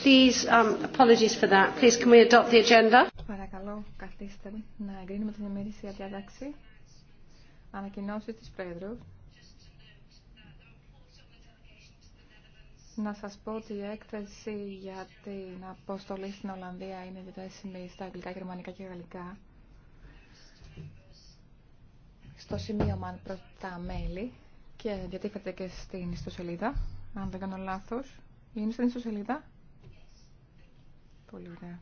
Please, um, apologies for that. Please, can we adopt the agenda? Παρακαλώ, καθίστε να εγκρίνουμε την ημερήσια διάταξη. Ανακοινώσει τη Πρόεδρου. Να σας πω ότι η έκθεση για την αποστολή στην Ολλανδία είναι διαθέσιμη στα αγγλικά, γερμανικά και γαλλικά. Στο σημείωμα προ τα μέλη και διατίθεται και στην ιστοσελίδα, αν δεν κάνω λάθος. Είναι στην ιστοσελίδα. Πολύ ωραία.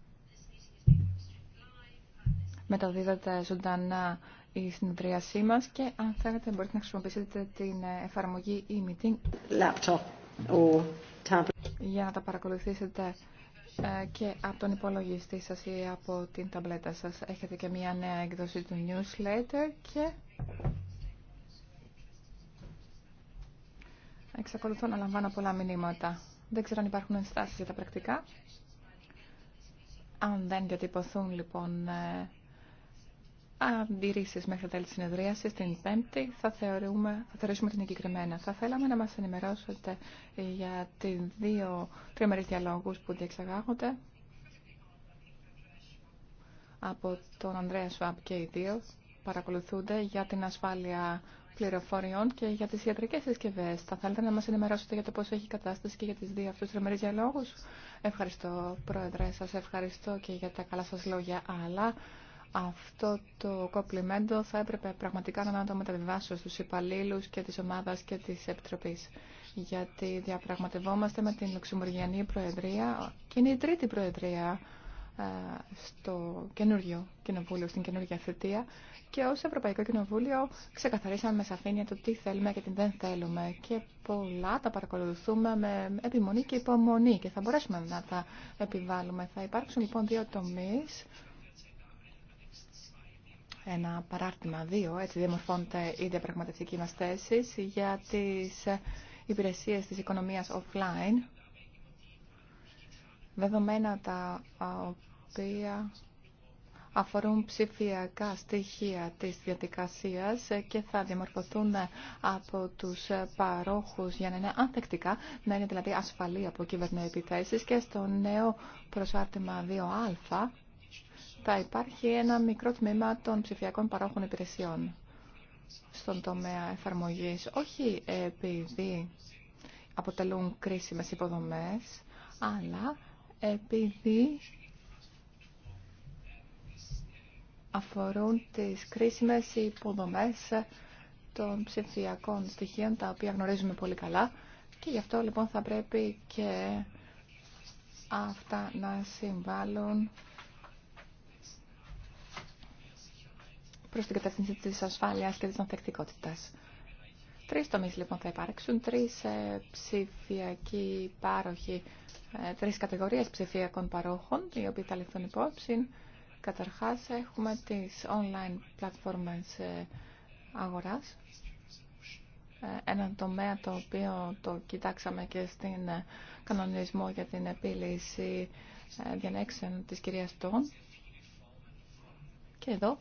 Μεταδίδεται ζωντανά η συνεδρίασή μα και αν θέλετε μπορείτε να χρησιμοποιήσετε την ε, εφαρμογη ή e-meeting για να τα παρακολουθήσετε ε, και από τον υπολογιστή σας ή από την ταμπλέτα σας. Έχετε και μια νέα έκδοση του newsletter και εξακολουθώ να λαμβάνω πολλά μηνύματα. Δεν ξέρω αν υπάρχουν ενστάσεις για τα πρακτικά. Αν δεν διατυπωθούν λοιπόν ε, αντιρρήσει μέχρι τέλη τη συνεδρίαση την Πέμπτη, θα, θεωρούμε, θα θεωρήσουμε την εγκεκριμένα. Θα θέλαμε να μα ενημερώσετε για τι δύο τριμερεί διαλόγου που διεξαγάγονται από τον Ανδρέα Σουάπ και οι δύο παρακολουθούνται για την ασφάλεια πληροφοριών και για τις ιατρικές συσκευέ. Θα θέλετε να μας ενημερώσετε για το πώς έχει κατάσταση και για τις δύο αυτούς τριμερείς διαλόγου. Ευχαριστώ Πρόεδρε, σας ευχαριστώ και για τα καλά σας λόγια, αλλά αυτό το κοπλιμέντο θα έπρεπε πραγματικά να το μεταβιβάσω στους υπαλλήλου και της ομάδας και της Επιτροπής. Γιατί διαπραγματευόμαστε με την Λουξεμβουργιανή Προεδρία και είναι η τρίτη Προεδρία στο καινούριο κοινοβούλιο, στην καινούργια θητεία και ως Ευρωπαϊκό Κοινοβούλιο ξεκαθαρίσαμε με σαφήνεια το τι θέλουμε και τι δεν θέλουμε και πολλά τα παρακολουθούμε με επιμονή και υπομονή και θα μπορέσουμε να τα επιβάλλουμε. Θα υπάρξουν λοιπόν δύο τομείς ένα παράρτημα δύο, έτσι διαμορφώνεται η διαπραγματευτική μας θέση για τις υπηρεσίες της οικονομίας offline δεδομένα τα οποία αφορούν ψηφιακά στοιχεία της διαδικασίας και θα διαμορφωθούν από τους παρόχους για να είναι ανθεκτικά, να είναι δηλαδή ασφαλή από κυβερνοεπιθέσεις και στο νέο προσάρτημα 2α θα υπάρχει ένα μικρό τμήμα των ψηφιακών παρόχων υπηρεσιών στον τομέα εφαρμογής, όχι επειδή αποτελούν κρίσιμες υποδομές, αλλά επειδή αφορούν τις κρίσιμες υποδομές των ψηφιακών στοιχείων, τα οποία γνωρίζουμε πολύ καλά και γι' αυτό λοιπόν θα πρέπει και αυτά να συμβάλλουν προς την κατεύθυνση της ασφάλειας και της ανθεκτικότητας. Τρεις τομείς λοιπόν θα υπάρξουν, τρεις ε, ψηφιακοί πάροχοι ε, τρεις κατηγορίες ψηφιακών παρόχων, οι οποίοι τα ληφθούν υπόψη. Καταρχάς έχουμε τις online πλατφόρμες ε, αγοράς, ε, ένα τομέα το οποίο το κοιτάξαμε και στην κανονισμό για την επίλυση διανέξεων της κυρίας Τόν. Και εδώ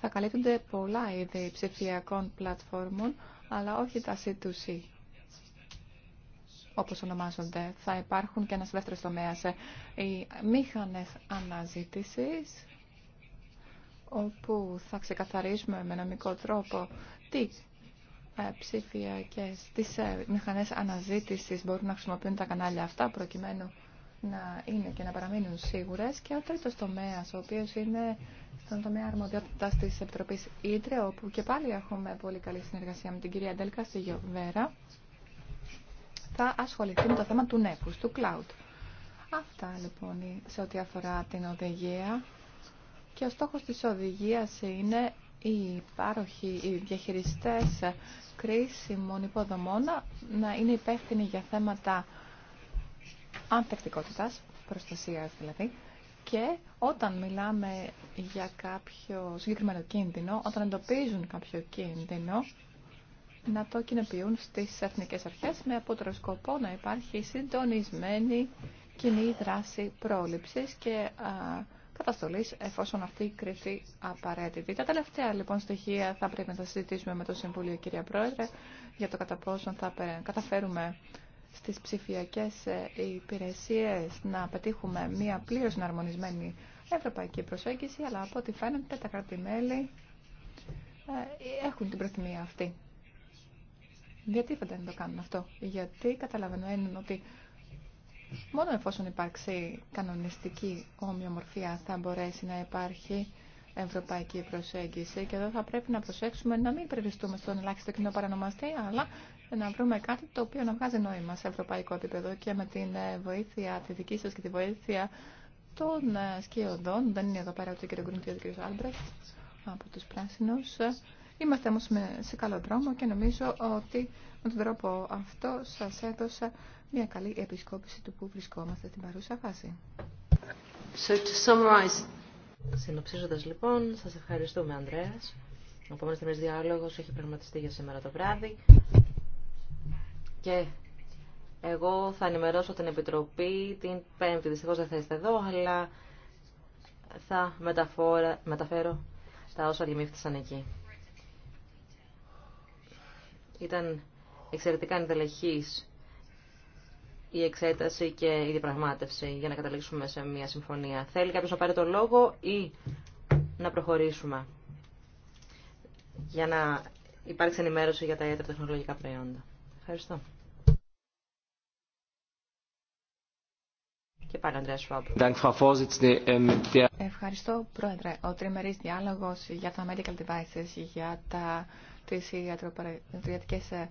θα καλύπτονται πολλά είδη ψηφιακών πλατφόρμων, αλλά όχι τα C2C όπως ονομάζονται. Θα υπάρχουν και ένας δεύτερος τομέας, ε, οι μήχανες αναζήτησης, όπου θα ξεκαθαρίσουμε με νομικό τρόπο τι ε, ψηφιακές, τις ε, μηχανές αναζήτησης μπορούν να χρησιμοποιούν τα κανάλια αυτά, προκειμένου να είναι και να παραμείνουν σίγουρες και ο τρίτος τομέας, ο οποίος είναι στον τομέα αρμοδιότητας της Επιτροπής Ήτρε, όπου και πάλι έχουμε πολύ καλή συνεργασία με την κυρία Ντέλκα στη Γιοβέρα, θα ασχοληθεί με το θέμα του νέφους, του cloud. Αυτά λοιπόν σε ό,τι αφορά την οδηγία και ο στόχος της οδηγίας είναι οι πάροχοι, οι διαχειριστές κρίσιμων υποδομών να είναι υπεύθυνοι για θέματα ανθεκτικότητας, προστασίας δηλαδή, και όταν μιλάμε για κάποιο συγκεκριμένο κίνδυνο, όταν εντοπίζουν κάποιο κίνδυνο, να το κοινοποιούν στις εθνικές αρχές με απότερο σκοπό να υπάρχει συντονισμένη κοινή δράση πρόληψης και καταστολής εφόσον αυτή κρυφτεί απαραίτητη. Τα τελευταία λοιπόν στοιχεία θα πρέπει να τα συζητήσουμε με το Συμβούλιο κυρία Πρόεδρε για το κατά πόσο θα καταφέρουμε στις ψηφιακές ε, υπηρεσίες να πετύχουμε μια πλήρως εναρμονισμένη ευρωπαϊκή προσέγγιση αλλά από ό,τι φαίνεται τα μέλη ε, έχουν την προθυμία αυτή. Γιατί φαίνεται να το κάνουν αυτό. Γιατί καταλαβαίνουν ότι μόνο εφόσον υπάρξει κανονιστική ομοιομορφία θα μπορέσει να υπάρχει ευρωπαϊκή προσέγγιση και εδώ θα πρέπει να προσέξουμε να μην περιοριστούμε στον ελάχιστο κοινό παρανομαστή αλλά να βρούμε κάτι το οποίο να βγάζει νόημα σε ευρωπαϊκό επίπεδο και με την ε, βοήθεια τη δική σας και τη βοήθεια των ε, σκιωδών, δεν είναι εδώ πέρα ούτε ο κ. Γκρουντ και ο κ. Άλμπρεχτ από τους πράσινους, Είμαστε όμως σε καλό δρόμο και νομίζω ότι με τον τρόπο αυτό σας έδωσα μια καλή επισκόπηση του που βρισκόμαστε στην παρούσα φάση. So Συνοψίζοντας λοιπόν, σας ευχαριστούμε Ανδρέας. Ο επόμενος διάλογο, διάλογος έχει πραγματιστεί για σήμερα το βράδυ. Και εγώ θα ενημερώσω την Επιτροπή την Πέμπτη. Δυστυχώς δεν θα είστε εδώ, αλλά θα μεταφέρω τα όσα λιμήφθησαν εκεί. Ήταν εξαιρετικά ενδελεχής η εξέταση και η διαπραγμάτευση για να καταλήξουμε σε μια συμφωνία. Θέλει κάποιος να πάρει το λόγο ή να προχωρήσουμε για να υπάρξει ενημέρωση για τα ιατρικά τεχνολογικά προϊόντα. Ευχαριστώ. Και πάλι, ähm, Ευχαριστώ, Πρόεδρε. Ο τριμερής διάλογος για τα medical devices, για τα τις ιατροπαραγωγικές ε,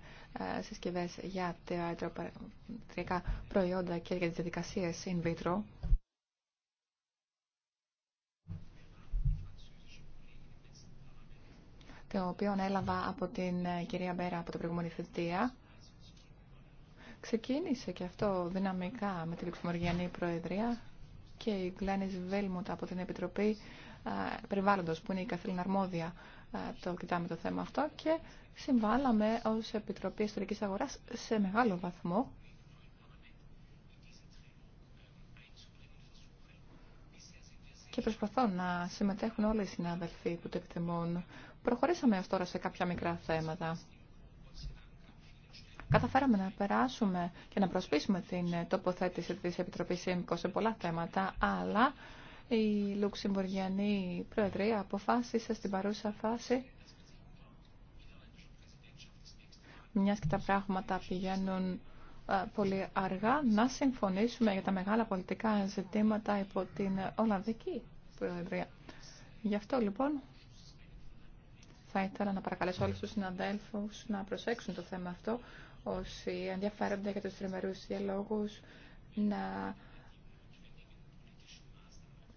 ε, συσκευές για τα ιατροπαραγωγικά προϊόντα και για τι διαδικασίε in vitro. το οποίο έλαβα από την ε, κυρία Μπέρα από την προηγούμενη θετία. Ξεκίνησε και αυτό δυναμικά με τη Λουξεμβουργιανή Προεδρία και η Γκλένις Βέλμουτ από την Επιτροπή περιβάλλοντο, που είναι η καθήλυνα αρμόδια το κοιτάμε το θέμα αυτό και συμβάλαμε ως Επιτροπή Ιστορικής Αγοράς σε μεγάλο βαθμό και προσπαθώ να συμμετέχουν όλοι οι συνάδελφοι που το εκτιμούν. Προχωρήσαμε ως τώρα σε κάποια μικρά θέματα. Καταφέραμε να περάσουμε και να προσπίσουμε την τοποθέτηση της Επιτροπής ΣΥΜΚΟ σε πολλά θέματα, αλλά η Λουξεμβουργιανή Προεδρία αποφάσισε στην παρούσα φάση μιας και τα πράγματα πηγαίνουν ε, πολύ αργά, να συμφωνήσουμε για τα μεγάλα πολιτικά ζητήματα υπό την Ολλανδική Προεδρία. Γι' αυτό λοιπόν θα ήθελα να παρακαλέσω όλους τους συναδέλφους να προσέξουν το θέμα αυτό, όσοι ενδιαφέρονται για τους τριμερούς διαλόγους, να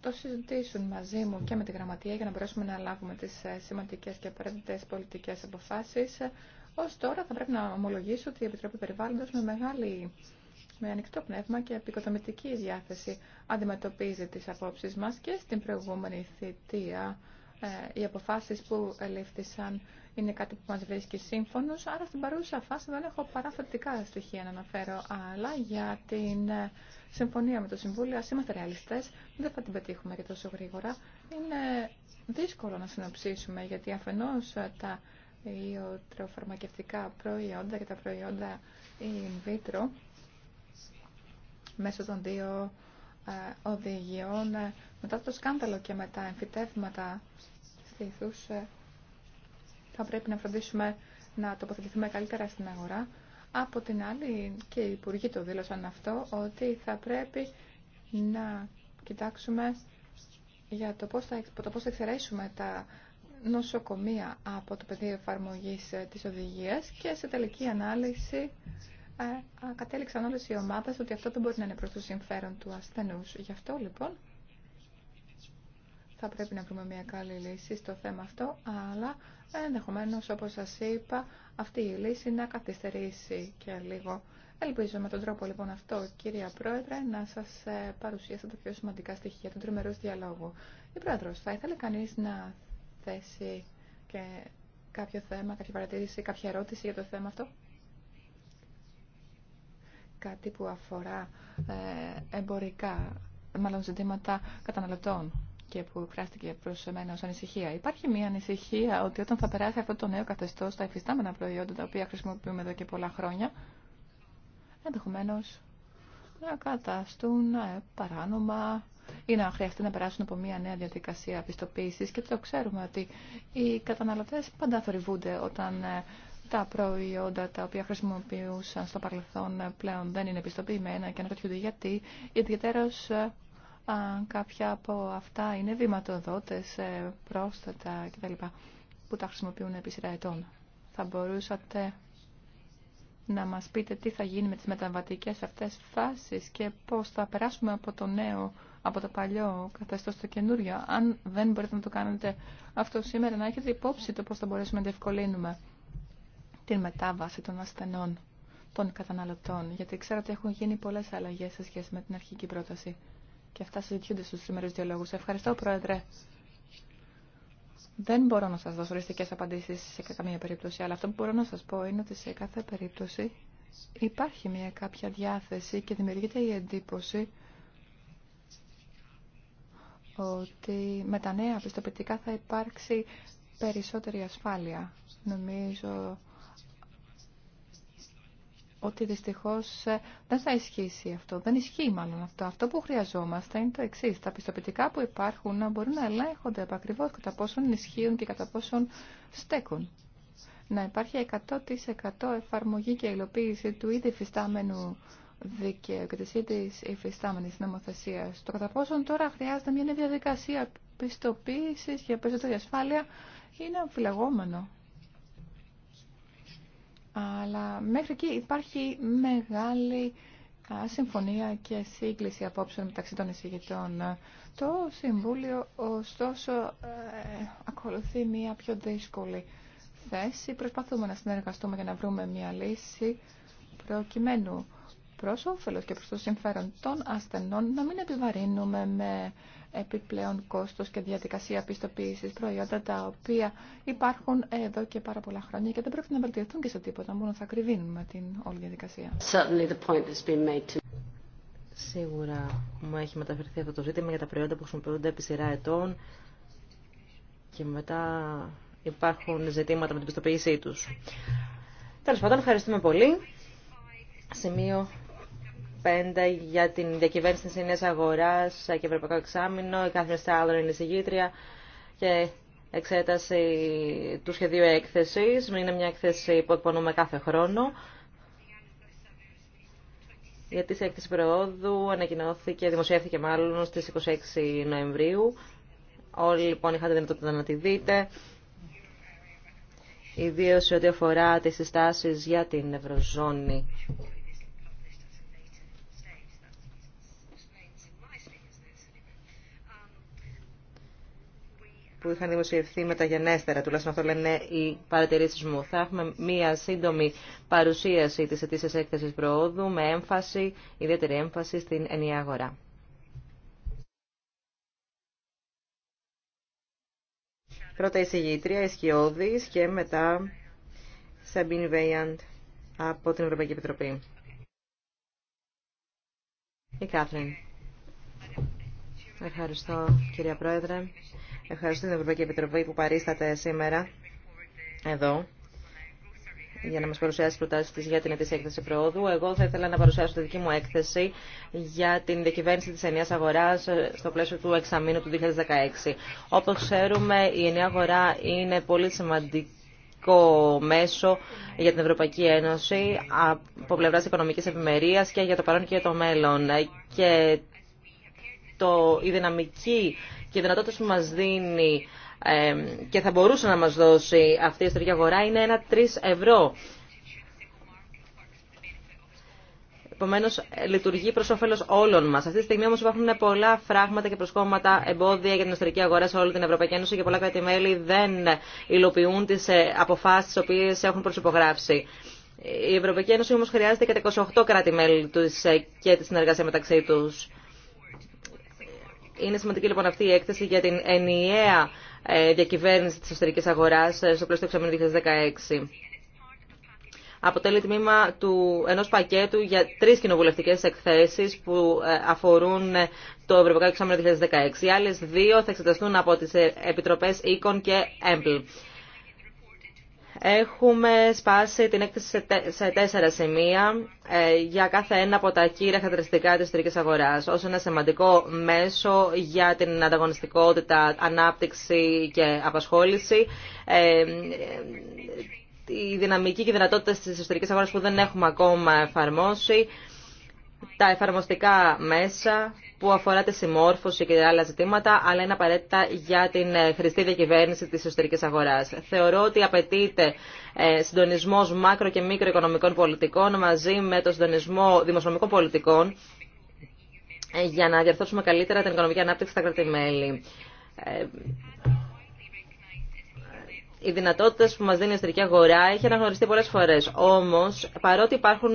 το συζητήσουν μαζί μου και με τη Γραμματεία για να μπορέσουμε να λάβουμε τι ε, σημαντικέ και απαραίτητε πολιτικέ αποφάσει. Ε, Ω τώρα θα πρέπει να ομολογήσω ότι η Επιτροπή Περιβάλλοντος με μεγάλη με ανοιχτό πνεύμα και επικοδομητική διάθεση αντιμετωπίζει τις απόψεις μας και στην προηγούμενη θητεία ε, οι αποφάσεις που ελήφθησαν είναι κάτι που μας βρίσκει σύμφωνος, άρα στην παρούσα φάση δεν έχω παρά στοιχεία να αναφέρω, αλλά για την ε, συμφωνία με το Συμβούλιο, ας είμαστε ρεαλιστές, δεν θα την πετύχουμε και τόσο γρήγορα. Είναι δύσκολο να συνοψίσουμε, γιατί αφενός ε, τα ιοτροφαρμακευτικά προϊόντα και τα προϊόντα in vitro, μέσω των δύο ε, οδηγιών, μετά το σκάνδαλο και μετά εμφυτεύματα στήθους, θα πρέπει να φροντίσουμε να τοποθετηθούμε καλύτερα στην αγορά. Από την άλλη, και οι υπουργοί το δήλωσαν αυτό, ότι θα πρέπει να κοιτάξουμε για το πώς θα, το πώς θα εξαιρέσουμε τα νοσοκομεία από το πεδίο εφαρμογής ε, της οδηγίας και σε τελική ανάλυση ε, κατέληξαν όλες οι ομάδες ότι αυτό δεν μπορεί να είναι προς το συμφέρον του ασθενούς. Γι' αυτό λοιπόν θα πρέπει να βρούμε μια καλή λύση στο θέμα αυτό, αλλά ενδεχομένω, όπως σας είπα, αυτή η λύση να καθυστερήσει και λίγο. Ελπίζω με τον τρόπο λοιπόν αυτό, κυρία Πρόεδρε, να σας ε, παρουσίασα τα πιο σημαντικά στοιχεία του τριμερούς διαλόγου. Η πρόεδρο, θα ήθελε κανείς να θέσει και κάποιο θέμα, κάποια παρατήρηση, κάποια ερώτηση για το θέμα αυτό. Κάτι που αφορά ε, εμπορικά, μάλλον ζητήματα καταναλωτών και που εκφράστηκε προ εμένα ω ανησυχία. Υπάρχει μια ανησυχία ότι όταν θα περάσει αυτό το νέο καθεστώ, τα υφιστάμενα προϊόντα τα οποία χρησιμοποιούμε εδώ και πολλά χρόνια, ενδεχομένω να καταστούν ε, παράνομα ή να χρειαστεί να περάσουν από μια νέα διαδικασία πιστοποίηση. και το ξέρουμε ότι οι καταναλωτέ πάντα θορυβούνται όταν ε, τα προϊόντα τα οποία χρησιμοποιούσαν στο παρελθόν ε, πλέον δεν είναι πιστοποιημένα και αναρωτιούνται γιατί Ιδιαίτερω αν κάποια από αυτά είναι βηματοδότες, ε, πρόσθετα κτλ. που τα χρησιμοποιούν επί σειρά ετών. Θα μπορούσατε να μας πείτε τι θα γίνει με τις μεταβατικές αυτές φάσεις και πώς θα περάσουμε από το νέο, από το παλιό καθεστώς στο καινούριο. Αν δεν μπορείτε να το κάνετε αυτό σήμερα, να έχετε υπόψη το πώς θα μπορέσουμε να διευκολύνουμε την μετάβαση των ασθενών, των καταναλωτών, γιατί ξέρω ότι έχουν γίνει πολλές αλλαγές σε σχέση με την αρχική πρόταση. Και αυτά συζητιούνται στους σήμερους διαλόγους. Ευχαριστώ, Πρόεδρε. Δεν μπορώ να σας δώσω οριστικές απαντήσεις σε καμία περίπτωση, αλλά αυτό που μπορώ να σας πω είναι ότι σε κάθε περίπτωση υπάρχει μια κάποια διάθεση και δημιουργείται η εντύπωση ότι με τα νέα πιστοποιητικά θα υπάρξει περισσότερη ασφάλεια. Νομίζω ότι δυστυχώς ε, δεν θα ισχύσει αυτό. Δεν ισχύει μάλλον αυτό. Αυτό που χρειαζόμαστε είναι το εξή. Τα πιστοποιητικά που υπάρχουν να μπορούν να ελέγχονται ακριβώς κατά πόσον ισχύουν και κατά πόσον στέκουν. Να υπάρχει 100% εφαρμογή και υλοποίηση του ήδη φυστάμενου δικαίου και της ήδη υφιστάμενης νομοθεσίας. Το κατά πόσον τώρα χρειάζεται μια διαδικασία πιστοποίησης για περισσότερη ασφάλεια είναι αμφιλεγόμενο αλλά μέχρι εκεί υπάρχει μεγάλη συμφωνία και σύγκληση απόψεων μεταξύ των εισηγητών. Το Συμβούλιο, ωστόσο, ε, ακολουθεί μια πιο δύσκολη θέση. Προσπαθούμε να συνεργαστούμε για να βρούμε μια λύση προκειμένου προ όφελο και προ το συμφέρον των ασθενών να μην επιβαρύνουμε με επιπλέον κόστο και διαδικασία πιστοποίηση προϊόντα τα οποία υπάρχουν εδώ και πάρα πολλά χρόνια και δεν πρέπει να βελτιωθούν και σε τίποτα, μόνο θα κρυβίνουμε την όλη διαδικασία. Σίγουρα μου έχει μεταφερθεί αυτό το ζήτημα για τα προϊόντα που χρησιμοποιούνται επί σειρά ετών και μετά υπάρχουν ζητήματα με την πιστοποίησή τους. Τέλος πάντων, ευχαριστούμε πολύ. Σημείο για την διακυβέρνηση της αγορά αγοράς και ευρωπαϊκό εξάμεινο, η Κάθριν Στάλλον είναι συγγήτρια και εξέταση του σχεδίου έκθεση. Είναι μια έκθεση που εκπονούμε κάθε χρόνο. Γιατί σε έκθεση προόδου ανακοινώθηκε, δημοσιεύθηκε μάλλον στι 26 Νοεμβρίου. Όλοι λοιπόν είχατε δυνατότητα να τη δείτε. ιδίω σε ό,τι αφορά τι συστάσει για την Ευρωζώνη. που είχαν δημοσιευθεί μεταγενέστερα, τουλάχιστον αυτό λένε οι παρατηρήσει μου. Θα έχουμε μία σύντομη παρουσίαση τη ετήσια έκθεση προόδου με έμφαση, ιδιαίτερη έμφαση στην ενιαία αγορά. Πρώτα η συγγήτρια, και μετά Σαμπίν Βέιαντ από την Ευρωπαϊκή Επιτροπή. Η Κάθριν. Ευχαριστώ κυρία Πρόεδρε. Ευχαριστώ την Ευρωπαϊκή Επιτροπή που παρίσταται σήμερα εδώ για να μας παρουσιάσει τις προτάσεις της για την ετήσια έκθεση προόδου. Εγώ θα ήθελα να παρουσιάσω τη δική μου έκθεση για την διακυβέρνηση της ενιαίας αγοράς στο πλαίσιο του εξαμήνου του 2016. Όπως ξέρουμε, η ενιαία αγορά είναι πολύ σημαντικό μέσο για την Ευρωπαϊκή Ένωση από πλευρά οικονομική ευημερία και για το παρόν και για το μέλλον. Και το, η δυναμική και η δυνατότητα που μα δίνει και θα μπορούσε να μα δώσει αυτή η ιστορική αγορά είναι ένα 3 ευρώ. Επομένω, λειτουργεί προ όφελο όλων μα. Αυτή τη στιγμή όμω υπάρχουν πολλά φράγματα και προσκόμματα, εμπόδια για την εσωτερική αγορά σε όλη την Ευρωπαϊκή Ένωση και πολλά κράτη-μέλη δεν υλοποιούν τι ε, αποφάσει τι οποίε έχουν προσυπογράψει. Η Ευρωπαϊκή Ένωση όμω χρειάζεται και τα 28 κράτη-μέλη ε, και τη συνεργασία μεταξύ του. Είναι σημαντική λοιπόν αυτή η έκθεση για την ενιαία ε, διακυβέρνηση της εσωτερικής αγοράς ε, στο πλαίσιο του εξαμήνου 2016. Αποτελεί τμήμα του, ενός πακέτου για τρεις κοινοβουλευτικές εκθέσεις που ε, αφορούν το Ευρωπαϊκό Εξάμεινο 2016. Οι άλλες δύο θα εξεταστούν από τις Επιτροπές Econ και EMPL. Έχουμε σπάσει την έκθεση σε τέσσερα σημεία ε, για κάθε ένα από τα κύρια χαρακτηριστικά της τρικής αγοράς ως ένα σημαντικό μέσο για την ανταγωνιστικότητα, ανάπτυξη και απασχόληση ε, ε, η δυναμική και δυνατότητα δυνατότητα τη εσωτερικής που δεν έχουμε ακόμα εφαρμόσει, τα εφαρμοστικά μέσα, που αφορά τη συμμόρφωση και άλλα ζητήματα, αλλά είναι απαραίτητα για την ε, χρηστή διακυβέρνηση τη εσωτερική αγορά. Θεωρώ ότι απαιτείται ε, συντονισμό μάκρο- και μικροοικονομικών πολιτικών μαζί με το συντονισμό δημοσιονομικών πολιτικών ε, για να διαρθώσουμε καλύτερα την οικονομική ανάπτυξη στα κράτη-μέλη. Οι δυνατότητε που μα δίνει η εσωτερική αγορά έχει αναγνωριστεί πολλέ φορέ. Όμω, παρότι υπάρχουν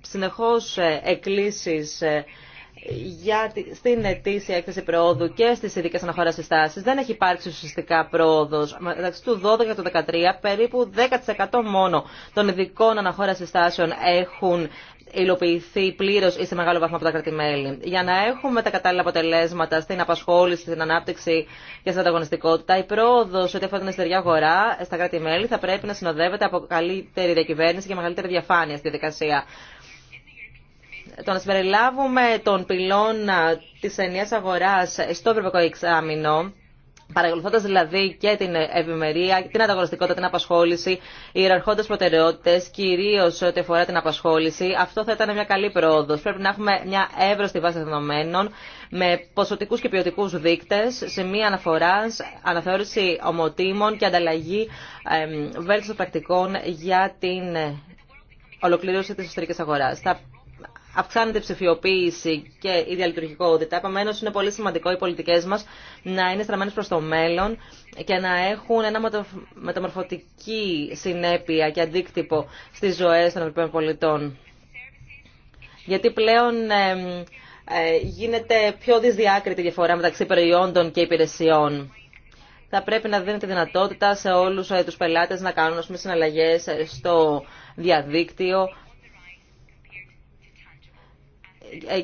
συνεχώ εκκλήσει για, στην ετήσια έκθεση προόδου και στι ειδικέ αναχώρα συστάσει δεν έχει υπάρξει ουσιαστικά πρόοδο. Μεταξύ του 12 και του 2013 περίπου 10% μόνο των ειδικών αναχώρα συστάσεων έχουν υλοποιηθεί πλήρω ή σε μεγάλο βαθμό από τα κράτη-μέλη. Για να έχουμε τα κατάλληλα αποτελέσματα στην απασχόληση, στην ανάπτυξη και στην ανταγωνιστικότητα, η πρόοδο σε ό,τι αφορά την εσωτερική αγορά στα κράτη-μέλη θα πρέπει να συνοδεύεται από καλύτερη διακυβέρνηση και μεγαλύτερη διαφάνεια στη διαδικασία το να συμπεριλάβουμε τον πυλώνα της ενιαίας αγοράς στο ευρωπαϊκό εξάμεινο, Παρακολουθώντα δηλαδή και την ευημερία, την ανταγωνιστικότητα, την απασχόληση, ιεραρχώντα προτεραιότητε, κυρίω ό,τι αφορά την απασχόληση, αυτό θα ήταν μια καλή πρόοδο. Πρέπει να έχουμε μια εύρωστη βάση δεδομένων με ποσοτικού και ποιοτικού δείκτε, σημεία αναφορά, αναθεώρηση ομοτήμων και ανταλλαγή βέλτιστων πρακτικών για την ε, ολοκλήρωση τη εσωτερική αγορά. Θα αυξάνεται η ψηφιοποίηση και η διαλειτουργικότητα. Επομένω, είναι πολύ σημαντικό οι πολιτικέ μα να είναι στραμμένε προ το μέλλον και να έχουν ένα μεταμορφωτική συνέπεια και αντίκτυπο στι ζωέ των Ευρωπαίων πολιτών. Γιατί πλέον ε, γίνεται πιο δυσδιάκριτη η διαφορά μεταξύ προϊόντων και υπηρεσιών. Θα πρέπει να δίνεται δυνατότητα σε όλους ε, τους πελάτες να κάνουν συναλλαγές ε, στο διαδίκτυο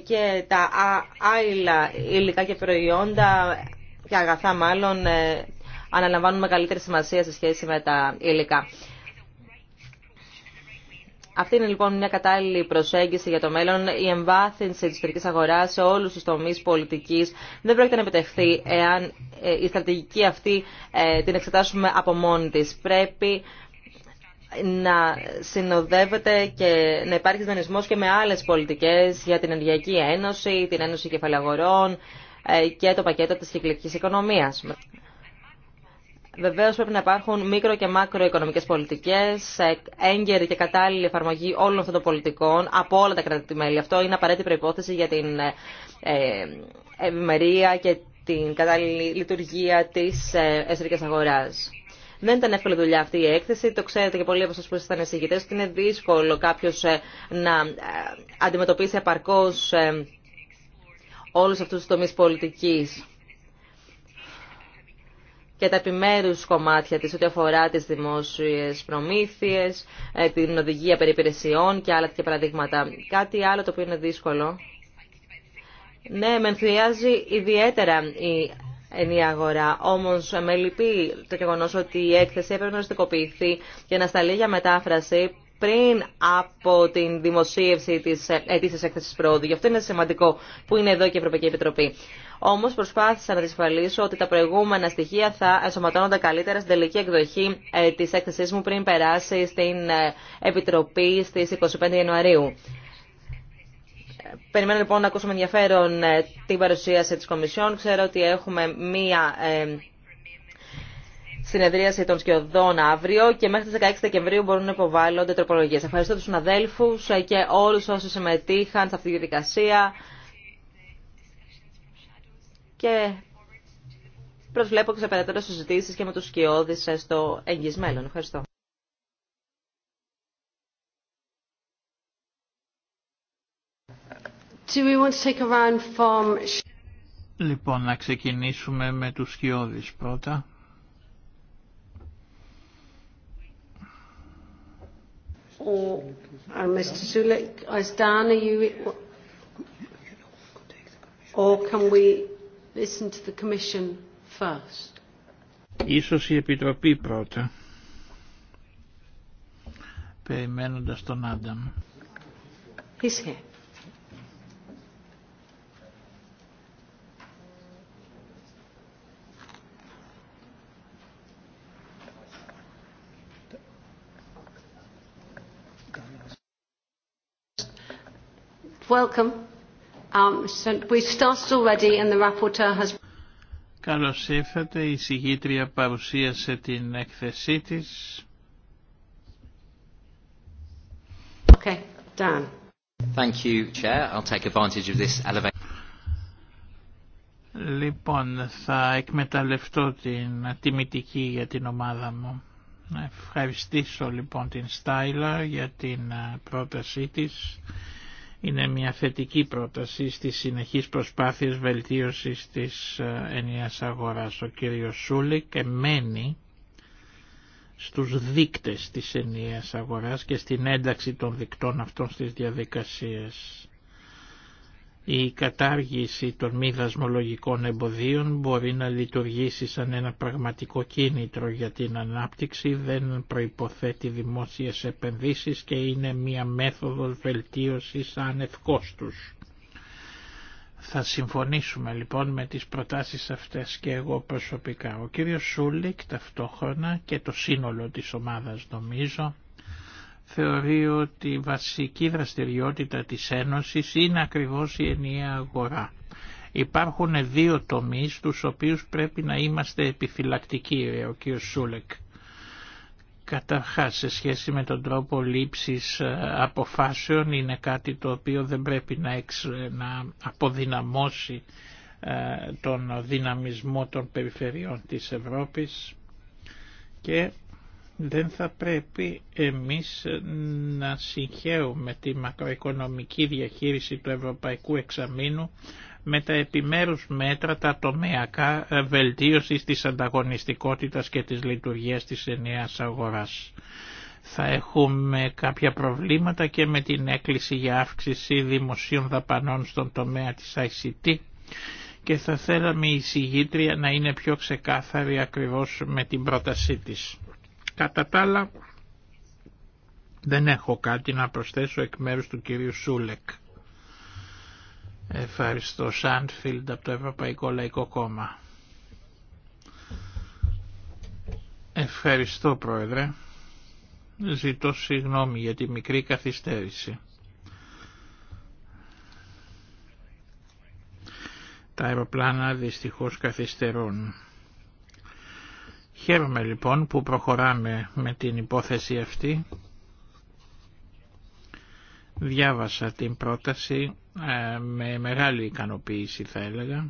και τα άλλα υλικά και προϊόντα και αγαθά μάλλον ε, αναλαμβάνουν μεγαλύτερη σημασία σε σχέση με τα υλικά. Αυτή είναι λοιπόν μια κατάλληλη προσέγγιση για το μέλλον. Η εμβάθυνση τη τουρκική αγορά σε όλου του τομεί πολιτική δεν πρόκειται να επιτευχθεί εάν ε, η στρατηγική αυτή ε, την εξετάσουμε από μόνη τη. Πρέπει να συνοδεύεται και να υπάρχει δανεισμό και με άλλες πολιτικές για την Ενεργειακή Ένωση, την Ένωση Κεφαλαγορών ε, και το πακέτο της κυκλικής οικονομίας. Βεβαίω πρέπει να υπάρχουν μικρο- και μακροοικονομικές πολιτικές, ε, έγκαιρη και κατάλληλη εφαρμογή όλων αυτών των πολιτικών από όλα τα κράτη-μέλη. Αυτό είναι απαραίτητη προπόθεση για την ε, ευημερία και την κατάλληλη λειτουργία τη εσωτερική αγοράς. Δεν ήταν εύκολη δουλειά αυτή η έκθεση. Το ξέρετε και πολλοί από εσά που ήσασταν εισηγητέ ότι είναι δύσκολο κάποιο ε, να ε, αντιμετωπίσει επαρκώ ε, όλου αυτού του τομεί πολιτική και τα επιμέρου κομμάτια τη ό,τι αφορά τις δημόσιες προμήθειες, την οδηγία περιπηρεσιών και άλλα τέτοια παραδείγματα. Κάτι άλλο το οποίο είναι δύσκολο. Ναι, με ενθουσιάζει ιδιαίτερα η ενιαία αγορά. Όμω, με λυπεί το γεγονό ότι η έκθεση έπρεπε να οριστικοποιηθεί και να σταλεί για μετάφραση πριν από την δημοσίευση τη αιτήσια έκθεση πρόοδου. Γι' αυτό είναι σημαντικό που είναι εδώ και η Ευρωπαϊκή Επιτροπή. Όμω προσπάθησα να δυσφαλίσω ότι τα προηγούμενα στοιχεία θα ενσωματώνονται καλύτερα στην τελική εκδοχή ε, τη έκθεσή μου πριν περάσει στην ε, Επιτροπή στι 25 Ιανουαρίου. Περιμένω λοιπόν να ακούσουμε ενδιαφέρον ε, την παρουσίαση της Κομισιόν. Ξέρω ότι έχουμε μία ε, συνεδρίαση των σκιωδών αύριο και μέχρι τις 16 Δεκεμβρίου μπορούν να υποβάλλονται τροπολογίες. Ευχαριστώ τους συναδέλφους ε, και όλους όσους συμμετείχαν σε αυτή τη διαδικασία και προσβλέπω και σε περαιτέρω συζητήσεις και με τους σκιώδεις στο εγγυσμένο. Ευχαριστώ. Do we want to take a round from... Λοιπόν, να ξεκινήσουμε με τους σκιώδεις πρώτα. Or, Mr. Zulik, as Dan, are you... Or can we listen to the Commission first? Ίσως η Επιτροπή πρώτα, περιμένοντας τον Άνταμ. He's here. Welcome. Um, so we started already and the rapporteur has... Καλώς ήρθατε, η συγγήτρια παρουσίασε την έκθεσή της. Okay, Dan. Thank you, Chair. I'll take advantage of this elevation. Λοιπόν, θα εκμεταλλευτώ την τιμητική για την ομάδα μου. Να ευχαριστήσω λοιπόν την Στάιλα για την ε, πρότασή της είναι μια θετική πρόταση στις συνεχείς προσπάθειες βελτίωσης της ε, ενιαίας αγοράς. Ο κύριος Σούλικ μένει στους δίκτες της ενιαίας αγοράς και στην ένταξη των δικτών αυτών στις διαδικασίες η κατάργηση των μη δασμολογικών εμποδίων μπορεί να λειτουργήσει σαν ένα πραγματικό κίνητρο για την ανάπτυξη, δεν προϋποθέτει δημόσιες επενδύσεις και είναι μία μέθοδος βελτίωσης άνευ κόστους. Θα συμφωνήσουμε λοιπόν με τις προτάσεις αυτές και εγώ προσωπικά. Ο κύριος Σούλικ ταυτόχρονα και το σύνολο της ομάδας νομίζω θεωρεί ότι η βασική δραστηριότητα της Ένωσης είναι ακριβώς η ενιαία αγορά. Υπάρχουν δύο τομείς τους οποίους πρέπει να είμαστε επιφυλακτικοί, ο κ. Σούλεκ. Καταρχάς, σε σχέση με τον τρόπο λήψης ε, αποφάσεων είναι κάτι το οποίο δεν πρέπει να, ε, να αποδυναμώσει ε, τον δυναμισμό των περιφερειών της Ευρώπης και δεν θα πρέπει εμείς να συγχαίουμε τη μακροοικονομική διαχείριση του Ευρωπαϊκού Εξαμήνου με τα επιμέρους μέτρα τα τομεακά βελτίωσης της ανταγωνιστικότητας και της λειτουργίας της ενιαίας αγοράς. Θα έχουμε κάποια προβλήματα και με την έκκληση για αύξηση δημοσίων δαπανών στον τομέα της ICT και θα θέλαμε η συγγήτρια να είναι πιο ξεκάθαρη ακριβώς με την πρότασή της. Κατά τα άλλα δεν έχω κάτι να προσθέσω εκ μέρους του κυρίου Σούλεκ. Ευχαριστώ Σάντφιλντ από το Ευρωπαϊκό Λαϊκό Κόμμα. Ευχαριστώ Πρόεδρε. Ζητώ συγγνώμη για τη μικρή καθυστέρηση. Τα αεροπλάνα δυστυχώς καθυστερούν. Χαίρομαι λοιπόν που προχωράμε με την υπόθεση αυτή. Διάβασα την πρόταση ε, με μεγάλη ικανοποίηση θα έλεγα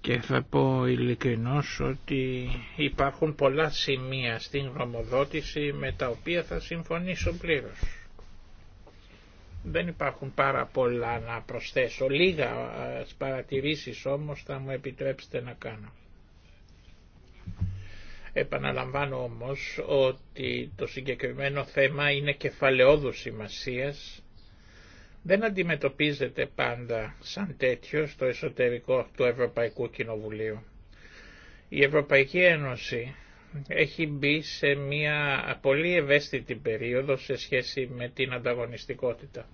και θα πω ειλικρινώς ότι υπάρχουν πολλά σημεία στην γνωμοδότηση με τα οποία θα συμφωνήσω πλήρως. Δεν υπάρχουν πάρα πολλά να προσθέσω. Λίγα ε, παρατηρήσεις όμως θα μου επιτρέψετε να κάνω. Επαναλαμβάνω όμως ότι το συγκεκριμένο θέμα είναι κεφαλαιόδου σημασίας δεν αντιμετωπίζεται πάντα σαν τέτοιο στο εσωτερικό του Ευρωπαϊκού Κοινοβουλίου. Η Ευρωπαϊκή Ένωση έχει μπει σε μια πολύ ευαίσθητη περίοδο σε σχέση με την ανταγωνιστικότητα.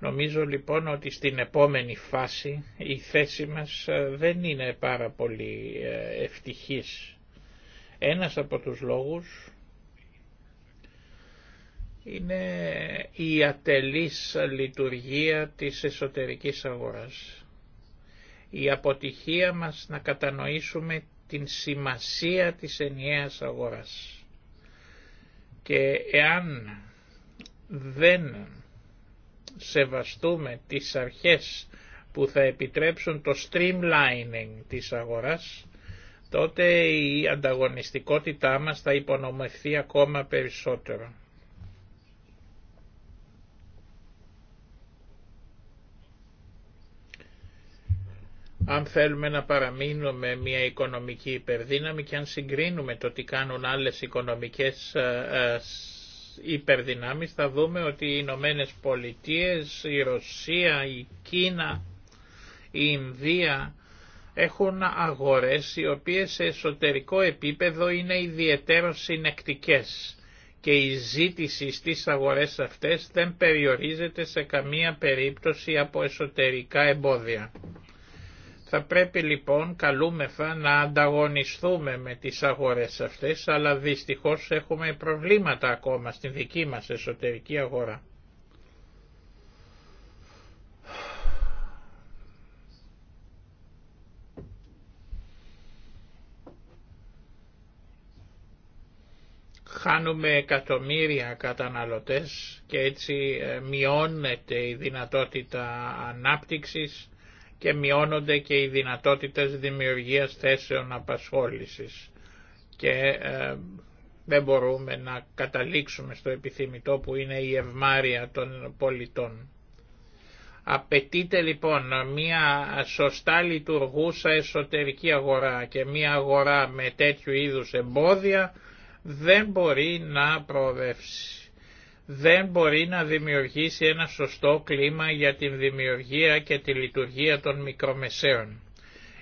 Νομίζω λοιπόν ότι στην επόμενη φάση η θέση μας ε, δεν είναι πάρα πολύ ε, ευτυχής. Ένας από τους λόγους είναι η ατελής λειτουργία της εσωτερικής αγοράς. Η αποτυχία μας να κατανοήσουμε την σημασία της ενιαίας αγοράς. Και εάν δεν σεβαστούμε τις αρχές που θα επιτρέψουν το streamlining της αγοράς, τότε η ανταγωνιστικότητά μας θα υπονομευθεί ακόμα περισσότερο. αν θέλουμε να παραμείνουμε μια οικονομική υπερδύναμη και αν συγκρίνουμε το τι κάνουν άλλες οικονομικές ε, ε, υπερδυνάμεις θα δούμε ότι οι Ηνωμένε Πολιτείε, η Ρωσία, η Κίνα, η Ινδία έχουν αγορές οι οποίες σε εσωτερικό επίπεδο είναι ιδιαίτερο συνεκτικές και η ζήτηση στις αγορές αυτές δεν περιορίζεται σε καμία περίπτωση από εσωτερικά εμπόδια. Θα πρέπει λοιπόν καλούμεθα να ανταγωνιστούμε με τις αγορές αυτές, αλλά δυστυχώς έχουμε προβλήματα ακόμα στην δική μας εσωτερική αγορά. χάνουμε εκατομμύρια καταναλωτές και έτσι ε, μειώνεται η δυνατότητα ανάπτυξης και μειώνονται και οι δυνατότητες δημιουργίας θέσεων απασχόλησης και ε, δεν μπορούμε να καταλήξουμε στο επιθυμητό που είναι η ευμάρεια των πολιτών. Απαιτείται λοιπόν μια σωστά λειτουργούσα εσωτερική αγορά και μια αγορά με τέτοιου είδους εμπόδια δεν μπορεί να προοδεύσει δεν μπορεί να δημιουργήσει ένα σωστό κλίμα για τη δημιουργία και τη λειτουργία των μικρομεσαίων.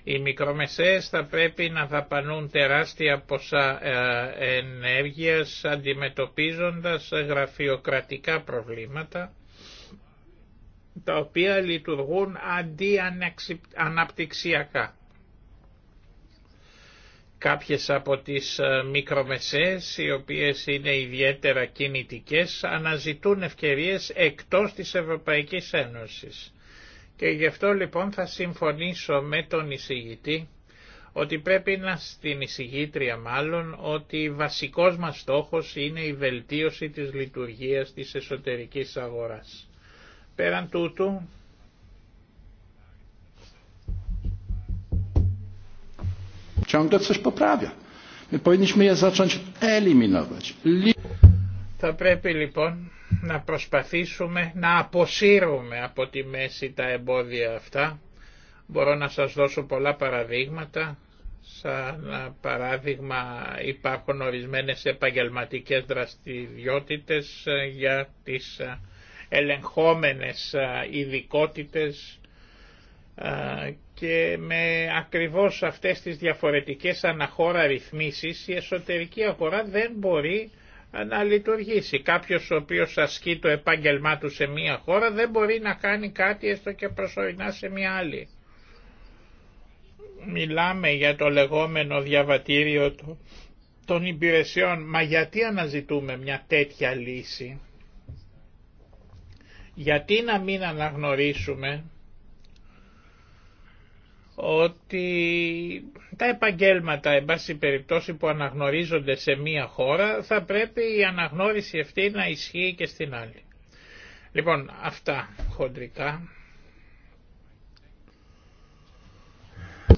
Οι μικρομεσαίες θα πρέπει να δαπανούν τεράστια ποσά ε, ενέργειας αντιμετωπίζοντας γραφειοκρατικά προβλήματα τα οποία λειτουργούν αντί αναπτυξιακά. Κάποιες από τις ε, μικρομεσαίες, οι οποίες είναι ιδιαίτερα κινητικές, αναζητούν ευκαιρίες εκτός της Ευρωπαϊκής Ένωσης. Και γι' αυτό λοιπόν θα συμφωνήσω με τον εισηγητή, ότι πρέπει να στην εισηγήτρια μάλλον, ότι βασικός μας στόχος είναι η βελτίωση της λειτουργίας της εσωτερικής αγοράς. Πέραν τούτου, ciągle Θα πρέπει λοιπόν να προσπαθήσουμε να αποσύρουμε από τη μέση τα εμπόδια αυτά. Μπορώ να σας δώσω πολλά παραδείγματα. Σαν παράδειγμα υπάρχουν ορισμένες επαγγελματικές δραστηριότητες ε, για τις ε, ελεγχόμενες ε, ειδικότητες και με ακριβώς αυτές τις διαφορετικές αναχώρα ρυθμίσεις η εσωτερική αγορά δεν μπορεί να λειτουργήσει. Κάποιος ο οποίος ασκεί το επάγγελμά του σε μία χώρα δεν μπορεί να κάνει κάτι έστω και προσωρινά σε μία άλλη. Μιλάμε για το λεγόμενο διαβατήριο των υπηρεσιών. Μα γιατί αναζητούμε μια τέτοια λύση. Γιατί να μην αναγνωρίσουμε ότι τα επαγγέλματα, εν πάση περιπτώσει, που αναγνωρίζονται σε μία χώρα, θα πρέπει η αναγνώριση αυτή να ισχύει και στην άλλη. Λοιπόν, αυτά χοντρικά.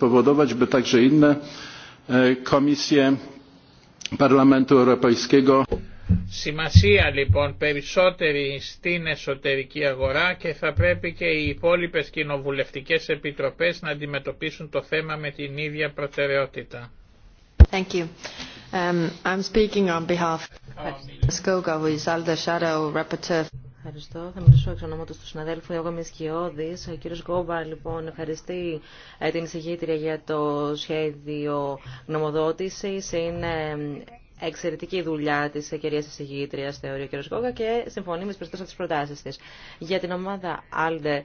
Powodować, by także e, komisje Parlamentu Europejskiego Σημασία λοιπόν περισσότερη στην εσωτερική αγορά και θα πρέπει και οι υπόλοιπες κοινοβουλευτικές επιτροπές να αντιμετωπίσουν το θέμα με την ίδια προτεραιότητα. Thank you. Um, I'm speaking on behalf of Ευχαριστώ. Θα μιλήσω εξ ονόματο του συναδέλφου είμαι Σκιώδη. Ο κύριο Γκόμπα, λοιπόν, ευχαριστεί ε, την εισηγήτρια για το σχέδιο νομοδότηση. Είναι εξαιρετική δουλειά τη κυρία εισηγήτρια, θεωρεί ο κ. Κόγκα, και συμφωνεί με τι προτάσει τη. Για την ομάδα Alde,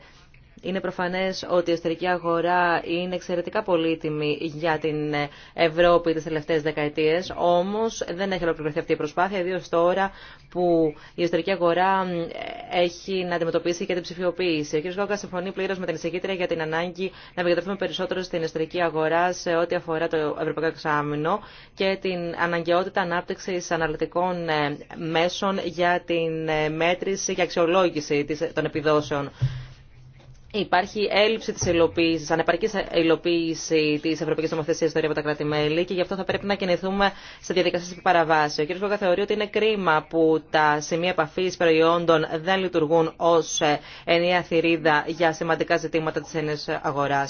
είναι προφανές ότι η εσωτερική αγορά είναι εξαιρετικά πολύτιμη για την Ευρώπη τις τελευταίες δεκαετίες, όμως δεν έχει ολοκληρωθεί αυτή η προσπάθεια, ιδίω τώρα που η εσωτερική αγορά έχει να αντιμετωπίσει και την ψηφιοποίηση. Ο κ. Γκόκα συμφωνεί πλήρως με την εισηγήτρια για την ανάγκη να επικεντρωθούμε περισσότερο στην εσωτερική αγορά σε ό,τι αφορά το Ευρωπαϊκό Εξάμεινο και την αναγκαιότητα ανάπτυξη αναλυτικών ε, μέσων για την ε, μέτρηση και αξιολόγηση των επιδόσεων Υπάρχει έλλειψη τη υλοποίηση, ανεπαρκή υλοποίηση τη Ευρωπαϊκή Νομοθεσία στο από τα κράτη-μέλη και γι' αυτό θα πρέπει να κινηθούμε σε διαδικασίε παραβάσει. Ο κ. Βόγκα θεωρεί ότι είναι κρίμα που τα σημεία επαφή προϊόντων δεν λειτουργούν ω ενιαία θηρίδα για σημαντικά ζητήματα τη ενέργεια αγορά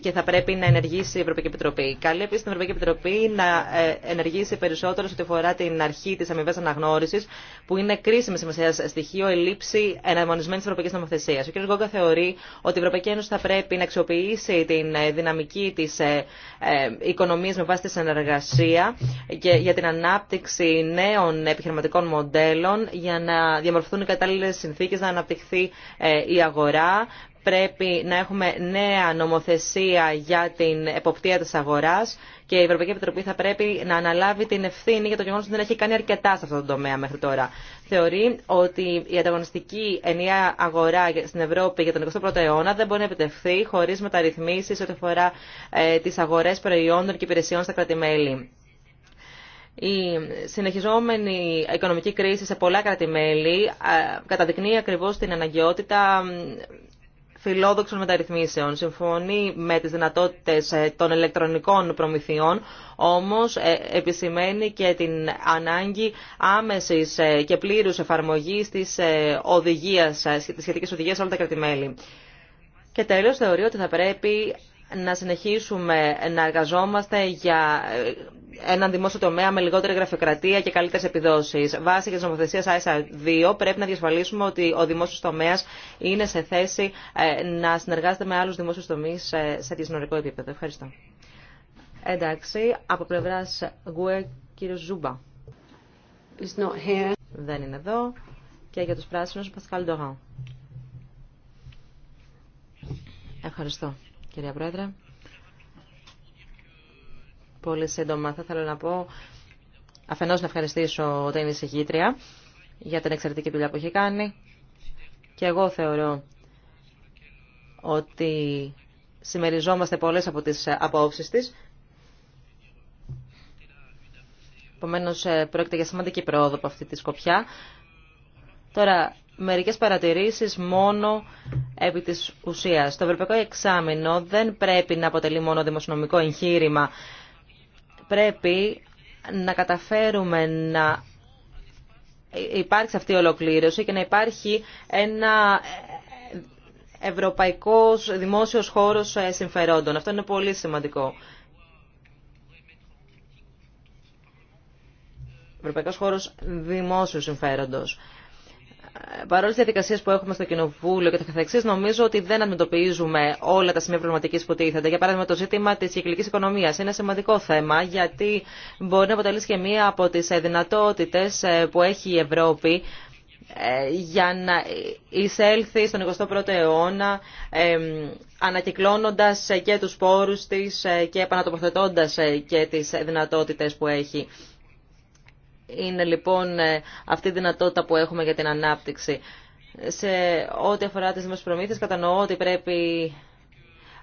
και θα πρέπει να ενεργήσει η Ευρωπαϊκή Επιτροπή. Καλεί επίση την Ευρωπαϊκή Επιτροπή να ε, ενεργήσει περισσότερο σε ό,τι αφορά την αρχή τη αμοιβή αναγνώριση, που είναι κρίσιμη σημασία στοιχείο η λήψη εναρμονισμένη Ευρωπαϊκή Νομοθεσία. Ο κ. Γκόγκα θεωρεί ότι η Ευρωπαϊκή Ένωση θα πρέπει να αξιοποιήσει την ε, δυναμική τη ε, οικονομία με βάση τη συνεργασία και για την ανάπτυξη νέων επιχειρηματικών μοντέλων για να διαμορφωθούν οι κατάλληλε συνθήκε να αναπτυχθεί η αγορά πρέπει να έχουμε νέα νομοθεσία για την εποπτεία της αγοράς και η Ευρωπαϊκή Επιτροπή θα πρέπει να αναλάβει την ευθύνη για το γεγονός ότι δεν έχει κάνει αρκετά σε αυτό το τομέα μέχρι τώρα. Θεωρεί ότι η ανταγωνιστική ενιαία αγορά στην Ευρώπη για τον 21ο αιώνα δεν μπορεί να επιτευχθεί χωρίς μεταρρυθμίσεις ό,τι αφορά ε, τις αγορές προϊόντων και υπηρεσιών στα κράτη-μέλη. Η συνεχιζόμενη οικονομική κρίση σε πολλά κράτη-μέλη ε, καταδεικνύει ακριβώς την αναγκαιότητα φιλόδοξων μεταρρυθμίσεων. Συμφωνεί με τις δυνατότητες ε, των ηλεκτρονικών προμηθειών, όμως ε, επισημαίνει και την ανάγκη άμεσης ε, και πλήρους εφαρμογής της, οδηγίας, της σχετικής οδηγίας σε όλα τα κρατημέλη. Και τέλος θεωρεί ότι θα πρέπει να συνεχίσουμε να εργαζόμαστε για ε, έναν δημόσιο τομέα με λιγότερη γραφειοκρατία και καλύτερε επιδόσει. Βάσει και τη νομοθεσία ISA 2, πρέπει να διασφαλίσουμε ότι ο δημόσιο τομέα είναι σε θέση ε, να συνεργάζεται με άλλου δημόσιου τομεί σε διασυνορικό επίπεδο. Ευχαριστώ. Εντάξει, από πλευρά ΓΟΕ, κύριο Ζούμπα. Δεν είναι εδώ. Και για τους πράσινους, Πασκάλ Ντογάν. Ευχαριστώ κυρία Πρόεδρε. Πολύ σύντομα θα ήθελα να πω αφενός να ευχαριστήσω την εισηγήτρια για την εξαιρετική δουλειά που έχει κάνει και εγώ θεωρώ ότι συμμεριζόμαστε πολλές από τις απόψεις της. Επομένω, ε, πρόκειται για σημαντική πρόοδο από αυτή τη σκοπιά. Τώρα, μερικές παρατηρήσεις μόνο επί της ουσίας. Το Ευρωπαϊκό Εξάμεινο δεν πρέπει να αποτελεί μόνο δημοσιονομικό εγχείρημα. Πρέπει να καταφέρουμε να υπάρξει αυτή η ολοκλήρωση και να υπάρχει ένα ευρωπαϊκός δημόσιος χώρος ε, συμφερόντων. Αυτό είναι πολύ σημαντικό. Ευρωπαϊκός χώρος δημόσιου συμφέροντος παρόλε τι διαδικασίε που έχουμε στο Κοινοβούλιο και τα καθεξή, νομίζω ότι δεν αντιμετωπίζουμε όλα τα σημεία προβληματική που τίθενται. Για παράδειγμα, το ζήτημα τη κυκλική οικονομία είναι σημαντικό θέμα, γιατί μπορεί να αποτελεί και μία από τι δυνατότητε ε, που έχει η Ευρώπη ε, για να εισέλθει στον 21ο αιώνα ε, ανακυκλώνοντας και τους πόρους της και επανατοποθετώντας και τις δυνατότητες που έχει είναι λοιπόν ε, αυτή η δυνατότητα που έχουμε για την ανάπτυξη. Σε ό,τι αφορά τις δημοσιοπρομήθειες κατανοώ ότι πρέπει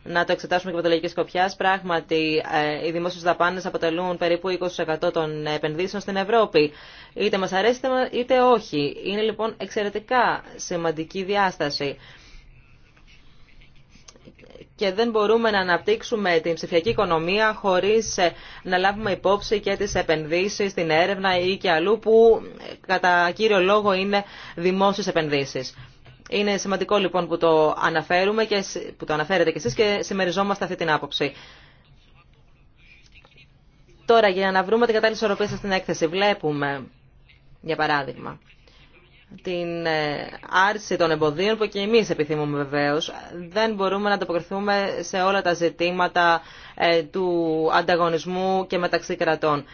να το εξετάσουμε και από τη σκοπιά. Πράγματι, ε, οι δημόσιε δαπάνε αποτελούν περίπου 20% των επενδύσεων στην Ευρώπη. Είτε μα αρέσει είτε όχι. Είναι λοιπόν εξαιρετικά σημαντική διάσταση και δεν μπορούμε να αναπτύξουμε την ψηφιακή οικονομία χωρίς ε, να λάβουμε υπόψη και τις επενδύσεις στην έρευνα ή και αλλού που ε, κατά κύριο λόγο είναι δημόσιες επενδύσεις. Είναι σημαντικό λοιπόν που το αναφέρουμε και που το αναφέρετε κι εσείς και συμμεριζόμαστε αυτή την άποψη. Τώρα για να βρούμε την κατάλληλη ισορροπία στην έκθεση βλέπουμε, για παράδειγμα, την ε, άρση των εμποδίων που και εμείς επιθυμούμε βεβαίως. Δεν μπορούμε να ανταποκριθούμε σε όλα τα ζητήματα ε, του ανταγωνισμού και μεταξύ κρατών.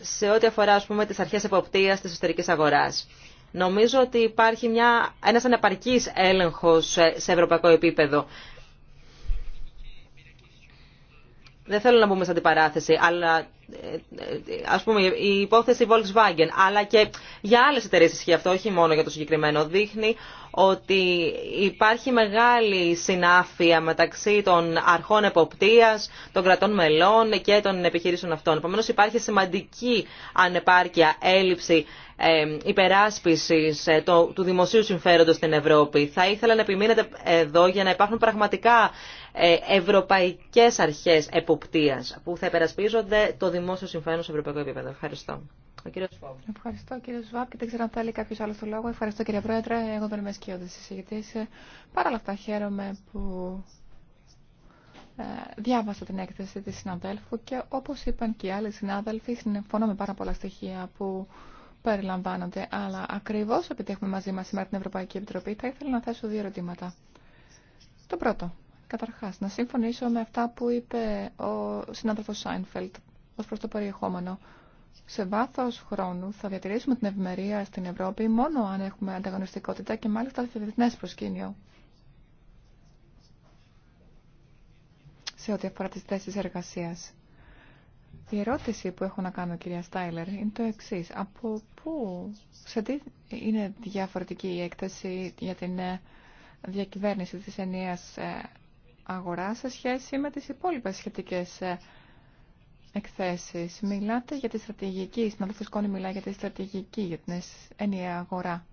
Σε ό,τι αφορά ας πούμε, τις αρχές εποπτείας της εσωτερικής αγοράς. Νομίζω ότι υπάρχει μια, ένας αναπαρκής έλεγχος ε, σε ευρωπαϊκό επίπεδο. δεν θέλω να μπούμε σε αντιπαράθεση, αλλά ε, ε, ας πούμε η υπόθεση Volkswagen, αλλά και για άλλες εταιρείες ισχύει αυτό, όχι μόνο για το συγκεκριμένο, δείχνει ότι υπάρχει μεγάλη συνάφεια μεταξύ των αρχών εποπτείας, των κρατών μελών και των επιχειρήσεων αυτών. Επομένως υπάρχει σημαντική ανεπάρκεια έλλειψη ε, υπεράσπισης του δημοσίου συμφέροντος στην Ευρώπη. Θα ήθελα να επιμείνετε εδώ για να υπάρχουν πραγματικά ε, Ευρωπαϊκέ αρχέ εποπτεία που θα υπερασπίζονται το δημόσιο συμφέρον σε ευρωπαϊκό επίπεδο. Ευχαριστώ. Ο Ευχαριστώ κύριε Σβάπ. και δεν ξέρω αν θέλει κάποιο άλλο το λόγο. Ευχαριστώ κύριε Πρόεδρε. Εγώ δεν είμαι σκιώδη συζητητή. Ε, παρ' όλα αυτά χαίρομαι που ε, διάβασα την έκθεση της συναδέλφου και όπως είπαν και οι άλλοι συνάδελφοι συμφωνώ με πάρα πολλά στοιχεία που περιλαμβάνονται αλλά ακριβώς επειδή έχουμε μαζί μας σήμερα την Ευρωπαϊκή Επιτροπή θα ήθελα να θέσω δύο ερωτήματα. Το πρώτο Καταρχάς, να συμφωνήσω με αυτά που είπε ο συνάδελφος Σάινφελτ ως προς το περιεχόμενο. Σε βάθος χρόνου θα διατηρήσουμε την ευημερία στην Ευρώπη μόνο αν έχουμε ανταγωνιστικότητα και μάλιστα σε διεθνέ προσκήνιο. Σε ό,τι αφορά τις θέσεις εργασίας. Η ερώτηση που έχω να κάνω, κυρία Στάιλερ, είναι το εξή. Από πού, σε τι είναι διαφορετική η έκθεση για την ε, διακυβέρνηση της ενίας ε, αγορά σε σχέση με τις υπόλοιπες σχετικές ε, εκθέσεις. Μιλάτε για τη στρατηγική, Στην συνάδελφος μιλά για τη στρατηγική, για την ενιαία αγορά.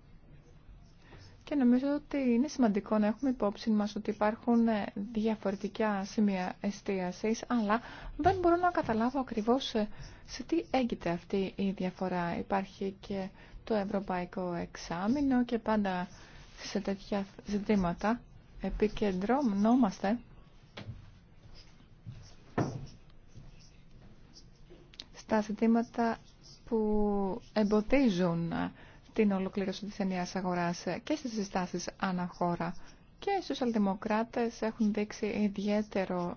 Και νομίζω ότι είναι σημαντικό να έχουμε υπόψη μας ότι υπάρχουν ε, διαφορετικά σημεία εστίασης, αλλά δεν μπορώ να καταλάβω ακριβώς ε, σε τι έγκυται αυτή η διαφορά. Υπάρχει και το ευρωπαϊκό εξάμεινο και πάντα σε τέτοια ζητήματα Επικεντρωνόμαστε στα ζητήματα που εμποτίζουν την ολοκλήρωση της ενιαίας αγοράς και στις συστάσεις αναχώρα. Και οι σοσιαλδημοκράτες έχουν δείξει ιδιαίτερο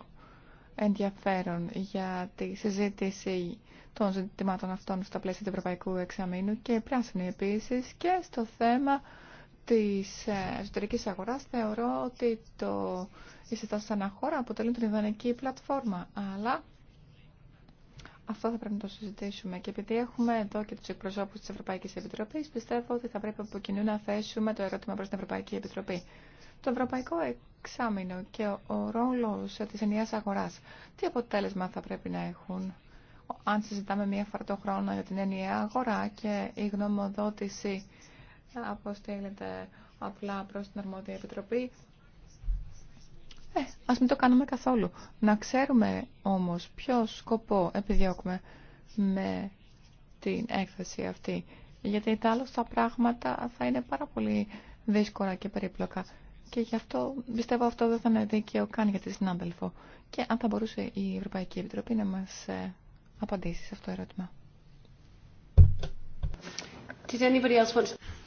ενδιαφέρον για τη συζήτηση των ζητημάτων αυτών στα πλαίσια του Ευρωπαϊκού Εξαμήνου και πράσινη πράσινοι επίσης και στο θέμα της ε, εσωτερικής αγοράς θεωρώ ότι το, οι σαν χώρα αποτελεί την ιδανική πλατφόρμα, αλλά αυτό θα πρέπει να το συζητήσουμε και επειδή έχουμε εδώ και τους εκπροσώπους της Ευρωπαϊκής Επιτροπής πιστεύω ότι θα πρέπει από κοινού να θέσουμε το ερώτημα προς την Ευρωπαϊκή Επιτροπή. Το Ευρωπαϊκό Εξάμεινο και ο ρόλος ε, της ενιαίας αγοράς, τι αποτέλεσμα θα πρέπει να έχουν αν συζητάμε μία φορά το χρόνο για την ενιαία αγορά και η γνωμοδότηση αποστέλλεται απλά προς την αρμόδια επιτροπή. Ε, ας μην το κάνουμε καθόλου. Να ξέρουμε όμως ποιο σκοπό επιδιώκουμε με την έκθεση αυτή. Γιατί τα στα πράγματα θα είναι πάρα πολύ δύσκολα και περίπλοκα. Και γι' αυτό πιστεύω αυτό δεν θα είναι δίκαιο καν για τη συνάδελφο. Και αν θα μπορούσε η Ευρωπαϊκή Επιτροπή να μας ε, απαντήσει σε αυτό το ερώτημα.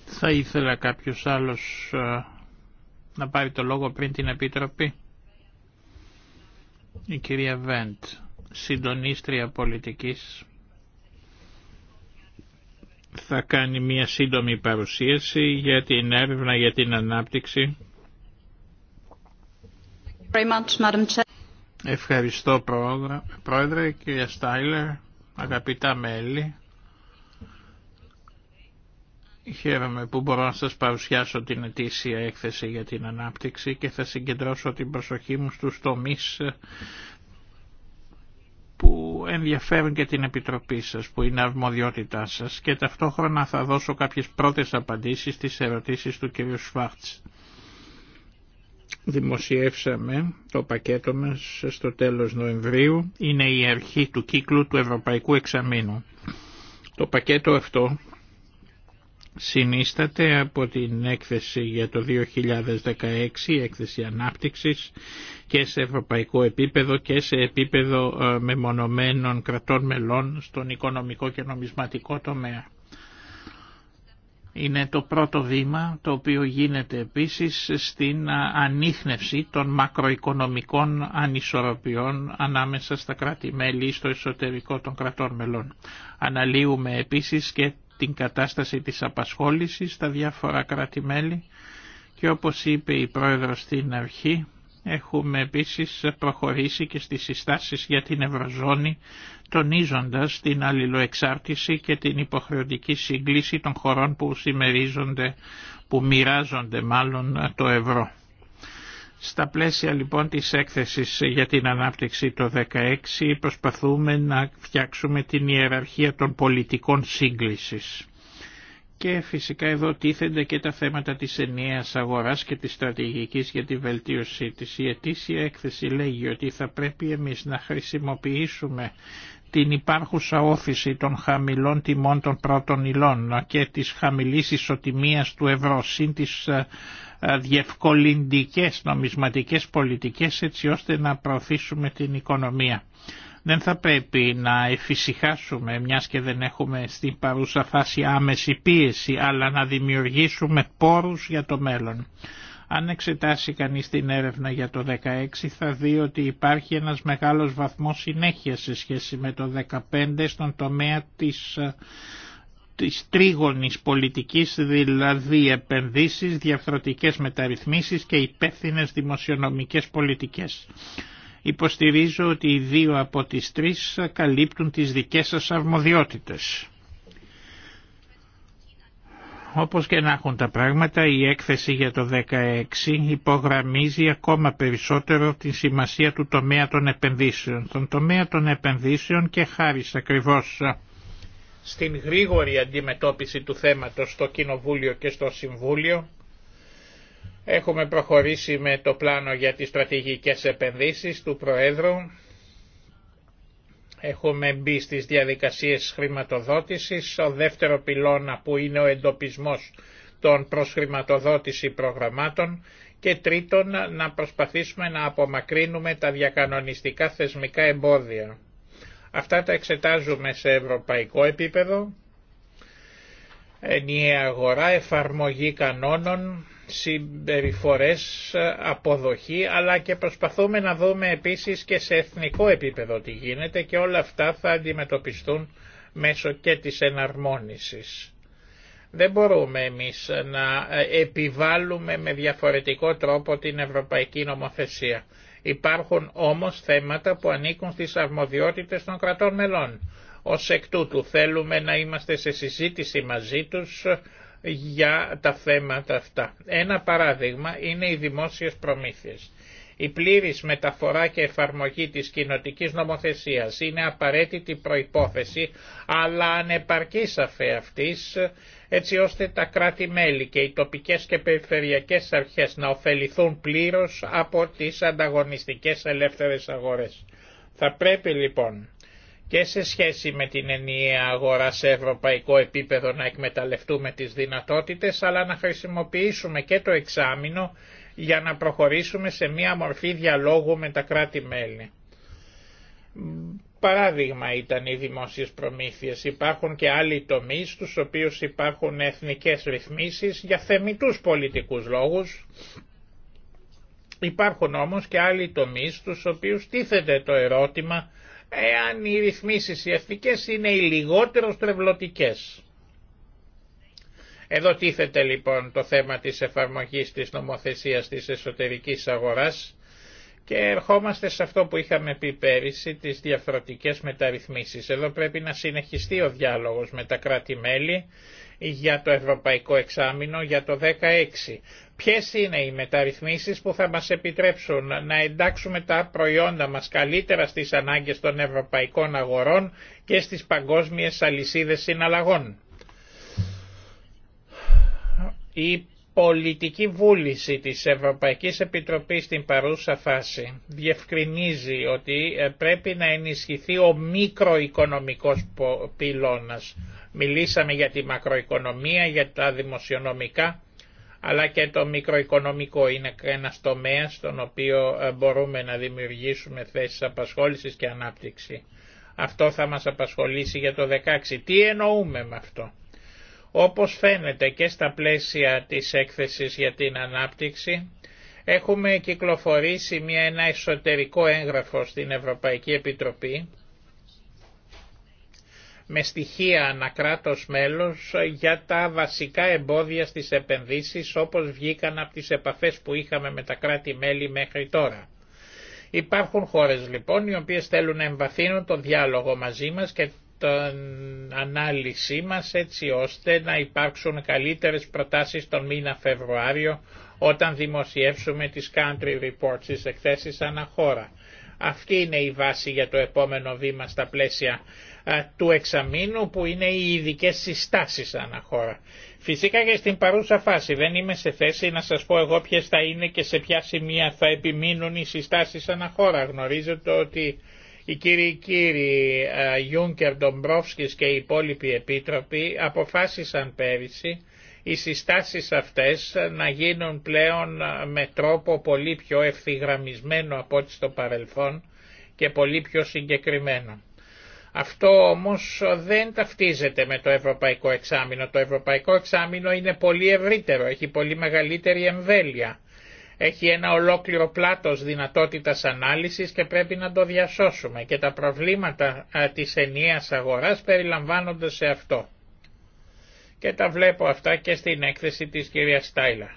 Θα ήθελα κάποιος άλλος ε, να πάρει το λόγο πριν την Επιτροπή. Η κυρία Βέντ, συντονίστρια πολιτικής, θα κάνει μία σύντομη παρουσίαση για την έρευνα για την ανάπτυξη. Ευχαριστώ πρόεδρε, κυρία Στάιλερ, αγαπητά μέλη. Χαίρομαι που μπορώ να σας παρουσιάσω την ετήσια έκθεση για την ανάπτυξη και θα συγκεντρώσω την προσοχή μου στους τομείς ε, που ενδιαφέρουν και την Επιτροπή σας, που είναι αρμοδιότητά σας και ταυτόχρονα θα δώσω κάποιες πρώτες απαντήσεις στις ερωτήσεις του κ. Σφάρτς. Δημοσιεύσαμε το πακέτο μας στο τέλος Νοεμβρίου, είναι η αρχή του κύκλου του Ευρωπαϊκού Εξαμήνου. Το πακέτο αυτό συνίσταται από την έκθεση για το 2016, έκθεση ανάπτυξης και σε ευρωπαϊκό επίπεδο και σε επίπεδο ε, μεμονωμένων κρατών μελών στον οικονομικό και νομισματικό τομέα. Είναι το πρώτο βήμα το οποίο γίνεται επίσης στην ε, ανείχνευση των μακροοικονομικών ανισορροπιών ανάμεσα στα κράτη-μέλη στο εσωτερικό των κρατών μελών. Αναλύουμε επίσης και την κατάσταση της απασχόλησης στα διάφορα κράτη-μέλη και όπως είπε η Πρόεδρος στην αρχή έχουμε επίσης προχωρήσει και στις συστάσεις για την Ευρωζώνη τονίζοντας την αλληλοεξάρτηση και την υποχρεωτική σύγκληση των χωρών που συμμερίζονται, που μοιράζονται μάλλον το ευρώ. Στα πλαίσια λοιπόν της έκθεσης για την ανάπτυξη το 16 προσπαθούμε να φτιάξουμε την ιεραρχία των πολιτικών σύγκλησης. Και φυσικά εδώ τίθενται και τα θέματα της ενιαίας αγοράς και της στρατηγικής για τη βελτίωσή της. Η ετήσια έκθεση λέγει ότι θα πρέπει εμείς να χρησιμοποιήσουμε την υπάρχουσα όθηση των χαμηλών τιμών των πρώτων υλών και της χαμηλής ισοτιμίας του ευρώ συν της ε, ε, διευκολυντικές νομισματικές πολιτικές έτσι ώστε να προωθήσουμε την οικονομία. Δεν θα πρέπει να εφησυχάσουμε μιας και δεν έχουμε στην παρούσα φάση άμεση πίεση αλλά να δημιουργήσουμε πόρους για το μέλλον. Αν εξετάσει κανείς την έρευνα για το 16 θα δει ότι υπάρχει ένας μεγάλος βαθμός συνέχεια σε σχέση με το 2015 στον τομέα της ε, της τρίγωνης πολιτικής, δηλαδή επενδύσεις, διαφθρωτικές μεταρρυθμίσεις και υπεύθυνε δημοσιονομικές πολιτικές. Υποστηρίζω ότι οι δύο από τις τρεις καλύπτουν τις δικές σας αρμοδιότητες. Όπως και να έχουν τα πράγματα, η έκθεση για το 16 υπογραμμίζει ακόμα περισσότερο τη σημασία του τομέα των επενδύσεων. Τον τομέα των επενδύσεων και χάρη ακριβώς στην γρήγορη αντιμετώπιση του θέματος στο Κοινοβούλιο και στο Συμβούλιο. Έχουμε προχωρήσει με το πλάνο για τις στρατηγικές επενδύσεις του Προέδρου. Έχουμε μπει στις διαδικασίες χρηματοδότησης. Ο δεύτερο πυλώνα που είναι ο εντοπισμός των προσχρηματοδότηση προγραμμάτων και τρίτον να προσπαθήσουμε να απομακρύνουμε τα διακανονιστικά θεσμικά εμπόδια. Αυτά τα εξετάζουμε σε ευρωπαϊκό επίπεδο, ενιαία αγορά, εφαρμογή κανόνων, συμπεριφορές, αποδοχή, αλλά και προσπαθούμε να δούμε επίσης και σε εθνικό επίπεδο τι γίνεται και όλα αυτά θα αντιμετωπιστούν μέσω και της εναρμόνισης. Δεν μπορούμε εμείς να επιβάλλουμε με διαφορετικό τρόπο την ευρωπαϊκή νομοθεσία. Υπάρχουν όμως θέματα που ανήκουν στις αρμοδιότητες των κρατών μελών. Ως εκ τούτου θέλουμε να είμαστε σε συζήτηση μαζί τους για τα θέματα αυτά. Ένα παράδειγμα είναι οι δημόσιες προμήθειες. Η πλήρης μεταφορά και εφαρμογή της κοινοτικής νομοθεσίας είναι απαραίτητη προϋπόθεση, αλλά ανεπαρκής αφέ αυτής, έτσι ώστε τα κράτη-μέλη και οι τοπικές και περιφερειακές αρχές να ωφεληθούν πλήρως από τις ανταγωνιστικές ελεύθερες αγορές. Θα πρέπει λοιπόν και σε σχέση με την ενιαία αγορά σε ευρωπαϊκό επίπεδο να εκμεταλλευτούμε τις δυνατότητες, αλλά να χρησιμοποιήσουμε και το εξάμεινο για να προχωρήσουμε σε μία μορφή διαλόγου με τα κράτη-μέλη. Παράδειγμα ήταν οι δημόσιες προμήθειες. Υπάρχουν και άλλοι τομείς στους οποίους υπάρχουν εθνικές ρυθμίσεις για θεμητούς πολιτικούς λόγους. Υπάρχουν όμως και άλλοι τομείς στους οποίους τίθεται το ερώτημα εάν οι ρυθμίσεις οι εθνικές είναι οι λιγότερο στρεβλωτικές. Εδώ τίθεται λοιπόν το θέμα της εφαρμογής της νομοθεσίας της εσωτερικής αγοράς και ερχόμαστε σε αυτό που είχαμε πει πέρυσι, τις διαφορετικές μεταρρυθμίσεις. Εδώ πρέπει να συνεχιστεί ο διάλογος με τα κράτη-μέλη για το Ευρωπαϊκό Εξάμεινο για το 2016. Ποιες είναι οι μεταρρυθμίσεις που θα μας επιτρέψουν να εντάξουμε τα προϊόντα μας καλύτερα στις ανάγκες των ευρωπαϊκών αγορών και στις παγκόσμιες αλυσίδες συναλλαγών η πολιτική βούληση της Ευρωπαϊκής Επιτροπής στην παρούσα φάση διευκρινίζει ότι ε, πρέπει να ενισχυθεί ο μικροοικονομικός πυλώνας. Μιλήσαμε για τη μακροοικονομία, για τα δημοσιονομικά, αλλά και το μικροοικονομικό είναι ένα τομέας στον οποίο ε, μπορούμε να δημιουργήσουμε θέσεις απασχόλησης και ανάπτυξη. Αυτό θα μας απασχολήσει για το 16. Τι εννοούμε με αυτό. Όπως φαίνεται και στα πλαίσια της έκθεσης για την ανάπτυξη, έχουμε κυκλοφορήσει μια, ένα εσωτερικό έγγραφο στην Ευρωπαϊκή Επιτροπή με στοιχεία ανακράτος μέλος για τα βασικά εμπόδια στις επενδύσεις όπως βγήκαν από τις επαφές που είχαμε με τα κράτη-μέλη μέχρι τώρα. Υπάρχουν χώρες λοιπόν οι οποίες θέλουν να εμβαθύνουν το διάλογο μαζί μας και την ανάλυση μας έτσι ώστε να υπάρξουν καλύτερες προτάσεις τον μήνα Φεβρουάριο όταν δημοσιεύσουμε τις country reports, τις εκθέσεις αναχώρα. Αυτή είναι η βάση για το επόμενο βήμα στα πλαίσια του εξαμήνου που είναι οι ειδικέ συστάσεις αναχώρα. Φυσικά και στην παρούσα φάση δεν είμαι σε θέση να σας πω εγώ ποιες θα είναι και σε ποια σημεία θα επιμείνουν οι συστάσεις αναχώρα. Γνωρίζετε ότι οι κύριοι κύριοι Γιούνκερ Ντομπρόφσκης και οι υπόλοιποι επίτροποι αποφάσισαν πέρυσι οι συστάσεις αυτές να γίνουν πλέον με τρόπο πολύ πιο ευθυγραμμισμένο από ό,τι στο παρελθόν και πολύ πιο συγκεκριμένο. Αυτό όμως δεν ταυτίζεται με το Ευρωπαϊκό Εξάμεινο. Το Ευρωπαϊκό Εξάμεινο είναι πολύ ευρύτερο, έχει πολύ μεγαλύτερη εμβέλεια έχει ένα ολόκληρο πλάτος δυνατότητας ανάλυσης και πρέπει να το διασώσουμε και τα προβλήματα της ενιαίας αγοράς περιλαμβάνονται σε αυτό. Και τα βλέπω αυτά και στην έκθεση της κυρίας Στάιλα.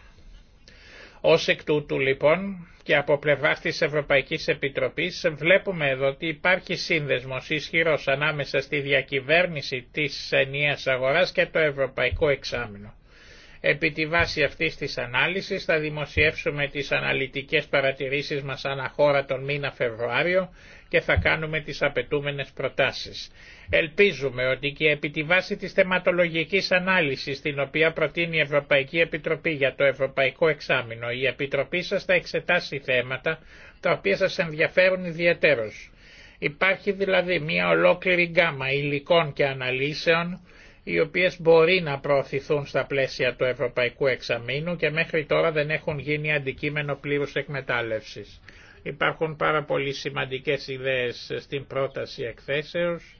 Ως εκ τούτου λοιπόν και από πλευρά της Ευρωπαϊκής Επιτροπής βλέπουμε εδώ ότι υπάρχει σύνδεσμος ισχυρός ανάμεσα στη διακυβέρνηση της ενιαίας αγοράς και το Ευρωπαϊκό Εξάμεινο. Επί τη βάση αυτής της ανάλυσης θα δημοσιεύσουμε τις αναλυτικές παρατηρήσεις μας αναχώρα τον μήνα Φεβρουάριο και θα κάνουμε τις απαιτούμενες προτάσεις. Ελπίζουμε ότι και επί τη βάση της θεματολογικής ανάλυσης την οποία προτείνει η Ευρωπαϊκή Επιτροπή για το Ευρωπαϊκό Εξάμεινο, η Επιτροπή σας θα εξετάσει θέματα τα οποία σας ενδιαφέρουν ιδιαίτερως. Υπάρχει δηλαδή μια ολόκληρη γκάμα υλικών και αναλύσεων οι οποίες μπορεί να προωθηθούν στα πλαίσια του Ευρωπαϊκού Εξαμήνου και μέχρι τώρα δεν έχουν γίνει αντικείμενο πλήρους εκμετάλλευσης. Υπάρχουν πάρα πολύ σημαντικές ιδέες στην πρόταση εκθέσεως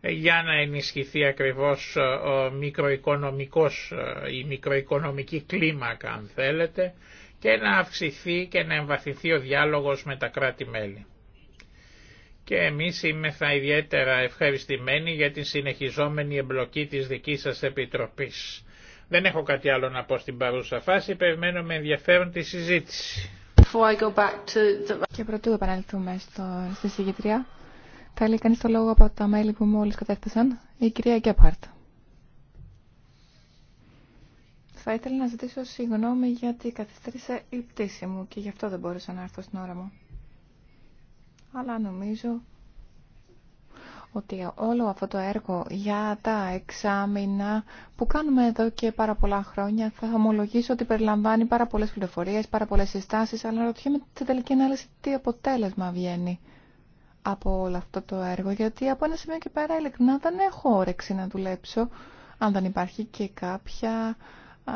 ε, για να ενισχυθεί ακριβώς ε, ο μικροοικονομικός, ε, η μικροοικονομική κλίμακα αν θέλετε και να αυξηθεί και να εμβαθυνθεί ο διάλογος με τα κράτη-μέλη και εμείς είμεθα ιδιαίτερα ευχαριστημένοι για την συνεχιζόμενη εμπλοκή της δικής σας Επιτροπής. Δεν έχω κάτι άλλο να πω στην παρούσα φάση, περιμένω με ενδιαφέρον τη συζήτηση. Και πρωτού επαναληφθούμε στο, στη συγκεκριά, θέλει κανείς το λόγο από τα μέλη που μόλις κατέφτασαν, η κυρία Γκέπαρτ. Θα ήθελα να ζητήσω συγγνώμη γιατί καθυστέρησε η πτήση μου και γι' αυτό δεν μπόρεσα να έρθω στην ώρα μου αλλά νομίζω ότι όλο αυτό το έργο για τα εξάμεινα που κάνουμε εδώ και πάρα πολλά χρόνια θα ομολογήσω ότι περιλαμβάνει πάρα πολλές πληροφορίες, πάρα πολλές συστάσεις, αλλά ρωτιέμαι σε τελική ανάλυση τι αποτέλεσμα βγαίνει από όλο αυτό το έργο, γιατί από ένα σημείο και πέρα ειλικρινά δεν έχω όρεξη να δουλέψω, αν δεν υπάρχει και κάποια α,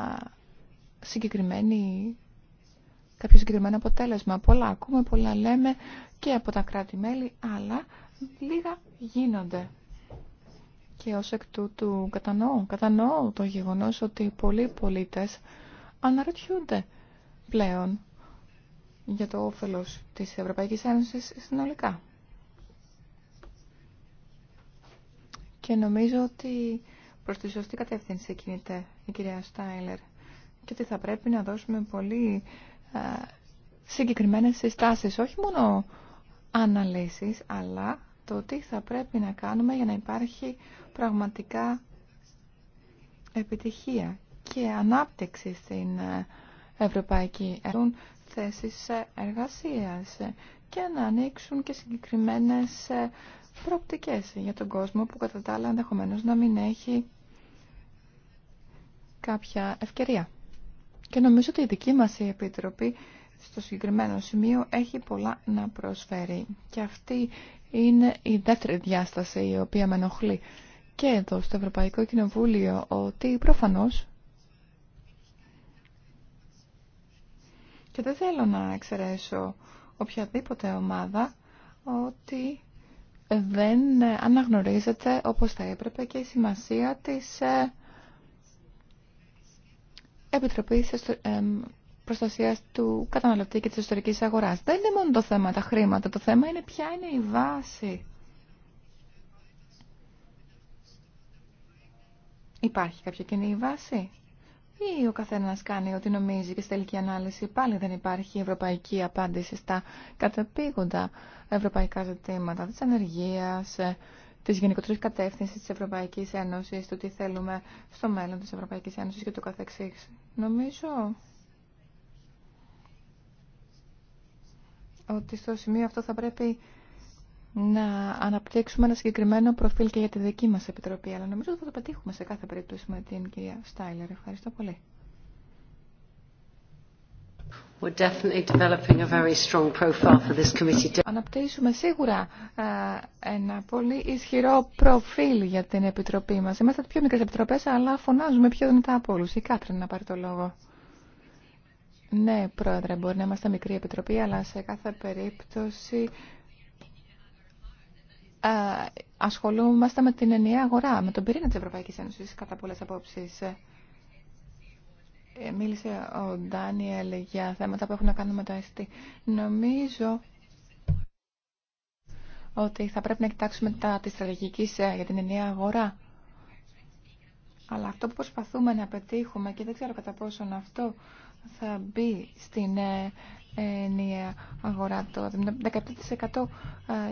συγκεκριμένη κάποιο συγκεκριμένο αποτέλεσμα. Πολλά ακούμε, πολλά λέμε, και από τα κράτη-μέλη, αλλά λίγα γίνονται. Και ως εκ τούτου κατανοώ, κατανοώ το γεγονός ότι πολλοί πολίτες αναρωτιούνται πλέον για το όφελος της Ευρωπαϊκής Ένωσης συνολικά. Και νομίζω ότι προς τη σωστή κατεύθυνση κινείται η κυρία Στάιλερ και ότι θα πρέπει να δώσουμε πολύ ε, συγκεκριμένες συστάσεις, όχι μόνο αναλύσεις, αλλά το τι θα πρέπει να κάνουμε για να υπάρχει πραγματικά επιτυχία και ανάπτυξη στην ε, Ευρωπαϊκή Ένωση θέσεις ε, εργασίας ε, και να ανοίξουν και συγκεκριμένες προοπτικές για τον κόσμο που κατά τα άλλα ενδεχομένω να μην έχει κάποια ευκαιρία. Και νομίζω ότι η δική μας η Επιτροπή στο συγκεκριμένο σημείο έχει πολλά να προσφέρει. Και αυτή είναι η δεύτερη διάσταση η οποία με ενοχλεί και εδώ στο Ευρωπαϊκό Κοινοβούλιο ότι προφανώς και δεν θέλω να εξαιρέσω οποιαδήποτε ομάδα ότι δεν αναγνωρίζεται όπως θα έπρεπε και η σημασία της ε, Επιτροπής ε, ε, προστασία του καταναλωτή και τη εσωτερική αγορά. Δεν είναι μόνο το θέμα τα χρήματα. Το θέμα είναι ποια είναι η βάση. Υπάρχει κάποια κοινή βάση. Ή ο καθένα κάνει ό,τι νομίζει και στη τελική ανάλυση πάλι δεν υπάρχει ευρωπαϊκή απάντηση στα κατεπήγοντα ευρωπαϊκά ζητήματα τη ανεργία, τη γενικότερη κατεύθυνση τη Ευρωπαϊκή Ένωση, του τι θέλουμε στο μέλλον τη Ευρωπαϊκή Ένωση και το καθεξή. Νομίζω ότι στο σημείο αυτό θα πρέπει να αναπτύξουμε ένα συγκεκριμένο προφίλ και για τη δική μας επιτροπή, αλλά νομίζω ότι θα το πετύχουμε σε κάθε περίπτωση με την κυρία Στάιλερ. Ευχαριστώ πολύ. Αναπτύσσουμε σίγουρα ε, ένα πολύ ισχυρό προφίλ για την Επιτροπή μας. Είμαστε πιο μικρές επιτροπές, αλλά φωνάζουμε πιο δυνατά από όλους. Η Κάτριν να πάρει το λόγο. Ναι, Πρόεδρε, μπορεί να είμαστε μικρή επιτροπή, αλλά σε κάθε περίπτωση ασχολούμαστε με την ενιαία αγορά, με τον πυρήνα της Ευρωπαϊκής Ένωσης κατά πολλές απόψεις. Ε, μίλησε ο Ντάνιελ για θέματα που έχουν να κάνουν με το ΕΣΤΗ. Νομίζω ότι θα πρέπει να κοιτάξουμε τα της στρατηγικής για την ενιαία αγορά. Αλλά αυτό που προσπαθούμε να πετύχουμε και δεν ξέρω κατά πόσον αυτό θα μπει στην ε, ενιαία αγορά. Το 17% ε,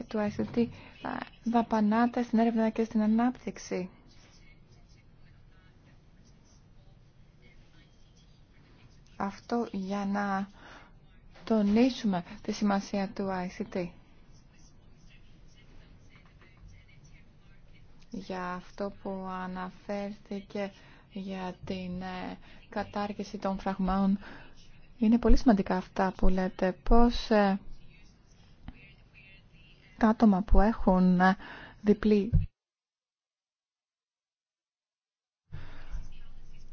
του ICT ε, δαπανάται στην έρευνα και στην ανάπτυξη. Αυτό για να τονίσουμε τη σημασία του ICT. Για αυτό που αναφέρθηκε για την ε, κατάργηση των φραγμάων Είναι πολύ σημαντικά αυτά που λέτε. Πώς ε, τα άτομα που έχουν ε, διπλή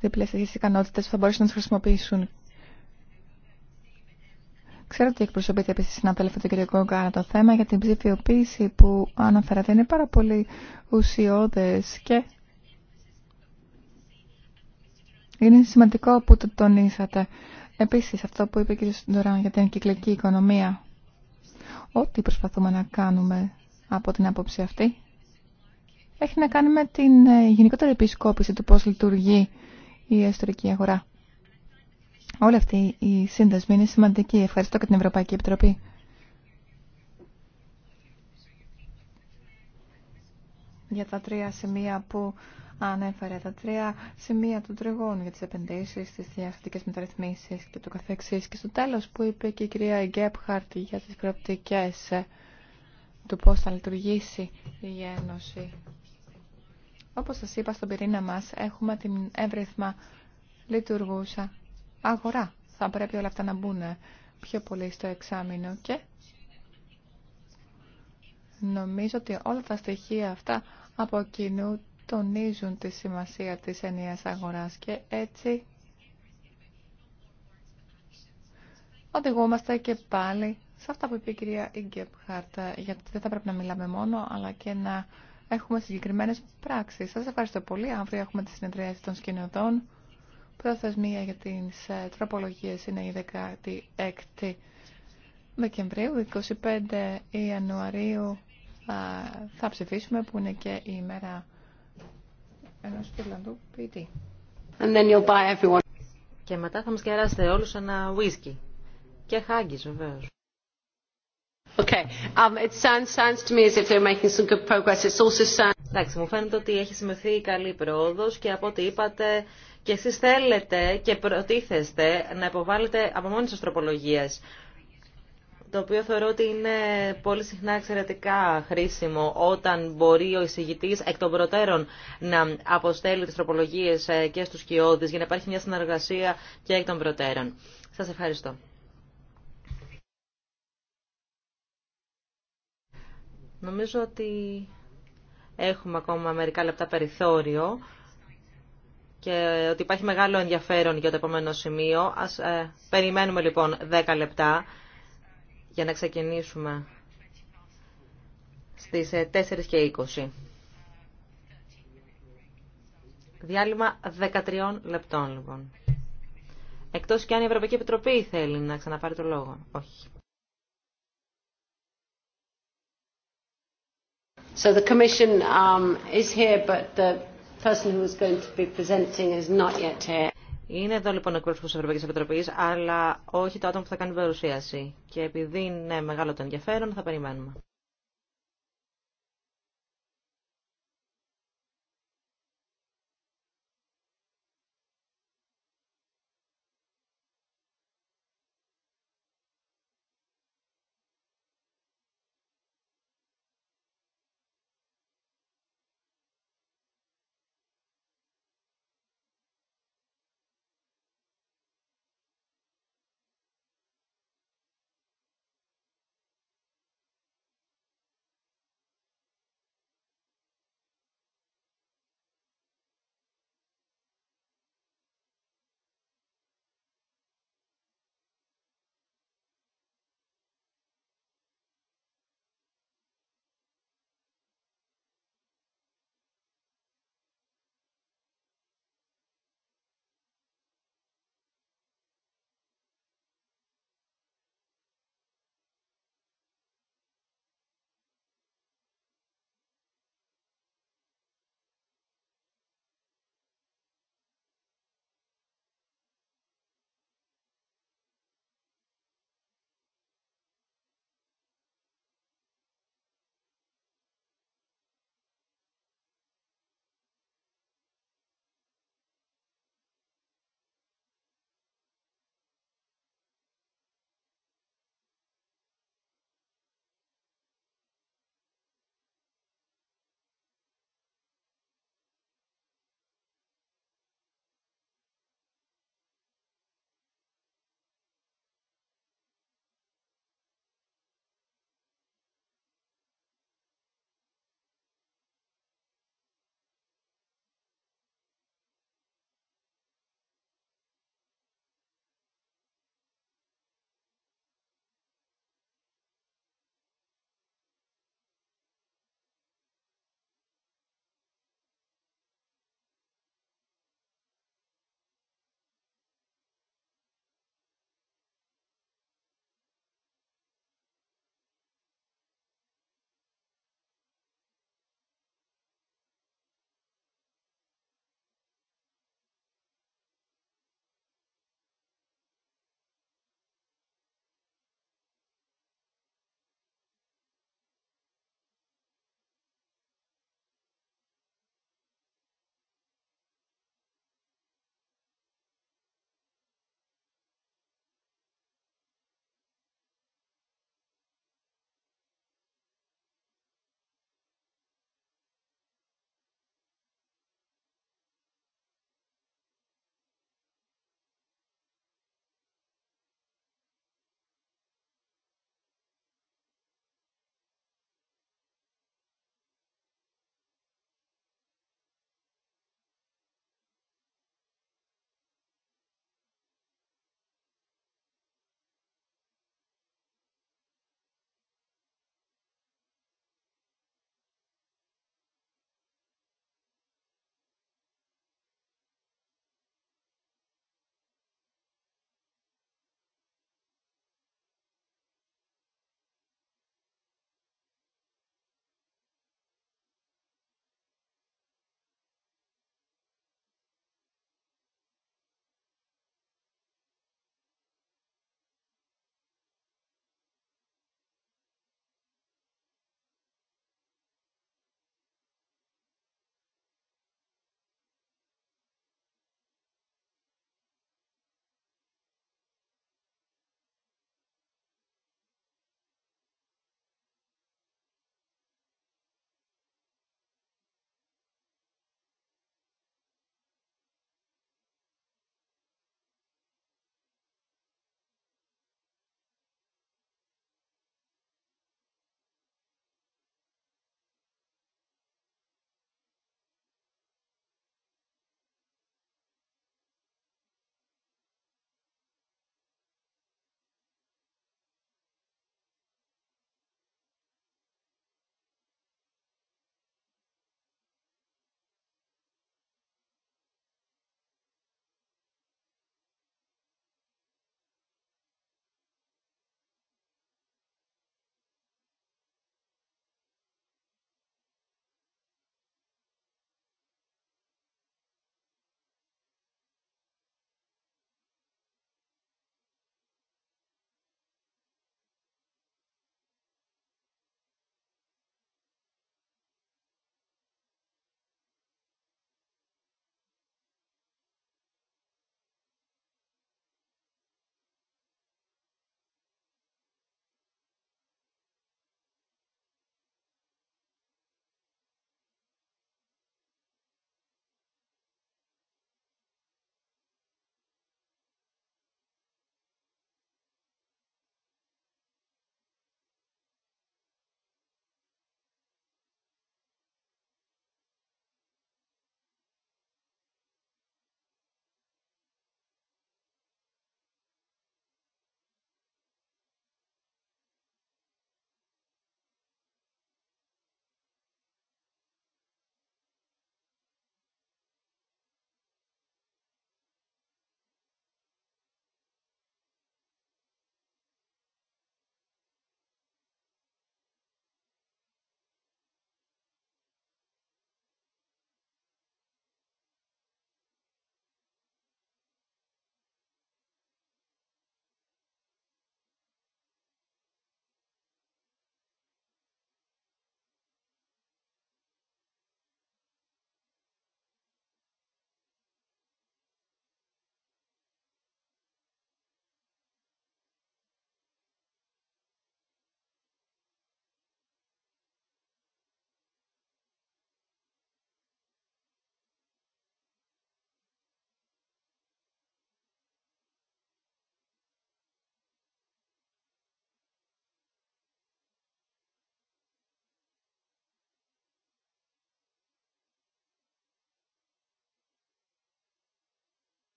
διπλές ικανότητες που θα μπορέσουν να τις χρησιμοποιήσουν Ξέρω ότι εκπροσωπείται επίση συνάδελφο τον κ. Κόγκαρα το θέμα για την ψηφιοποίηση που αναφέρατε. Είναι πάρα πολύ ουσιώδες και είναι σημαντικό που το τονίσατε. Επίσης, αυτό που είπε ο κ. Ντοράν για την κυκλική οικονομία. Ό,τι προσπαθούμε να κάνουμε από την άποψη αυτή έχει να κάνει με την ε, γενικότερη επισκόπηση του πώς λειτουργεί η εσωτερική αγορά. Όλη αυτή η σύνδεσμοι είναι σημαντική. Ευχαριστώ και την Ευρωπαϊκή Επιτροπή για τα τρία σημεία που ανέφερε, τα τρία σημεία του τριγώνου για τις επενδύσεις, τις διαστατικές μεταρρυθμίσεις και το καθεξής. Και στο τέλος που είπε και η κυρία Γκέπχαρτ για τις προοπτικές του πώς θα λειτουργήσει η Ένωση. Όπως σας είπα στον πυρήνα μας, έχουμε την εύρυθμα λειτουργούσα αγορά. Θα πρέπει όλα αυτά να μπουν πιο πολύ στο εξάμεινο και νομίζω ότι όλα τα στοιχεία αυτά από κοινού τονίζουν τη σημασία της ενιαίας αγοράς και έτσι οδηγούμαστε και πάλι σε αυτά που είπε η κυρία Ιγκεπχάρτ, γιατί δεν θα πρέπει να μιλάμε μόνο, αλλά και να έχουμε συγκεκριμένες πράξεις. Σας ευχαριστώ πολύ. Αύριο έχουμε τη συνεδρίαση των σκηνοδών. Προθεσμία για τι ε, τροπολογίε, είναι η 16η Δεκεμβρίου, 25 Ιανουαρίου θα ψηφίσουμε που είναι και η ημέρα ενός Φιλανδού ποιητή. And then you'll buy everyone. Και μετά θα μας κεράσετε όλους ένα whisky. Και χάγκης βεβαίως. Okay. Um, it sounds, sounds to me as if they're making some good progress. It's also sound... Εντάξει, μου φαίνεται ότι έχει σημειωθεί καλή πρόοδος και από ό,τι είπατε και εσεί θέλετε και προτίθεστε να υποβάλλετε από μόνοι σα τροπολογίες το οποίο θεωρώ ότι είναι πολύ συχνά εξαιρετικά χρήσιμο όταν μπορεί ο εισηγητής εκ των προτέρων να αποστέλει τις τροπολογίες ε, και στους κοιόδης για να υπάρχει μια συνεργασία και εκ των προτέρων. Σας ευχαριστώ. Νομίζω ότι έχουμε ακόμα μερικά λεπτά περιθώριο και ότι υπάρχει μεγάλο ενδιαφέρον για το επόμενο σημείο. Ας ε, περιμένουμε λοιπόν 10 λεπτά για να ξεκινήσουμε στις 4 ε, και 20. Διάλειμμα 13 λεπτών, λοιπόν. Εκτός και αν η Ευρωπαϊκή Επιτροπή θέλει να ξαναπάρει το λόγο. Όχι. So the Commission um, is here, but the person who was going to be presenting is not yet here. Είναι εδώ λοιπόν ο εκπρόσωπο τη Ευρωπαϊκή Επιτροπή, αλλά όχι το άτομο που θα κάνει παρουσίαση. Και επειδή είναι μεγάλο το ενδιαφέρον, θα περιμένουμε.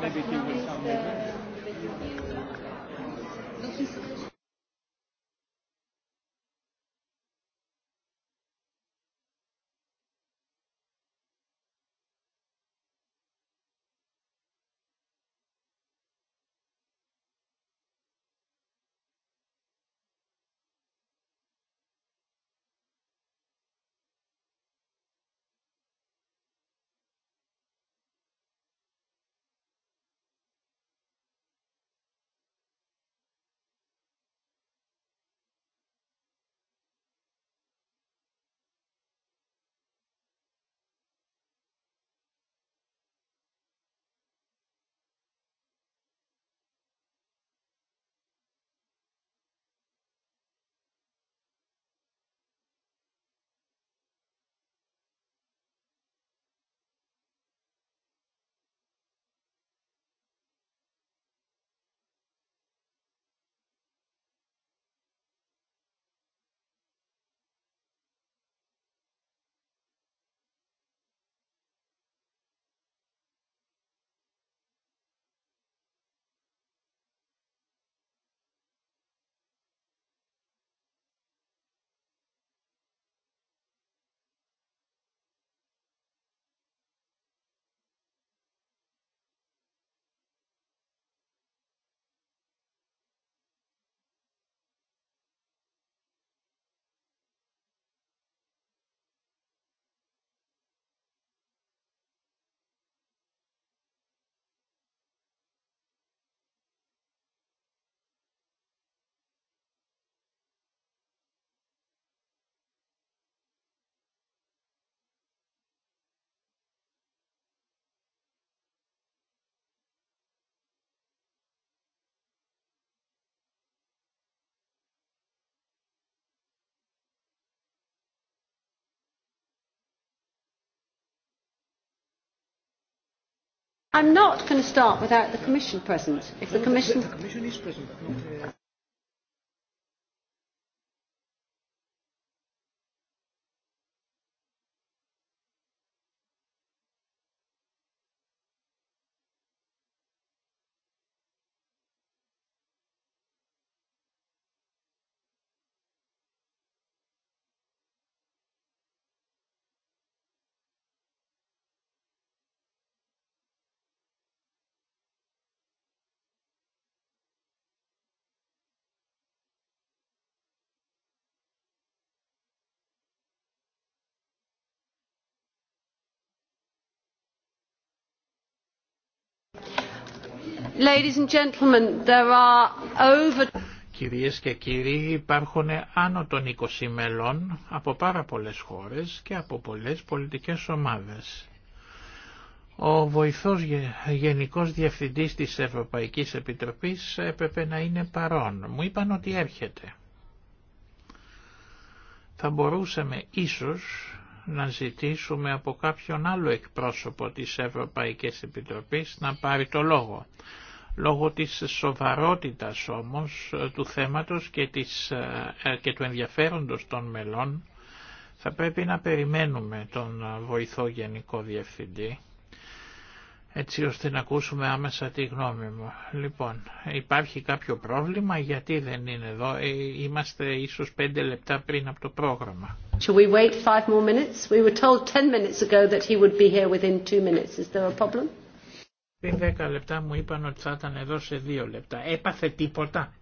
Maybe he will come I'm not going to start without the Commission present. If the Commission... The Commission is present. Κυρίες και κύριοι, υπάρχουν άνω των 20 μελών από πάρα πολλές χώρες και από πολλές πολιτικές ομάδες. Ο βοηθός γενικός διευθυντής της Ευρωπαϊκής Επιτροπής έπρεπε να είναι παρόν. Μου είπαν ότι έρχεται. Θα μπορούσαμε ίσως να ζητήσουμε από κάποιον άλλο εκπρόσωπο της Ευρωπαϊκής Επιτροπής να πάρει το λόγο. Λόγω της σοβαρότητας όμως ε, του θέματος και, της, ε, ε, του ενδιαφέροντος των μελών θα πρέπει να περιμένουμε τον βοηθό γενικό διευθυντή έτσι ώστε να ακούσουμε άμεσα τη γνώμη μου. Λοιπόν, υπάρχει κάποιο πρόβλημα, γιατί δεν είναι εδώ, είμαστε ίσως πέντε λεπτά πριν από το πρόγραμμα. we were πριν 10 λεπτά μου είπαν ότι θα ήταν εδώ σε 2 λεπτά. Έπαθε τίποτα.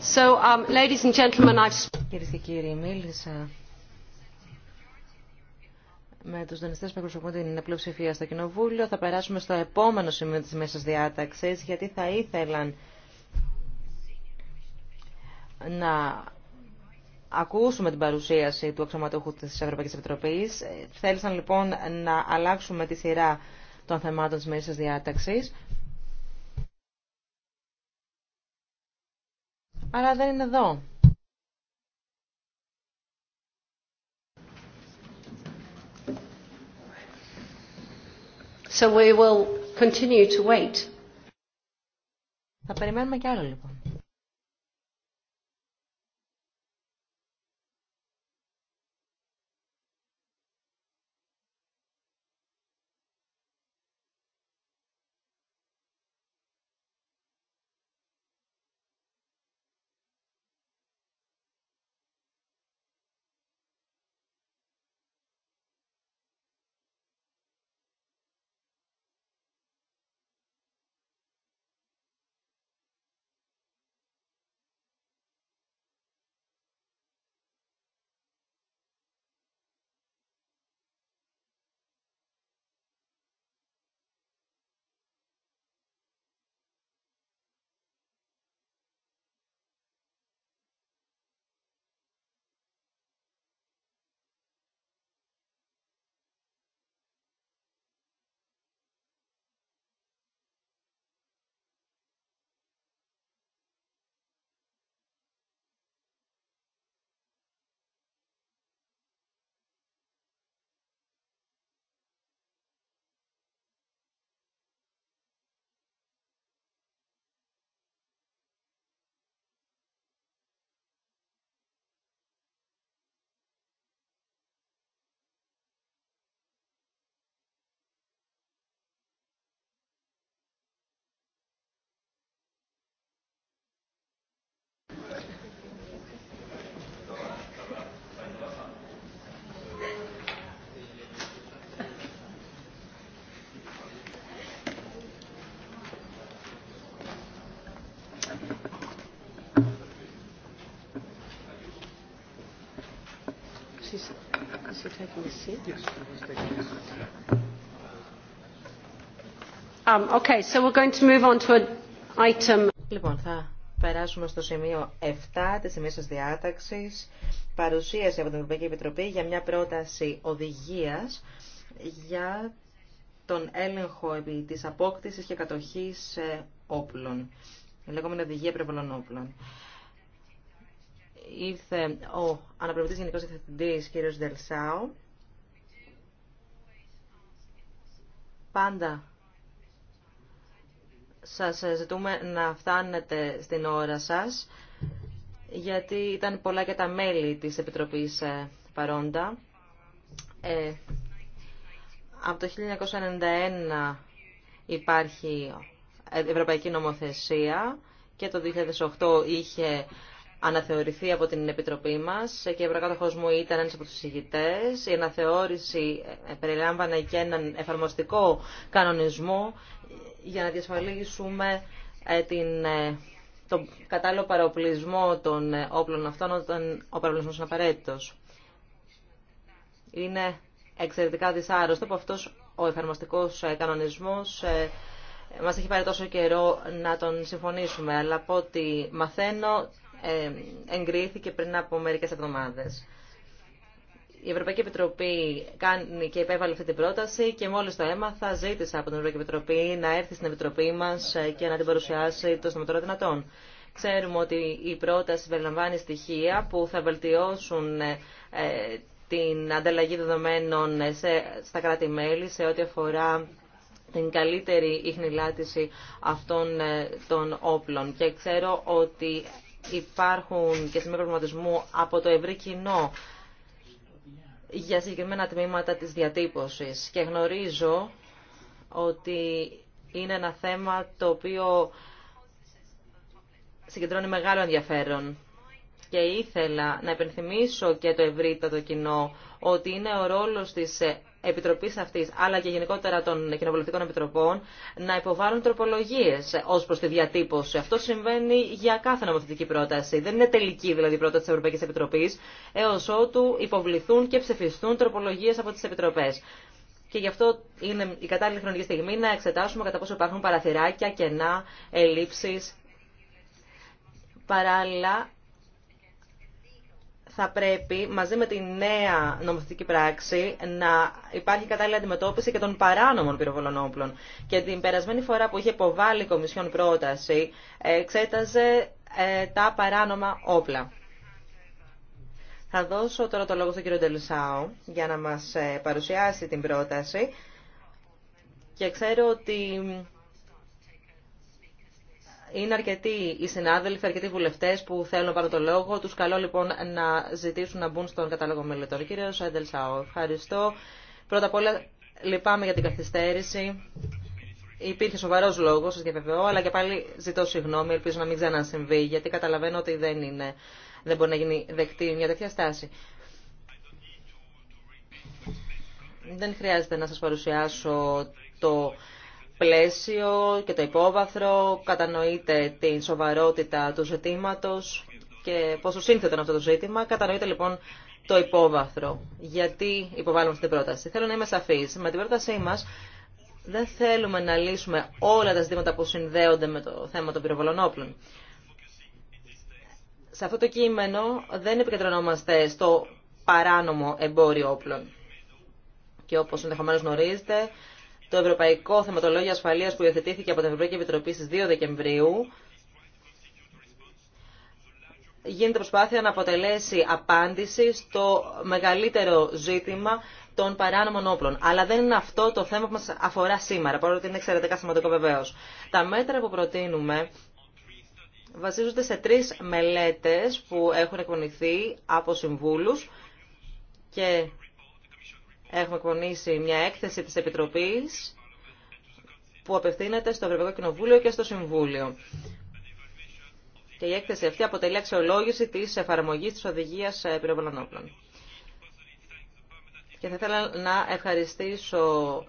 So, um, Κυρίες και κύριοι, μίλησα με τους δανειστές που εκπροσωπούν την πλειοψηφία στο Κοινοβούλιο. Θα περάσουμε στο επόμενο σημείο της μέσας διάταξης, γιατί θα ήθελαν να ακούσουμε την παρουσίαση του αξιωματούχου της Ευρωπαϊκής Επιτροπής. Ε, θέλησαν λοιπόν να αλλάξουμε τη σειρά των θεμάτων της μέσας διάταξης. αλλά δεν είναι εδώ. So we will continue to wait. Θα περιμένουμε κι άλλο λοιπόν. Um, okay, so we're going to move on to an item. Λοιπόν, θα περάσουμε στο σημείο 7 της ημίσης διάταξης, παρουσίαση από την Ευρωπαϊκή Επιτροπή για μια πρόταση οδηγίας για τον έλεγχο επί της απόκτησης και κατοχής ε, όπλων. Η λεγόμενη οδηγία προβολών όπλων ήρθε ο αναπληρωτής γενικός διευθυντής κ. Δελσάου. Πάντα σας ζητούμε να φτάνετε στην ώρα σας, γιατί ήταν πολλά και τα μέλη της Επιτροπής ε, παρόντα. Ε, από το 1991 υπάρχει ε, ευρωπαϊκή νομοθεσία και το 2008 είχε αναθεωρηθεί από την Επιτροπή μας και ο προκάτοχος μου ήταν ένας από τους συγητές. Η αναθεώρηση περιλάμβανε και έναν εφαρμοστικό κανονισμό για να διασφαλίσουμε ε, την, ε, τον κατάλληλο παροπλισμό των ε, όπλων αυτών όταν ο παροπλισμός είναι απαραίτητος. Είναι εξαιρετικά δυσάρεστο που αυτός ο εφαρμοστικός κανονισμός μας έχει πάρει τόσο καιρό να τον συμφωνήσουμε, αλλά από ό,τι μαθαίνω εγκρίθηκε πριν από μερικές εβδομάδες. Η Ευρωπαϊκή Επιτροπή κάνει και επέβαλε αυτή την πρόταση και μόλις το έμαθα ζήτησα από την Ευρωπαϊκή Επιτροπή να έρθει στην Επιτροπή μας ε, και να την παρουσιάσει το στοματώρο δυνατόν. Ξέρουμε ότι η πρόταση περιλαμβάνει στοιχεία που θα βελτιώσουν ε, ε, την ανταλλαγή δεδομένων στα κράτη-μέλη σε ό,τι αφορά την καλύτερη ιχνηλάτηση αυτών των όπλων. Και ξέρω ότι υπάρχουν και σημεία προβληματισμού από το ευρύ κοινό για συγκεκριμένα τμήματα της διατύπωσης. Και γνωρίζω ότι είναι ένα θέμα το οποίο συγκεντρώνει μεγάλο ενδιαφέρον. Και ήθελα να επενθυμίσω και το ευρύτατο κοινό ότι είναι ο ρόλος της Επιτροπής αυτή, αλλά και γενικότερα των κοινοβουλευτικών επιτροπών, να υποβάλουν τροπολογίες ως προς τη διατύπωση. Αυτό συμβαίνει για κάθε νομοθετική πρόταση. Δεν είναι τελική δηλαδή η πρόταση της Ευρωπαϊκής Επιτροπής, έως ότου υποβληθούν και ψηφιστούν τροπολογίες από τις Επιτροπές. Και γι' αυτό είναι η κατάλληλη χρονική στιγμή να εξετάσουμε κατά πόσο υπάρχουν παραθυράκια, κενά, ελλείψεις. Παράλληλα, θα πρέπει μαζί με τη νέα νομοθετική πράξη να υπάρχει κατάλληλη αντιμετώπιση και των παράνομων πυροβολών όπλων. Και την περασμένη φορά που είχε υποβάλει η Κομισιόν πρόταση, εξέταζε ε, τα παράνομα όπλα. Θα δώσω τώρα το λόγο στον κύριο Ντελουσάου για να μας ε, παρουσιάσει την πρόταση. Και ξέρω ότι είναι αρκετοί οι συνάδελφοι, αρκετοί βουλευτέ που θέλουν να πάρουν το λόγο. Του καλώ λοιπόν να ζητήσουν να μπουν στον κατάλογο μελετών. Κύριε Σάιντελ Σάου, ευχαριστώ. Πρώτα απ' όλα, λυπάμαι για την καθυστέρηση. Υπήρχε σοβαρό λόγο, σα διαβεβαιώ, αλλά και πάλι ζητώ συγγνώμη. Ελπίζω να μην ξανασυμβεί, γιατί καταλαβαίνω ότι δεν, είναι, δεν μπορεί να γίνει δεκτή μια τέτοια στάση. Δεν χρειάζεται να σας παρουσιάσω το πλαίσιο και το υπόβαθρο, κατανοείτε την σοβαρότητα του ζητήματος και πόσο σύνθετο είναι αυτό το ζήτημα. Κατανοείτε λοιπόν το υπόβαθρο. Γιατί υποβάλλουμε αυτή την πρόταση. Θέλω να είμαι σαφής. Με την πρότασή μα δεν θέλουμε να λύσουμε όλα τα ζητήματα που συνδέονται με το θέμα των πυροβολών όπλων. Σε αυτό το κείμενο δεν επικεντρωνόμαστε στο παράνομο εμπόριο όπλων. Και όπως ενδεχομένως γνωρίζετε, το Ευρωπαϊκό Θεματολόγιο Ασφαλείας που υιοθετήθηκε από την Ευρωπαϊκή Επιτροπή στις 2 Δεκεμβρίου γίνεται προσπάθεια να αποτελέσει απάντηση στο μεγαλύτερο ζήτημα των παράνομων όπλων. Αλλά δεν είναι αυτό το θέμα που μας αφορά σήμερα, παρότι είναι εξαιρετικά σημαντικό βεβαίω. Τα μέτρα που προτείνουμε βασίζονται σε τρεις μελέτες που έχουν εκπονηθεί από συμβούλους και έχουμε εκπονήσει μια έκθεση της Επιτροπής που απευθύνεται στο Ευρωπαϊκό Κοινοβούλιο και στο Συμβούλιο. Και η έκθεση αυτή αποτελεί αξιολόγηση της εφαρμογής της οδηγίας πυροβολών όπλων. Και θα ήθελα να ευχαριστήσω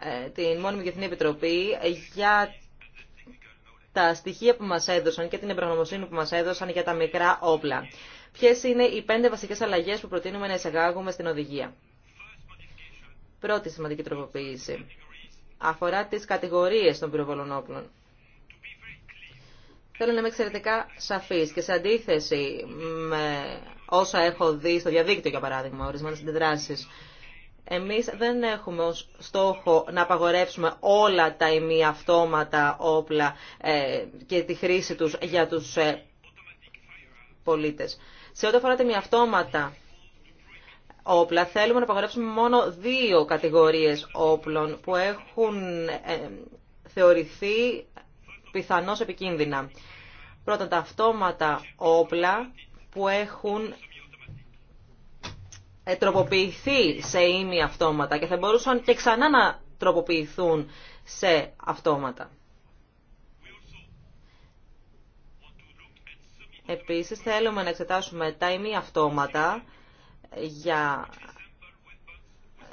ε, την Μόνιμη Διεθνή Επιτροπή για τα στοιχεία που μας έδωσαν και την εμπρογνωμοσύνη που μας έδωσαν για τα μικρά όπλα. Ποιες είναι οι πέντε βασικές αλλαγές που προτείνουμε να εισαγάγουμε στην οδηγία. Πρώτη σημαντική τροποποίηση αφορά τις κατηγορίες των πυροβολών όπλων. Θέλω να είμαι εξαιρετικά σαφής και σε αντίθεση με όσα έχω δει στο διαδίκτυο, για παράδειγμα, ορισμένες αντιδράσεις. Εμείς δεν έχουμε ως στόχο να απαγορεύσουμε όλα τα ημιαυτόματα όπλα ε, και τη χρήση τους για τους ε, πολίτες. Σε ό,τι αφορά τα ημιαυτόματα όπλα. Θέλουμε να απαγορεύσουμε μόνο δύο κατηγορίες όπλων που έχουν ε, θεωρηθεί πιθανώς επικίνδυνα. Πρώτα τα αυτόματα όπλα που έχουν ε, τροποποιηθεί σε ήμι αυτόματα και θα μπορούσαν και ξανά να τροποποιηθούν σε αυτόματα. Επίσης θέλουμε να εξετάσουμε τα ημί αυτόματα για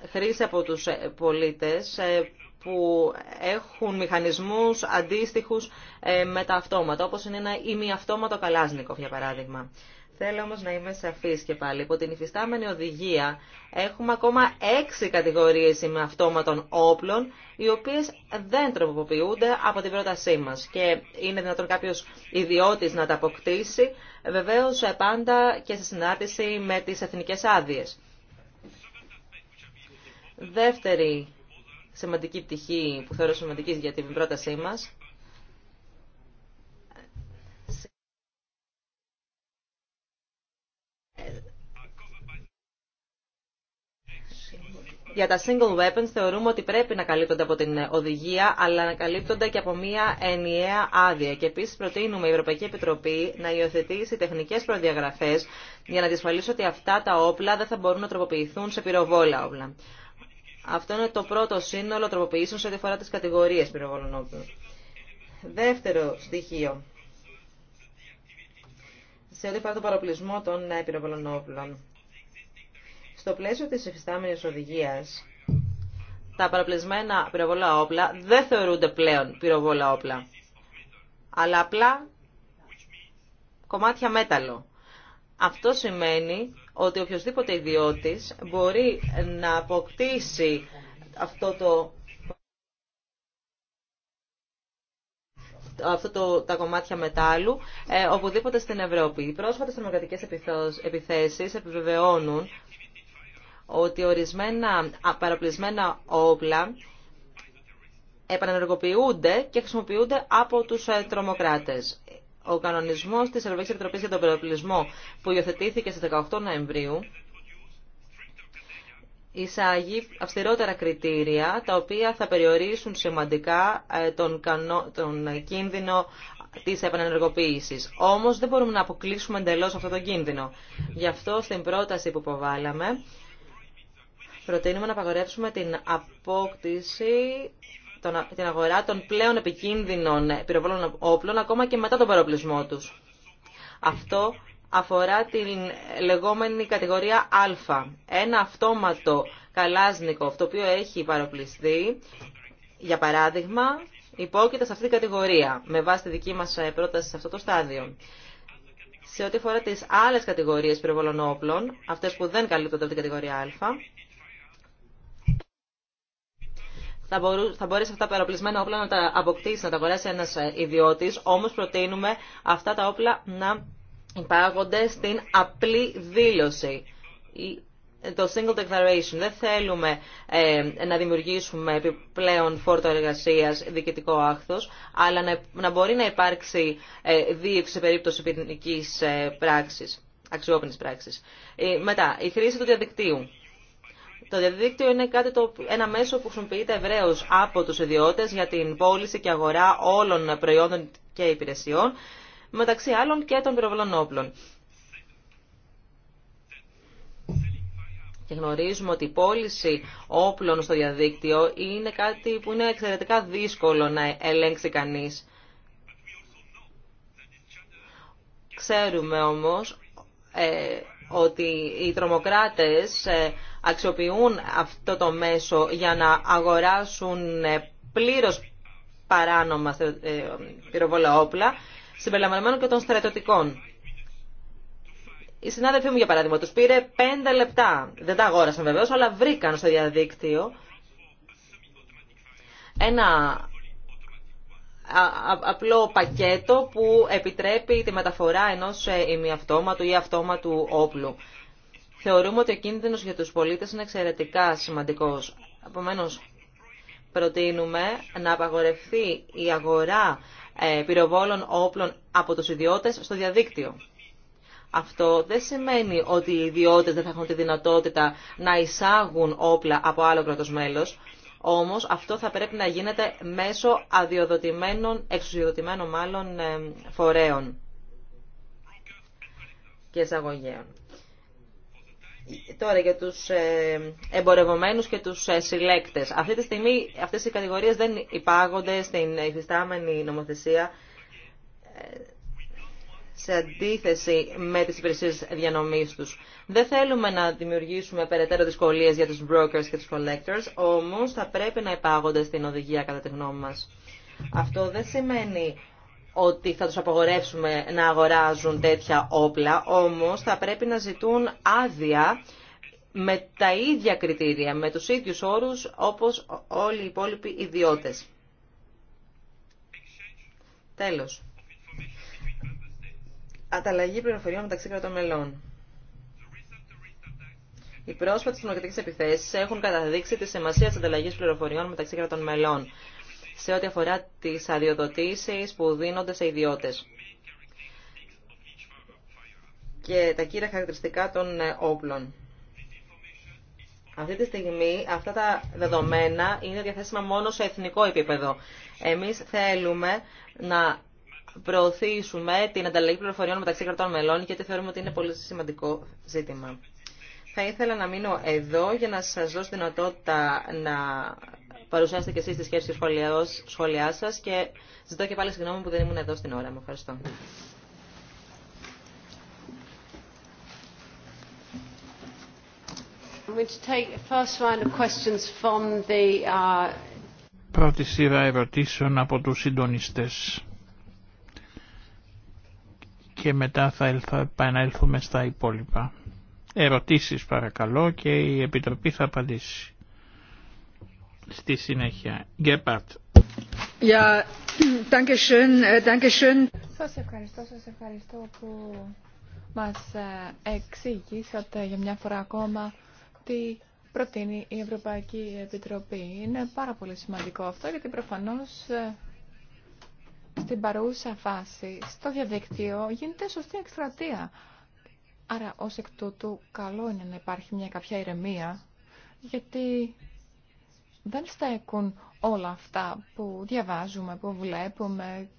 χρήση από τους ε, πολίτες ε, που έχουν μηχανισμούς αντίστοιχους ε, με τα αυτόματα, όπως είναι ένα ημιαυτόματο καλάζνικο, για παράδειγμα. Θέλω όμως να είμαι σαφής και πάλι. Υπό την υφιστάμενη οδηγία έχουμε ακόμα έξι κατηγορίες με αυτόματων όπλων, οι οποίες δεν τροποποιούνται από την πρότασή μας. Και είναι δυνατόν κάποιος ιδιώτης να τα αποκτήσει, βεβαίως ε, πάντα και σε συνάρτηση με τις εθνικές άδειες. Δεύτερη σημαντική πτυχή που θεωρώ σημαντική για την πρότασή μας για τα single weapons θεωρούμε ότι πρέπει να καλύπτονται από την οδηγία, αλλά να καλύπτονται και από μια ενιαία άδεια. Και επίση προτείνουμε η Ευρωπαϊκή Επιτροπή να υιοθετήσει τεχνικέ προδιαγραφέ για να διασφαλίσει ότι αυτά τα όπλα δεν θα μπορούν να τροποποιηθούν σε πυροβόλα όπλα. Αυτό είναι το πρώτο σύνολο τροποποιήσεων σε ό,τι αφορά τι κατηγορίε πυροβόλων όπλων. Δεύτερο στοιχείο. Σε ό,τι αφορά τον παροπλισμό των ε, πυροβολών όπλων. Στο πλαίσιο της εφιστάμενης οδηγίας, τα παραπλεσμένα πυροβόλα όπλα δεν θεωρούνται πλέον πυροβόλα όπλα, αλλά απλά κομμάτια μέταλλο. Αυτό σημαίνει ότι οποιοδήποτε ιδιώτης μπορεί να αποκτήσει αυτό το αυτό το, τα κομμάτια μετάλλου ε, οπουδήποτε στην Ευρώπη. Οι πρόσφατες θερμοκρατικές επιθέσεις επιβεβαιώνουν ότι ορισμένα παραπλησμένα όπλα επανενεργοποιούνται και χρησιμοποιούνται από τους ε, τρομοκράτες. Ο κανονισμός της Ευρωπαϊκής Επιτροπής για τον Περιοπλισμό που υιοθετήθηκε στις 18 Νοεμβρίου εισάγει αυστηρότερα κριτήρια τα οποία θα περιορίσουν σημαντικά ε, τον, τον κίνδυνο της επανενεργοποίησης. Όμως δεν μπορούμε να αποκλείσουμε εντελώς αυτό τον κίνδυνο. Γι' αυτό στην πρόταση που υποβάλαμε προτείνουμε να απαγορεύσουμε την απόκτηση, την αγορά των πλέον επικίνδυνων πυροβόλων όπλων, ακόμα και μετά τον παροπλισμό τους. Αυτό αφορά την λεγόμενη κατηγορία Α. Ένα αυτόματο καλάσνικο, το οποίο έχει παροπλιστεί, για παράδειγμα, υπόκειται σε αυτή την κατηγορία, με βάση τη δική μας ε, πρόταση σε αυτό το στάδιο. Σε ό,τι αφορά τις άλλες κατηγορίες πυροβολών όπλων, αυτές που δεν καλύπτονται από την κατηγορία Α, θα, μπορού, θα αυτά τα παραπλησμένα όπλα να τα αποκτήσει, να τα αγοράσει ένας ε, ιδιώτης, όμως προτείνουμε αυτά τα όπλα να υπάγονται στην απλή δήλωση. Το single declaration. Δεν θέλουμε ε, να δημιουργήσουμε επιπλέον φόρτο εργασία, διοικητικό άχθο, αλλά να, μπορεί να υπάρξει ε, σε περίπτωση ποινική ε, πράξη, αξιόπινη πράξη. Ε, μετά, η χρήση του διαδικτύου. Το διαδίκτυο είναι κάτι το, ένα μέσο που χρησιμοποιείται ευρέω από τους ιδιώτε για την πώληση και αγορά όλων προϊόντων και υπηρεσιών, μεταξύ άλλων και των πυροβολών όπλων. Και γνωρίζουμε ότι η πώληση όπλων στο διαδίκτυο είναι κάτι που είναι εξαιρετικά δύσκολο να ελέγξει κανείς. Ξέρουμε όμως ε, ότι οι τρομοκράτες... Ε, αξιοποιούν αυτό το μέσο για να αγοράσουν ε, πλήρως παράνομα ε, ε, πυροβόλα όπλα, συμπεριλαμβανομένων και των στρατιωτικών. Οι συνάδελφοί μου, για παράδειγμα, τους πήρε πέντε λεπτά. Δεν τα αγόρασαν βεβαίως, αλλά βρήκαν στο διαδίκτυο ένα απλό πακέτο που επιτρέπει τη μεταφορά ενός ημιαυτόματου ή αυτόματου όπλου θεωρούμε ότι ο κίνδυνο για τους πολίτες είναι εξαιρετικά σημαντικό. Επομένω, προτείνουμε να απαγορευτεί η αγορά ε, πυροβόλων όπλων από τους ιδιώτες στο διαδίκτυο. Αυτό δεν σημαίνει ότι οι ιδιώτες δεν θα έχουν τη δυνατότητα να εισάγουν όπλα από άλλο κράτος μέλος, όμως αυτό θα πρέπει να γίνεται μέσω αδειοδοτημένων, εξουσιοδοτημένων μάλλον ε, φορέων και εισαγωγέων. Τώρα για τους ε, εμπορευομένους και τους ε, συλλέκτε. Αυτή τη στιγμή αυτές οι κατηγορίες δεν υπάγονται στην υφιστάμενη νομοθεσία ε, σε αντίθεση με τις υπηρεσίες διανομής τους. Δεν θέλουμε να δημιουργήσουμε περαιτέρω δυσκολίες για τους brokers και τους collectors, όμως θα πρέπει να υπάγονται στην οδηγία κατά τη γνώμη μας. Αυτό δεν σημαίνει ότι θα τους απογορεύσουμε να αγοράζουν τέτοια όπλα, όμως θα πρέπει να ζητούν άδεια με τα ίδια κριτήρια, με τους ίδιους όρους όπως όλοι οι υπόλοιποι ιδιώτες. Τέλος. Αταλλαγή πληροφοριών μεταξύ κρατών μελών. Οι πρόσφατε δημοκρατικέ επιθέσει έχουν καταδείξει τη σημασία τη ανταλλαγή πληροφοριών μεταξύ κρατών μελών σε ό,τι αφορά τις αδειοδοτήσεις που δίνονται σε ιδιώτες και τα κύρια χαρακτηριστικά των ε, όπλων. Αυτή τη στιγμή αυτά τα δεδομένα είναι διαθέσιμα μόνο σε εθνικό επίπεδο. Εμείς θέλουμε να προωθήσουμε την ανταλλαγή πληροφοριών μεταξύ κρατών μελών γιατί θεωρούμε ότι είναι πολύ σημαντικό ζήτημα. Θα ήθελα να μείνω εδώ για να σας δώσω δυνατότητα να παρουσιάσετε και εσείς τη σκέψη σχόλιά σας και ζητώ και πάλι συγγνώμη που δεν ήμουν εδώ στην ώρα μου. Ευχαριστώ. Uh, Πρώτη σειρά ερωτήσεων από τους συντονιστές και μετά θα επανέλθουμε στα υπόλοιπα. Ερωτήσεις παρακαλώ και η Επιτροπή θα απαντήσει στη συνέχεια. Γκέπαρτ. ευχαριστώ, ευχαριστώ που μας ε, εξηγήσατε για μια φορά ακόμα τι προτείνει η Ευρωπαϊκή Επιτροπή. Είναι πάρα πολύ σημαντικό αυτό γιατί προφανώ ε, στην παρούσα φάση στο διαδικτύο γίνεται σωστή εκστρατεία. Άρα ως εκ τούτου καλό είναι να υπάρχει μια κάποια ηρεμία γιατί δεν στέκουν όλα αυτά που διαβάζουμε, που βλέπουμε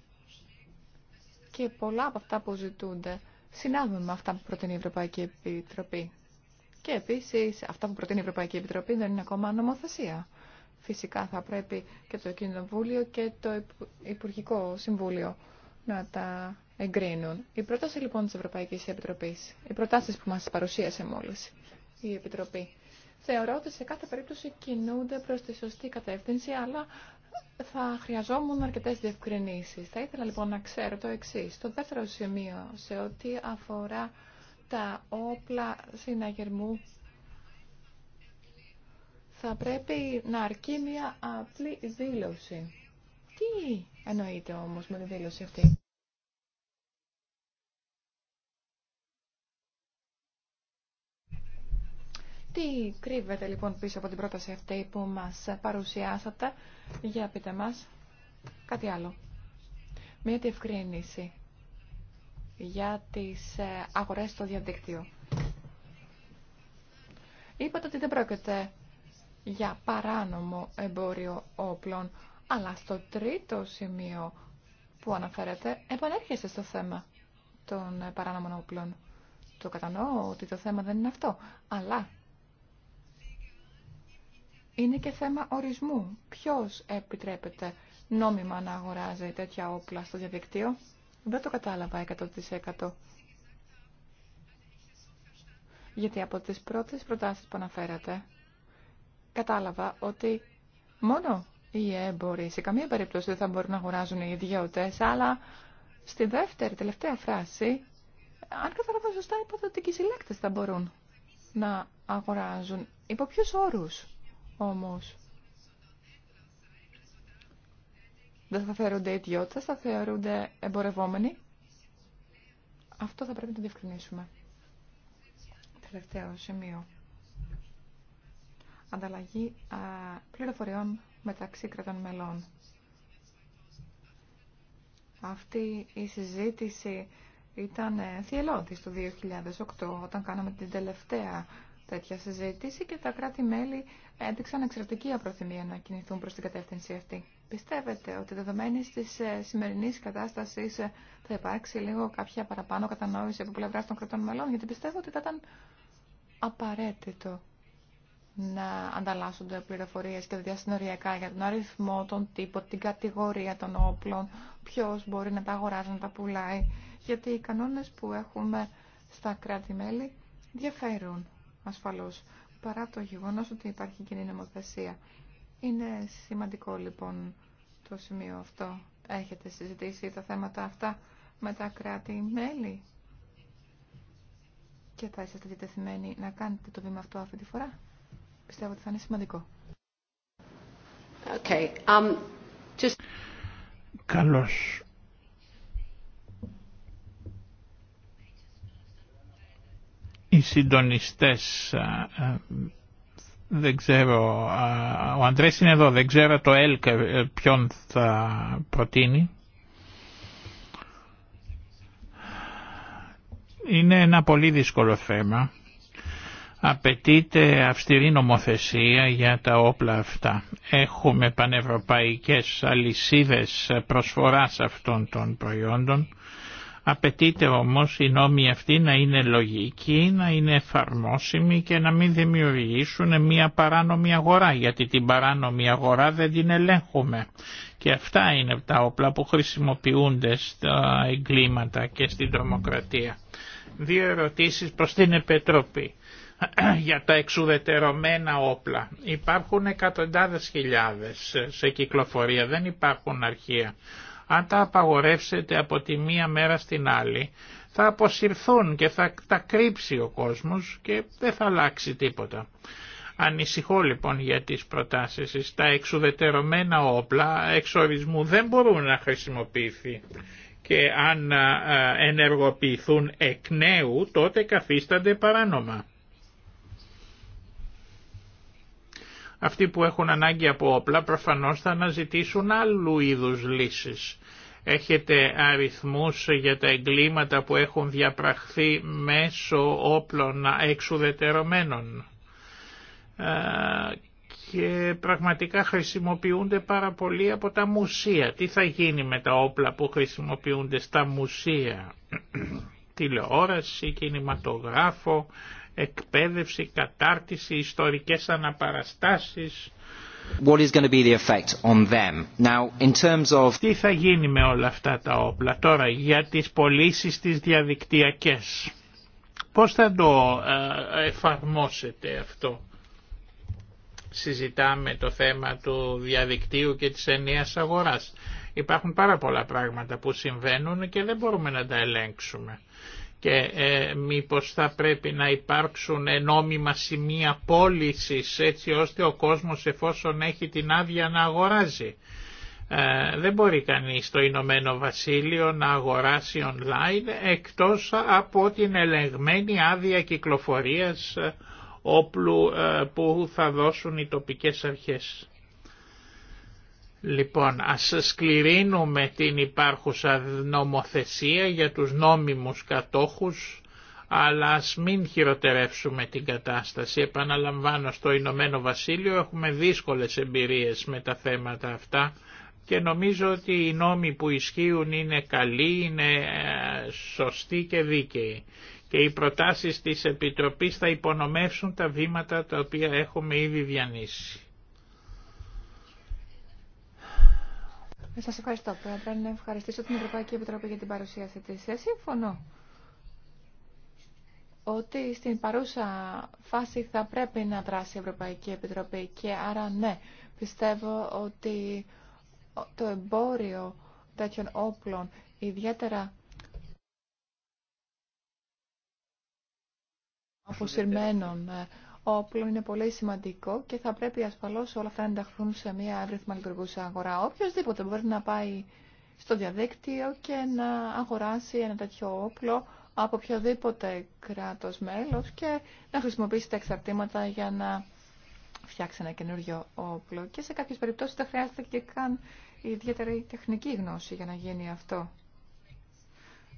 και πολλά από αυτά που ζητούνται συνάδουν με αυτά που προτείνει η Ευρωπαϊκή Επιτροπή. Και επίσης αυτά που προτείνει η Ευρωπαϊκή Επιτροπή δεν είναι ακόμα νομοθεσία. Φυσικά θα πρέπει και το Κοινοβούλιο και το Υπουργικό Συμβούλιο να τα εγκρίνουν. Η πρόταση λοιπόν της Ευρωπαϊκής Επιτροπής, οι προτάσεις που μας παρουσίασε μόλις η Επιτροπή, Θεωρώ ότι σε κάθε περίπτωση κινούνται προς τη σωστή κατεύθυνση, αλλά θα χρειαζόμουν αρκετές διευκρινήσεις. Θα ήθελα λοιπόν να ξέρω το εξή. Το δεύτερο σημείο σε ό,τι αφορά τα όπλα συναγερμού θα πρέπει να αρκεί μια απλή δήλωση. Τι εννοείται όμως με τη δήλωση αυτή. Τι κρύβεται λοιπόν πίσω από την πρόταση αυτή που μας παρουσιάσατε. Για πείτε μας κάτι άλλο. Μία διευκρίνηση για τις ε, αγορές στο διαδίκτυο. Είπατε ότι δεν πρόκειται για παράνομο εμπόριο όπλων, αλλά στο τρίτο σημείο που αναφέρεται επανέρχεστε στο θέμα των παράνομων όπλων. Το κατανοώ ότι το θέμα δεν είναι αυτό, αλλά είναι και θέμα ορισμού. Ποιος επιτρέπεται νόμιμα να αγοράζει τέτοια όπλα στο διαδικτύο. Δεν το κατάλαβα 100%. Γιατί από τις πρώτες προτάσεις που αναφέρατε, κατάλαβα ότι μόνο οι έμποροι σε καμία περίπτωση δεν θα μπορούν να αγοράζουν οι ιδιώτες, αλλά στη δεύτερη, τελευταία φράση, αν κατάλαβα σωστά, οι συλλέκτες θα μπορούν να αγοράζουν. Υπό ποιους όρους. Όμως, δεν θα θεωρούνται ιδιώτες, θα θεωρούνται εμπορευόμενοι. Αυτό θα πρέπει να το διευκρινίσουμε. Τελευταίο σημείο. Ανταλλαγή α, πληροφοριών μεταξύ κρατών μελών. Αυτή η συζήτηση ήταν θυελώδης το 2008 όταν κάναμε την τελευταία τέτοια συζήτηση και τα κράτη-μέλη έδειξαν εξαιρετική απροθυμία να κινηθούν προς την κατεύθυνση αυτή. Πιστεύετε ότι δεδομένη τη ε, σημερινή κατάσταση ε, θα υπάρξει λίγο κάποια παραπάνω κατανόηση από πλευρά των κρατών μελών, γιατί πιστεύω ότι θα ήταν απαραίτητο να ανταλλάσσονται πληροφορίε και διασυνοριακά για τον αριθμό, τον τύπο, την κατηγορία των όπλων, ποιο μπορεί να τα αγοράζει, να τα πουλάει. Γιατί οι κανόνε που έχουμε στα κράτη-μέλη διαφέρουν ασφαλώς, παρά το γεγονός ότι υπάρχει κοινή νομοθεσία. Είναι σημαντικό λοιπόν το σημείο αυτό. Έχετε συζητήσει τα θέματα αυτά με τα κράτη-μέλη και θα είσαστε διτεθειμένοι να κάνετε το βήμα αυτό αυτή τη φορά. Πιστεύω ότι θα είναι σημαντικό. Okay. Um, just... Καλώς. οι συντονιστές ε, ε, δεν ξέρω, ε, ο Αντρές είναι εδώ, δεν ξέρω το ΕΛΚ ποιον θα προτείνει. Είναι ένα πολύ δύσκολο θέμα. Απαιτείται αυστηρή νομοθεσία για τα όπλα αυτά. Έχουμε πανευρωπαϊκές αλυσίδες προσφοράς αυτών των προϊόντων Απαιτείται όμως οι νόμοι αυτοί να είναι λογικοί, να είναι εφαρμόσιμοι και να μην δημιουργήσουν μια παράνομη αγορά, γιατί την παράνομη αγορά δεν την ελέγχουμε. Και αυτά είναι τα όπλα που χρησιμοποιούνται στα εγκλήματα και στην τρομοκρατία. Δύο ερωτήσεις προς την Επιτροπή για τα εξουδετερωμένα όπλα. Υπάρχουν εκατοντάδες χιλιάδες σε κυκλοφορία, δεν υπάρχουν αρχεία. Αν τα απαγορεύσετε από τη μία μέρα στην άλλη, θα αποσυρθούν και θα τα κρύψει ο κόσμος και δεν θα αλλάξει τίποτα. Ανησυχώ λοιπόν για τις προτάσεις. Τα εξουδετερωμένα όπλα εξορισμού δεν μπορούν να χρησιμοποιηθεί και αν ενεργοποιηθούν εκ νέου τότε καθίστανται παράνομα. Αυτοί που έχουν ανάγκη από όπλα προφανώς θα αναζητήσουν άλλου είδους λύσεις. Έχετε αριθμούς για τα εγκλήματα που έχουν διαπραχθεί μέσω όπλων εξουδετερωμένων ε, και πραγματικά χρησιμοποιούνται πάρα πολύ από τα μουσεία. Τι θα γίνει με τα όπλα που χρησιμοποιούνται στα μουσεία, τηλεόραση, κινηματογράφο, εκπαίδευση, κατάρτιση, ιστορικές αναπαραστάσεις. What is going to be the effect on them? Now, in terms of... Τι θα γίνει με όλα αυτά τα όπλα τώρα για τις πωλήσει τις διαδικτυακές. Πώς θα το ε, εφαρμόσετε αυτό. Συζητάμε το θέμα του διαδικτύου και της ενίας αγοράς. Υπάρχουν πάρα πολλά πράγματα που συμβαίνουν και δεν μπορούμε να τα ελέγξουμε και ε, μήπως θα πρέπει να υπάρξουν νόμιμα σημεία πώληση έτσι ώστε ο κόσμος εφόσον έχει την άδεια να αγοράζει. Ε, δεν μπορεί κανείς στο Ηνωμένο Βασίλειο να αγοράσει online εκτός από την ελεγμένη άδεια κυκλοφορίας ε, όπλου ε, που θα δώσουν οι τοπικές αρχές. Λοιπόν, ας σκληρύνουμε την υπάρχουσα νομοθεσία για τους νόμιμους κατόχους, αλλά ας μην χειροτερεύσουμε την κατάσταση. Επαναλαμβάνω, στο Ηνωμένο Βασίλειο έχουμε δύσκολες εμπειρίες με τα θέματα αυτά και νομίζω ότι οι νόμοι που ισχύουν είναι καλοί, είναι ε, σωστοί και δίκαιοι. Και οι προτάσεις της Επιτροπής θα υπονομεύσουν τα βήματα τα οποία έχουμε ήδη διανύσει. Σα ευχαριστώ, Πρέπει Να ευχαριστήσω την Ευρωπαϊκή Επιτροπή για την παρουσίαση τη. σύμφωνο ότι στην παρούσα φάση θα πρέπει να δράσει η Ευρωπαϊκή Επιτροπή και άρα ναι, πιστεύω ότι το εμπόριο τέτοιων όπλων, ιδιαίτερα αποσυρμένων ε, όπλων είναι πολύ σημαντικό και θα πρέπει ασφαλώ όλα αυτά να ενταχθούν σε μια εύρυθμα λειτουργούσα αγορά. Οποιοδήποτε μπορεί να πάει στο διαδίκτυο και να αγοράσει ένα τέτοιο όπλο από οποιοδήποτε κράτο μέλο και να χρησιμοποιήσει τα εξαρτήματα για να φτιάξει ένα καινούριο όπλο. Και σε κάποιε περιπτώσει δεν χρειάζεται και καν ιδιαίτερη τεχνική γνώση για να γίνει αυτό.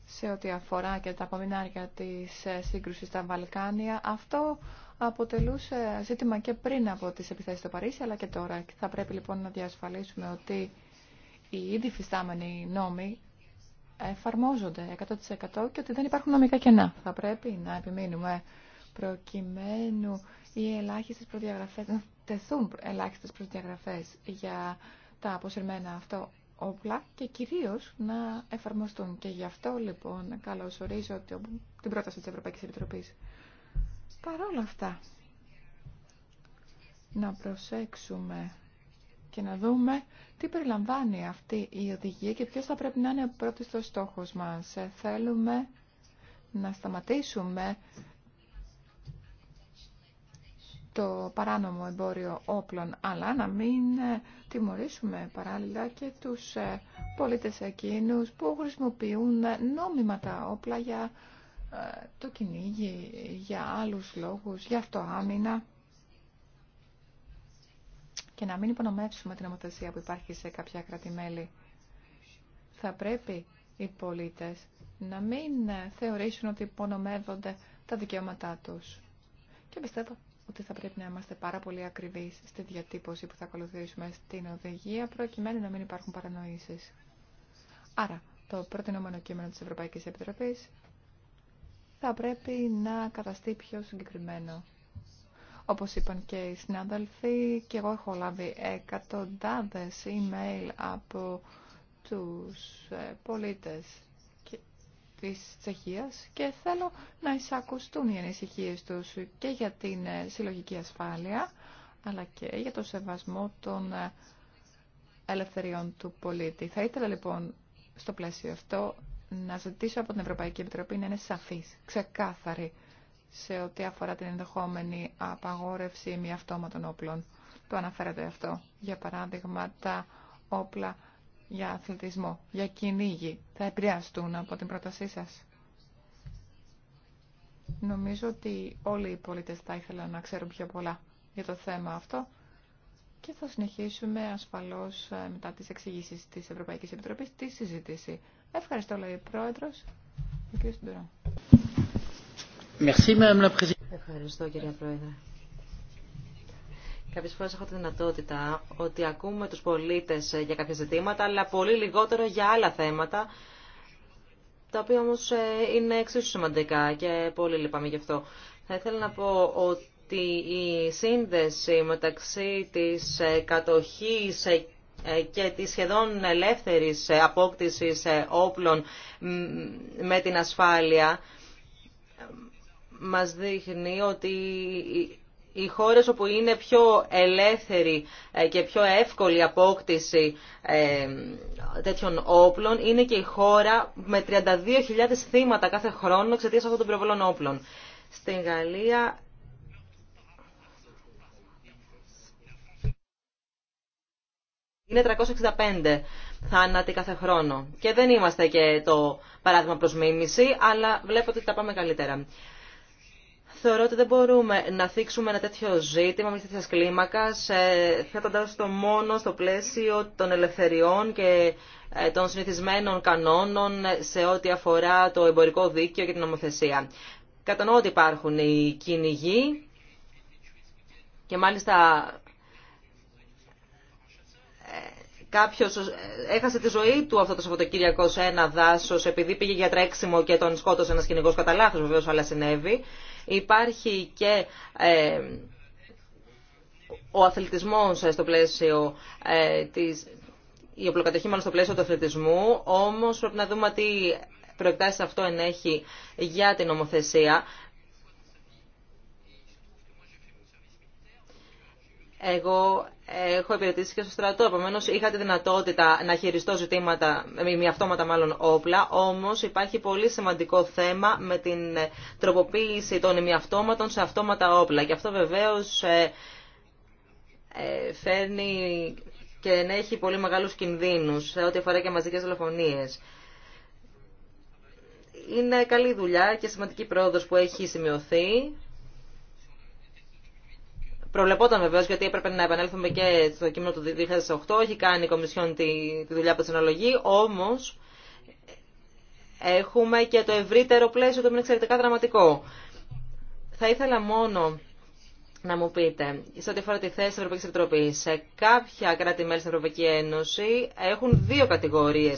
Σε ό,τι αφορά και τα απομεινάρια της ε, σύγκρουση στα Βαλκάνια, αυτό αποτελούσε ζήτημα και πριν από τις επιθέσεις στο Παρίσι, αλλά και τώρα. Θα πρέπει λοιπόν να διασφαλίσουμε ότι οι ήδη φυστάμενοι νόμοι εφαρμόζονται 100% και ότι δεν υπάρχουν νομικά κενά. Θα πρέπει να επιμείνουμε προκειμένου οι ελάχιστες προδιαγραφές, να τεθούν ελάχιστες προδιαγραφές για τα αποσυρμένα αυτό όπλα και κυρίως να εφαρμοστούν. Και γι' αυτό λοιπόν ορίζω την πρόταση της Ευρωπαϊκής Επιτροπής παρόλα αυτά να προσέξουμε και να δούμε τι περιλαμβάνει αυτή η οδηγία και ποιος θα πρέπει να είναι πρώτος στο στόχος μας. Ε, θέλουμε να σταματήσουμε το παράνομο εμπόριο όπλων, αλλά να μην ε, τιμωρήσουμε παράλληλα και τους ε, πολίτες εκείνους που χρησιμοποιούν νόμιμα τα όπλα για ε, το κυνήγι για άλλους λόγους, για αυτό και να μην υπονομεύσουμε την νομοθεσία που υπάρχει σε κάποια κράτη-μέλη. Θα πρέπει οι πολίτες να μην θεωρήσουν ότι υπονομεύονται τα δικαιώματά τους. Και πιστεύω ότι θα πρέπει να είμαστε πάρα πολύ ακριβείς στη διατύπωση που θα ακολουθήσουμε στην οδηγία, προκειμένου να μην υπάρχουν παρανοήσεις. Άρα, το προτινόμενο κείμενο της Ευρωπαϊκής Επιτροπής θα πρέπει να καταστεί πιο συγκεκριμένο. Όπως είπαν και οι συνάδελφοι, και εγώ έχω λάβει εκατοντάδες email από τους ε, πολίτες της Τσεχίας και θέλω να εισακουστούν οι ανησυχίε τους και για την ε, συλλογική ασφάλεια, αλλά και για το σεβασμό των ε, ελευθεριών του πολίτη. Θα ήθελα λοιπόν στο πλαίσιο αυτό να ζητήσω από την Ευρωπαϊκή Επιτροπή να είναι σαφής, ξεκάθαρη σε ό,τι αφορά την ενδεχόμενη απαγόρευση μη αυτόματων όπλων. Το αναφέρατε αυτό. Για παράδειγμα, τα όπλα για αθλητισμό, για κυνήγι, θα επηρεαστούν από την πρότασή σας. Νομίζω ότι όλοι οι πολίτες θα ήθελαν να ξέρουν πιο πολλά για το θέμα αυτό και θα συνεχίσουμε ασφαλώς ε, μετά τις εξηγήσεις της Ευρωπαϊκής Επιτροπής τη συζήτηση Ευχαριστώ, λέει ο πρόεδρο. Ο Ευχαριστώ, κυρία Πρόεδρε. Κάποιες φορέ έχω τη δυνατότητα ότι ακούμε τους πολίτες για κάποια ζητήματα, αλλά πολύ λιγότερο για άλλα θέματα, τα οποία όμως ε, είναι εξίσου σημαντικά και πολύ λυπάμαι γι' αυτό. Θα ήθελα να πω ότι η σύνδεση μεταξύ της ε, κατοχής ε, ε, και τη σχεδόν ελεύθερης ε, απόκτησης ε, όπλων με την ασφάλεια μας δείχνει ότι οι χώρες όπου είναι πιο ελεύθερη και πιο εύκολη απόκτηση τέτοιων όπλων είναι και η χώρα με 32.000 θύματα κάθε χρόνο εξαιτίας αυτών των πυροβολών όπλων. Στην Γαλλία είναι 365 θάνατοι κάθε χρόνο. Και δεν είμαστε και το παράδειγμα προς μίμηση, αλλά βλέπω ότι τα πάμε καλύτερα. Θεωρώ ότι δεν μπορούμε να θίξουμε ένα τέτοιο ζήτημα με τέτοια κλίμακα, ε, θέτοντα το μόνο στο πλαίσιο των ελευθεριών και ε, των συνηθισμένων κανόνων σε ό,τι αφορά το εμπορικό δίκαιο και την νομοθεσία. Κατανοώ ότι υπάρχουν οι κυνηγοί και μάλιστα κάποιος ε, έχασε τη ζωή του αυτό το Σαββατοκύριακο σε ένα δάσος επειδή πήγε για τρέξιμο και τον σκότωσε ένας κυνηγός κατά λάθος βεβαίως αλλά συνέβη. Υπάρχει και ε, ο αθλητισμός ε, στο πλαίσιο της... Η οπλοκατοχή στο πλαίσιο του αθλητισμού, όμως πρέπει να δούμε τι προεκτάσεις αυτό ενέχει για την νομοθεσία. Εγώ έχω υπηρετήσει και στο στρατό, επομένω είχα τη δυνατότητα να χειριστώ ζητήματα με αυτόματα μάλλον όπλα, όμω υπάρχει πολύ σημαντικό θέμα με την τροποποίηση των αυτόματων σε αυτόματα όπλα. Και αυτό βεβαίω ε, ε, φέρνει και έχει πολύ μεγάλου κινδύνους σε ό,τι αφορά και μαζικέ δολοφονίε. Είναι καλή δουλειά και σημαντική πρόοδος που έχει σημειωθεί Προβλεπόταν βεβαίω γιατί έπρεπε να επανέλθουμε και στο κείμενο του 2008. Έχει κάνει η Κομισιόν τη, τη δουλειά που τη Όμω έχουμε και το ευρύτερο πλαίσιο το οποίο είναι εξαιρετικά δραματικό. Θα ήθελα μόνο να μου πείτε, σε ό,τι αφορά τη θέση τη Ευρωπαϊκή Επιτροπή, σε κάποια κράτη-μέλη στην Ευρωπαϊκή Ένωση έχουν δύο κατηγορίε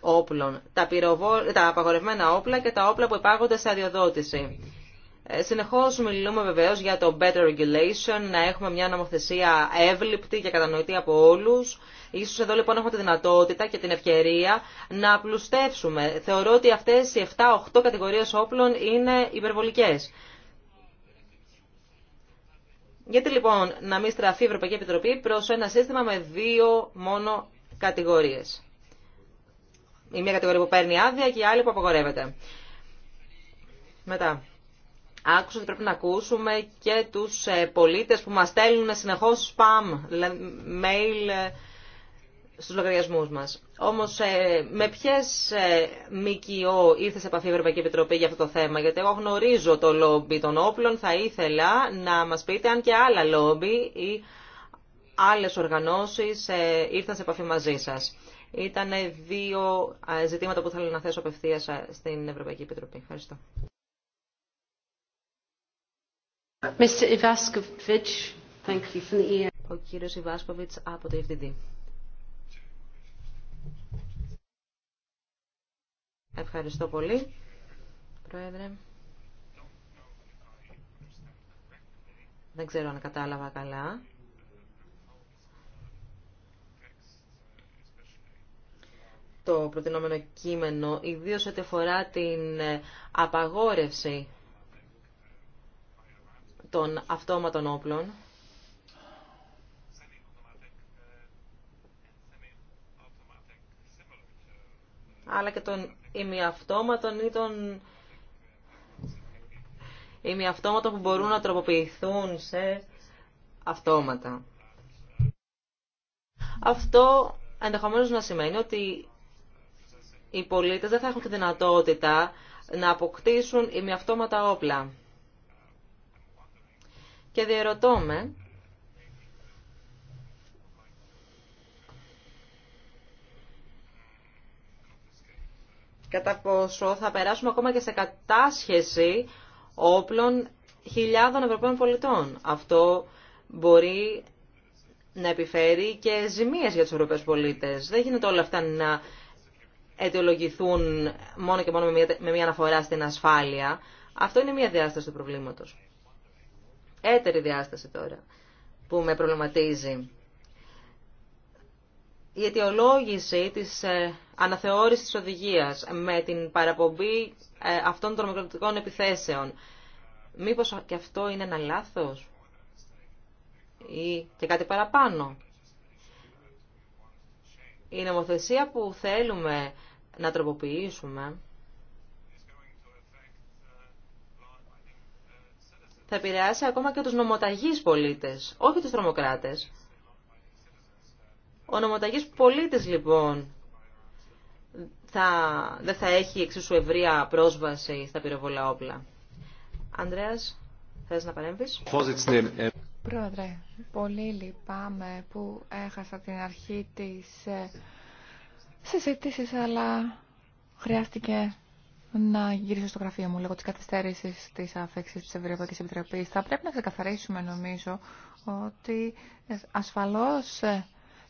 όπλων. Τα, πυροβολ... τα απαγορευμένα όπλα και τα όπλα που υπάγονται σε αδειοδότηση. Ε, συνεχώς μιλούμε βεβαίως για το better regulation, να έχουμε μια νομοθεσία εύληπτη και κατανοητή από όλους. Ίσως εδώ λοιπόν έχουμε τη δυνατότητα και την ευκαιρία να απλουστεύσουμε. Θεωρώ ότι αυτές οι 7-8 κατηγορίες όπλων είναι υπερβολικές. Γιατί λοιπόν να μην στραφεί η Ευρωπαϊκή Επιτροπή προς ένα σύστημα με δύο μόνο κατηγορίες. Η μία κατηγορία που παίρνει άδεια και η άλλη που απαγορεύεται. Μετά άκουσα ότι πρέπει να ακούσουμε και τους ε, πολίτες που μας στέλνουν συνεχώς spam, mail ε, στους λογαριασμούς μας. Όμως ε, με ποιες ΜΚΟ ήρθε σε επαφή η Ευρωπαϊκή Επιτροπή για αυτό το θέμα, γιατί εγώ γνωρίζω το λόμπι των όπλων, θα ήθελα να μας πείτε αν και άλλα λόμπι ή άλλες οργανώσεις ήρθαν σε επαφή μαζί σας. Ήταν δύο ζητήματα που θέλω να θέσω απευθείας στην Ευρωπαϊκή Επιτροπή. Ευχαριστώ. E Ο κύριο Ιβάσκοβιτς από το FDD. Ευχαριστώ πολύ, Πρόεδρε. Δεν ξέρω αν κατάλαβα καλά. Το προτινόμενο κείμενο, ιδίως ό,τι αφορά την ε, απαγόρευση των αυτόματων όπλων. αλλά και των ημιαυτόματων ή των ημιαυτόματων που μπορούν να τροποποιηθούν σε αυτόματα. Αυτό ενδεχομένως να σημαίνει ότι οι πολίτες δεν θα έχουν τη δυνατότητα να αποκτήσουν ημιαυτόματα όπλα και διερωτώ με κατά πόσο θα περάσουμε ακόμα και σε κατάσχεση όπλων χιλιάδων Ευρωπαίων πολιτών. Αυτό μπορεί να επιφέρει και ζημίες για τους Ευρωπαίους πολίτες. Δεν γίνεται όλα αυτά να αιτιολογηθούν μόνο και μόνο με μια αναφορά στην ασφάλεια. Αυτό είναι μια διάσταση του προβλήματος έτερη διάσταση τώρα που με προβληματίζει. Η αιτιολόγηση της ε, αναθεώρησης της οδηγίας με την παραπομπή ε, αυτών των τρομοκρατικών επιθέσεων. Μήπως και αυτό είναι ένα λάθος ή και κάτι παραπάνω. Η νομοθεσία που θέλουμε να τροποποιήσουμε θα επηρεάσει ακόμα και τους νομοταγείς πολίτες, όχι τους τρομοκράτες. Ο νομοταγής πολίτης λοιπόν θα, δεν θα έχει εξίσου ευρεία πρόσβαση στα πυροβολά όπλα. Ανδρέας, θες να παρέμβεις. Πρόεδρε, πολύ λυπάμαι που έχασα την αρχή της ε, συζήτησης, αλλά χρειάστηκε να γυρίσω στο γραφείο μου λόγω τη καθυστέρηση τη άφεξη της Ευρωπαϊκή Επιτροπή. Θα πρέπει να ξεκαθαρίσουμε νομίζω ότι ασφαλώς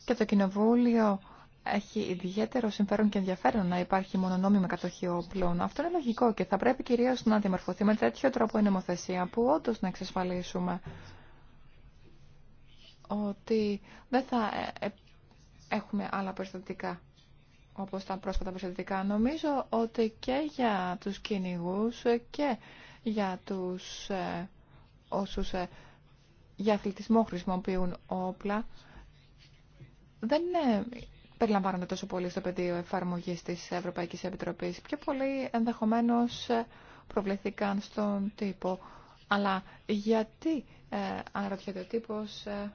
και το Κοινοβούλιο έχει ιδιαίτερο συμφέρον και ενδιαφέρον να υπάρχει μονονόμιμη κατοχή όπλων. Αυτό είναι λογικό και θα πρέπει κυρίω να διαμορφωθεί με τέτοιο τρόπο η νομοθεσία που όντω να εξασφαλίσουμε ότι δεν θα ε, ε, έχουμε άλλα περιστατικά όπως τα πρόσφατα προσεκτικά. Νομίζω ότι και για τους κυνηγούς και για τους ε, όσους ε, για αθλητισμό χρησιμοποιούν όπλα δεν ε, περιλαμβάνονται τόσο πολύ στο πεδίο εφαρμογής της Ευρωπαϊκής Επιτροπής. Πιο πολύ ενδεχομένως ε, προβληθήκαν στον τύπο. Αλλά γιατί, ε, αναρωτιέται ο τύπος, ε,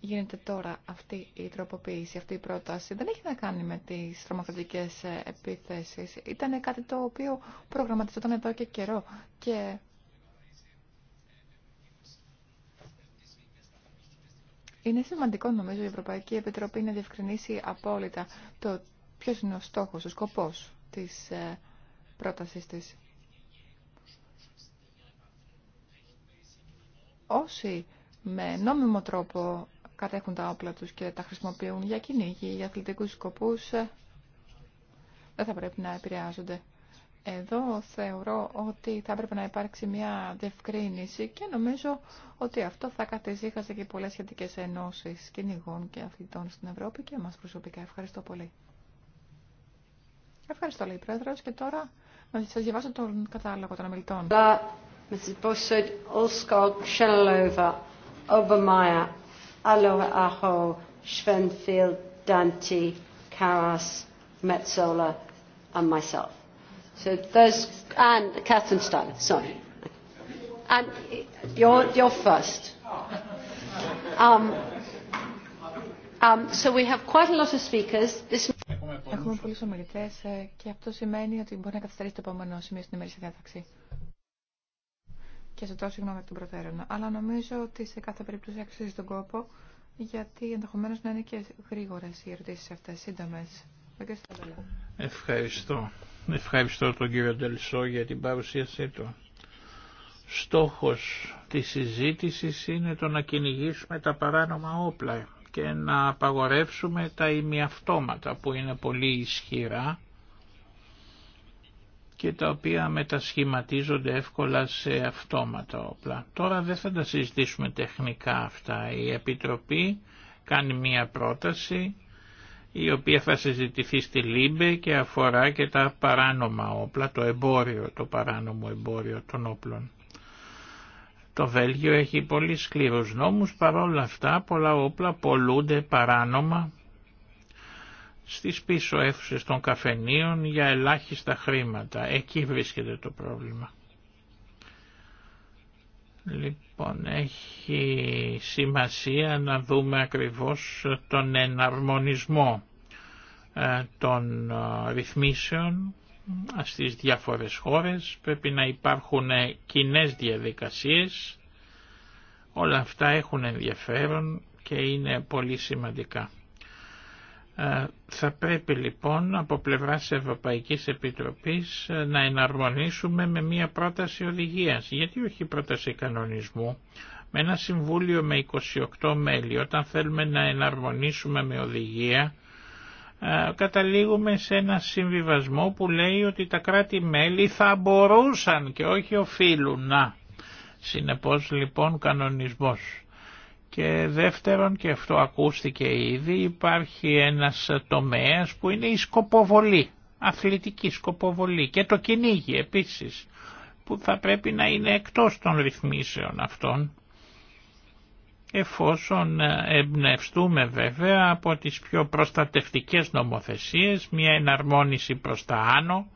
γίνεται τώρα αυτή η τροποποίηση, αυτή η πρόταση δεν έχει να κάνει με τις τρομοκρατικές ε, επιθέσεις. Ήταν κάτι το οποίο προγραμματιζόταν εδώ και καιρό και Είναι σημαντικό νομίζω η Ευρωπαϊκή Επιτροπή να διευκρινίσει απόλυτα το ποιος είναι ο στόχος, ο σκοπός της ε, πρότασής της. Όσοι με νόμιμο τρόπο κατέχουν τα όπλα τους και τα χρησιμοποιούν για κυνήγι, για αθλητικούς σκοπούς, ε, δεν θα πρέπει να επηρεάζονται. Εδώ θεωρώ ότι θα έπρεπε να υπάρξει μια διευκρίνηση και νομίζω ότι αυτό θα κατεσυχασε και πολλές σχετικές ενώσεις κυνηγών και αθλητών στην Ευρώπη και μας προσωπικά. Ευχαριστώ πολύ. Ευχαριστώ, λέει η Πρόεδρος. Και τώρα να σας διαβάσω τον κατάλογο των ομιλητών. Aloha Aho, Schwenfield, Dante, Karas, Metzola, and myself. So those, and Catherine Steiner, sorry. And you're, you're first. Um, um, so we have quite a lot of speakers. This... Έχουμε πολλούς ομιλητές και αυτό σημαίνει ότι μπορεί να καθυστερήσει το επόμενο σημείο στην ημερήσια διάταξη και ζητώ συγγνώμη από τον προτέρων. Αλλά νομίζω ότι σε κάθε περίπτωση αξίζει τον κόπο, γιατί ενδεχομένω να είναι και γρήγορε οι ερωτήσει αυτέ, σύντομε. Ευχαριστώ. Ευχαριστώ τον κύριο Ντελσό για την παρουσίασή του. Στόχος της συζήτησης είναι το να κυνηγήσουμε τα παράνομα όπλα και να απαγορεύσουμε τα ημιαυτόματα που είναι πολύ ισχυρά και τα οποία μετασχηματίζονται εύκολα σε αυτόματα όπλα. Τώρα δεν θα τα συζητήσουμε τεχνικά αυτά. Η Επιτροπή κάνει μία πρόταση η οποία θα συζητηθεί στη Λίμπε και αφορά και τα παράνομα όπλα, το εμπόριο, το παράνομο εμπόριο των όπλων. Το Βέλγιο έχει πολύ σκληρούς νόμους, παρόλα αυτά πολλά όπλα πολλούνται παράνομα στις πίσω αίθουσες των καφενείων για ελάχιστα χρήματα. Εκεί βρίσκεται το πρόβλημα. Λοιπόν, έχει σημασία να δούμε ακριβώς τον εναρμονισμό ε, των ε, ρυθμίσεων ε, στις διάφορες χώρες. Πρέπει να υπάρχουν κοινέ διαδικασίες. Όλα αυτά έχουν ενδιαφέρον και είναι πολύ σημαντικά. Ε, θα πρέπει λοιπόν από πλευράς Ευρωπαϊκής Επιτροπής ε, να εναρμονίσουμε με μία πρόταση οδηγίας. Γιατί όχι πρόταση κανονισμού. Με ένα συμβούλιο με 28 μέλη όταν θέλουμε να εναρμονίσουμε με οδηγία ε, καταλήγουμε σε ένα συμβιβασμό που λέει ότι τα κράτη-μέλη θα μπορούσαν και όχι οφείλουν να. Συνεπώς λοιπόν κανονισμός. Και δεύτερον, και αυτό ακούστηκε ήδη, υπάρχει ένας τομέας που είναι η σκοποβολή, αθλητική σκοποβολή και το κυνήγι επίσης, που θα πρέπει να είναι εκτός των ρυθμίσεων αυτών, εφόσον ε, εμπνευστούμε βέβαια από τις πιο προστατευτικές νομοθεσίες, μια εναρμόνιση προς τα άνω,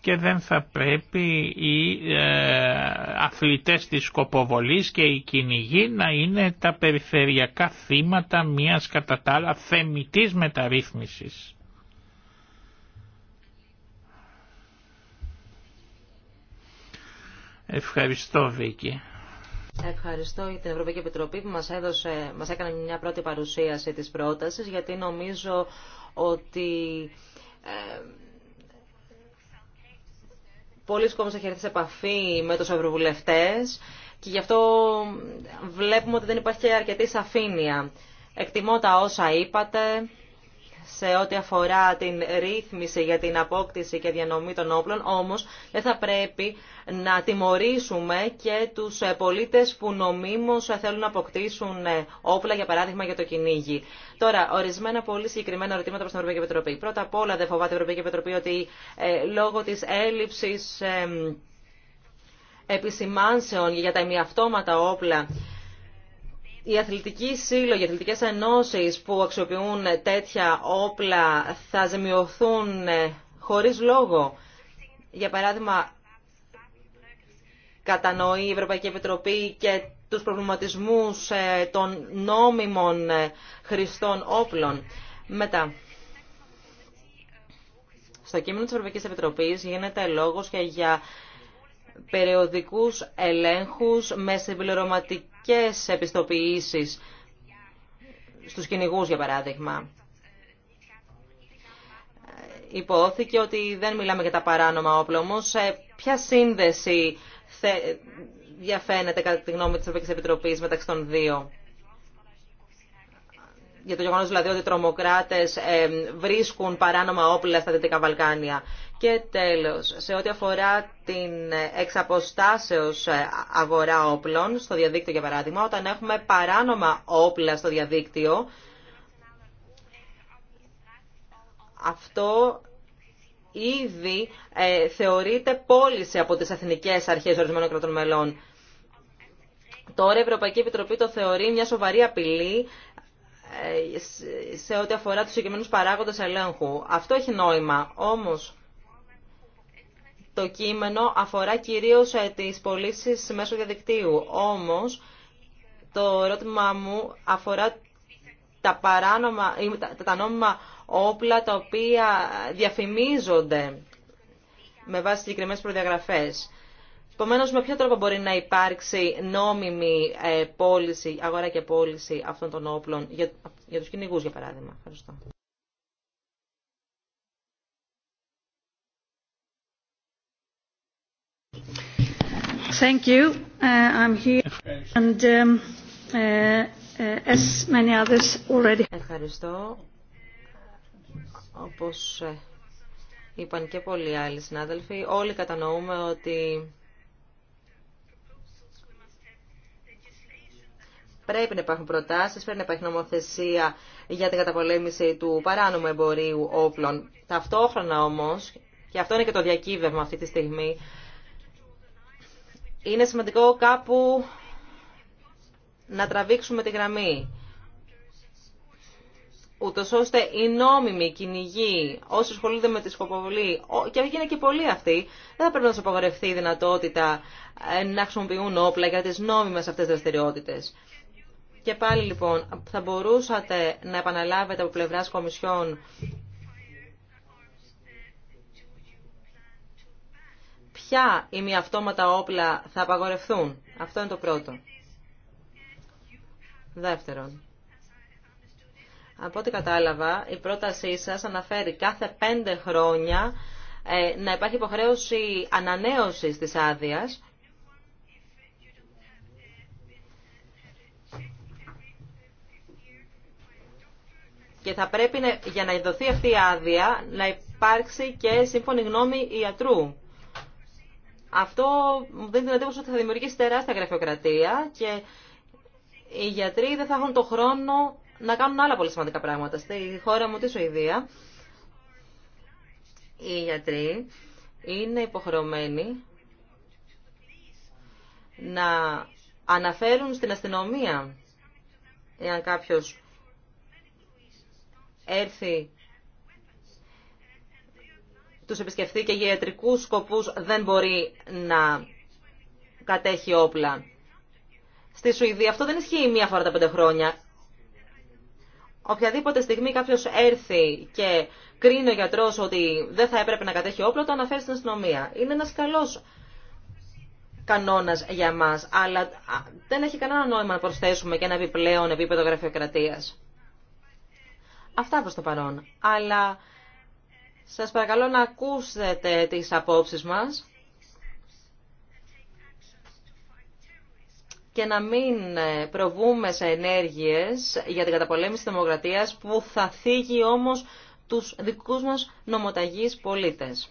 και δεν θα πρέπει οι ε, αθλητές της σκοποβολής και οι κυνηγοί να είναι τα περιφερειακά θύματα μιας κατά τα άλλα θεμητής μεταρρύθμισης. Ευχαριστώ Βίκη. Ευχαριστώ για την Ευρωπαϊκή Επιτροπή που μας, έδωσε, μας έκανε μια πρώτη παρουσίαση της πρότασης γιατί νομίζω ότι ε, πολλοί κόσμοι έχουν έρθει σε επαφή με τους ευρωβουλευτές και γι' αυτό βλέπουμε ότι δεν υπάρχει και αρκετή σαφήνεια. Εκτιμώ τα όσα είπατε σε ό,τι αφορά την ρύθμιση για την απόκτηση και διανομή των όπλων, όμως δεν θα πρέπει να τιμωρήσουμε και τους πολίτες που νομίμως θέλουν να αποκτήσουν ε, όπλα, για παράδειγμα, για το κυνήγι. Τώρα, ορισμένα πολύ συγκεκριμένα ερωτήματα προς την Ευρωπαϊκή Επιτροπή. Πρώτα απ' όλα δεν φοβάται η Ευρωπαϊκή Επιτροπή ότι ε, λόγω της έλλειψης επισημάνσεων για τα ημιαυτόματα όπλα οι αθλητικοί σύλλογοι, οι αθλητικές ενώσεις που αξιοποιούν τέτοια όπλα θα ζημιωθούν ε, χωρίς λόγο. Για παράδειγμα, κατανοεί η Ευρωπαϊκή Επιτροπή και τους προβληματισμούς ε, των νόμιμων ε, χρηστών όπλων. Μετά, στο κείμενο της Ευρωπαϊκής Επιτροπής γίνεται λόγος και για περιοδικούς ελέγχους με συμπληρωματική μαζικές επιστοποιήσεις στους κυνηγού, για παράδειγμα. Υπόθηκε ότι δεν μιλάμε για τα παράνομα όπλα, όμως ποια σύνδεση διαφαίνεται κατά τη γνώμη της Ευρωπαϊκής Επιτροπής μεταξύ των δύο για το γεγονός δηλαδή ότι οι τρομοκράτες ε, βρίσκουν παράνομα όπλα στα Δυτικά Βαλκάνια. Και τέλος, σε ό,τι αφορά την εξαποστάσεως ε, αγορά όπλων στο διαδίκτυο για παράδειγμα, όταν έχουμε παράνομα όπλα στο διαδίκτυο, αυτό ήδη ε, θεωρείται πώληση από τις εθνικές αρχές ορισμένων κρατών μελών. Τώρα η Ευρωπαϊκή Επιτροπή το θεωρεί μια σοβαρή απειλή ε, σε ό,τι αφορά τους συγκεκριμένους παράγοντες ελέγχου. Αυτό έχει νόημα, όμως το κείμενο αφορά κυρίως ε, τις πωλήσει μέσω διαδικτύου. Όμως, το ερώτημά μου αφορά τα, παράνομα, τα νόμιμα όπλα τα οποία διαφημίζονται με βάση συγκεκριμένες προδιαγραφές. Επομένω, με ποιο τρόπο μπορεί να υπάρξει νόμιμη ε, πώληση, αγορά και πώληση αυτών των όπλων για, για τους κυνηγούς, για παράδειγμα. Ευχαριστώ. Thank you. Uh, I'm here and um, uh, uh, as Ευχαριστώ. Όπως ε, είπαν και πολλοί άλλοι συνάδελφοι, όλοι κατανοούμε ότι Πρέπει να υπάρχουν προτάσεις, πρέπει να υπάρχει νομοθεσία για την καταπολέμηση του παράνομου εμπορίου όπλων. Ταυτόχρονα όμως, και αυτό είναι και το διακύβευμα αυτή τη στιγμή, είναι σημαντικό κάπου να τραβήξουμε τη γραμμή ούτω ώστε οι νόμιμοι κυνηγοί, όσοι ασχολούνται με τη σκοποβολή, και είναι και πολλοί αυτοί, δεν θα πρέπει να του απογορευτεί η δυνατότητα ε, να χρησιμοποιούν όπλα για τι νόμιμε αυτέ δραστηριότητε. Και πάλι λοιπόν, θα μπορούσατε να επαναλάβετε από πλευρά Κομισιόν ποια ή μη αυτόματα όπλα θα απαγορευθούν. Αυτό είναι το πρώτο. Δεύτερον, από ό,τι κατάλαβα, η αυτοματα οπλα θα απαγορευθουν αυτο ειναι το πρωτο δευτερον απο οτι καταλαβα η προταση σας αναφέρει κάθε πέντε χρόνια ε, να υπάρχει υποχρέωση ανανέωσης της άδειας και θα πρέπει να, για να δοθεί αυτή η άδεια να υπάρξει και σύμφωνη γνώμη ιατρού. Αυτό μου δίνει την εντύπωση ότι θα δημιουργήσει τεράστια γραφειοκρατία και οι γιατροί δεν θα έχουν το χρόνο να κάνουν άλλα πολύ σημαντικά πράγματα. Στη χώρα μου, τη Σουηδία, οι γιατροί είναι υποχρεωμένοι να αναφέρουν στην αστυνομία εάν κάποιος έρθει τους επισκεφθεί και για ιατρικούς σκοπούς δεν μπορεί να κατέχει όπλα. Στη Σουηδία αυτό δεν ισχύει μία φορά τα πέντε χρόνια. Οποιαδήποτε στιγμή κάποιο έρθει και κρίνει ο γιατρό ότι δεν θα έπρεπε να κατέχει όπλα, το αναφέρει στην αστυνομία. Είναι ένα καλό κανόνα για μα, αλλά δεν έχει κανένα νόημα να προσθέσουμε και ένα επιπλέον επίπεδο γραφειοκρατίας. Αυτά προς το παρόν. Αλλά σας παρακαλώ να ακούσετε τις απόψεις μας και να μην προβούμε σε ενέργειες για την καταπολέμηση της δημοκρατίας που θα θίγει όμως τους δικούς μας νομοταγείς πολίτες.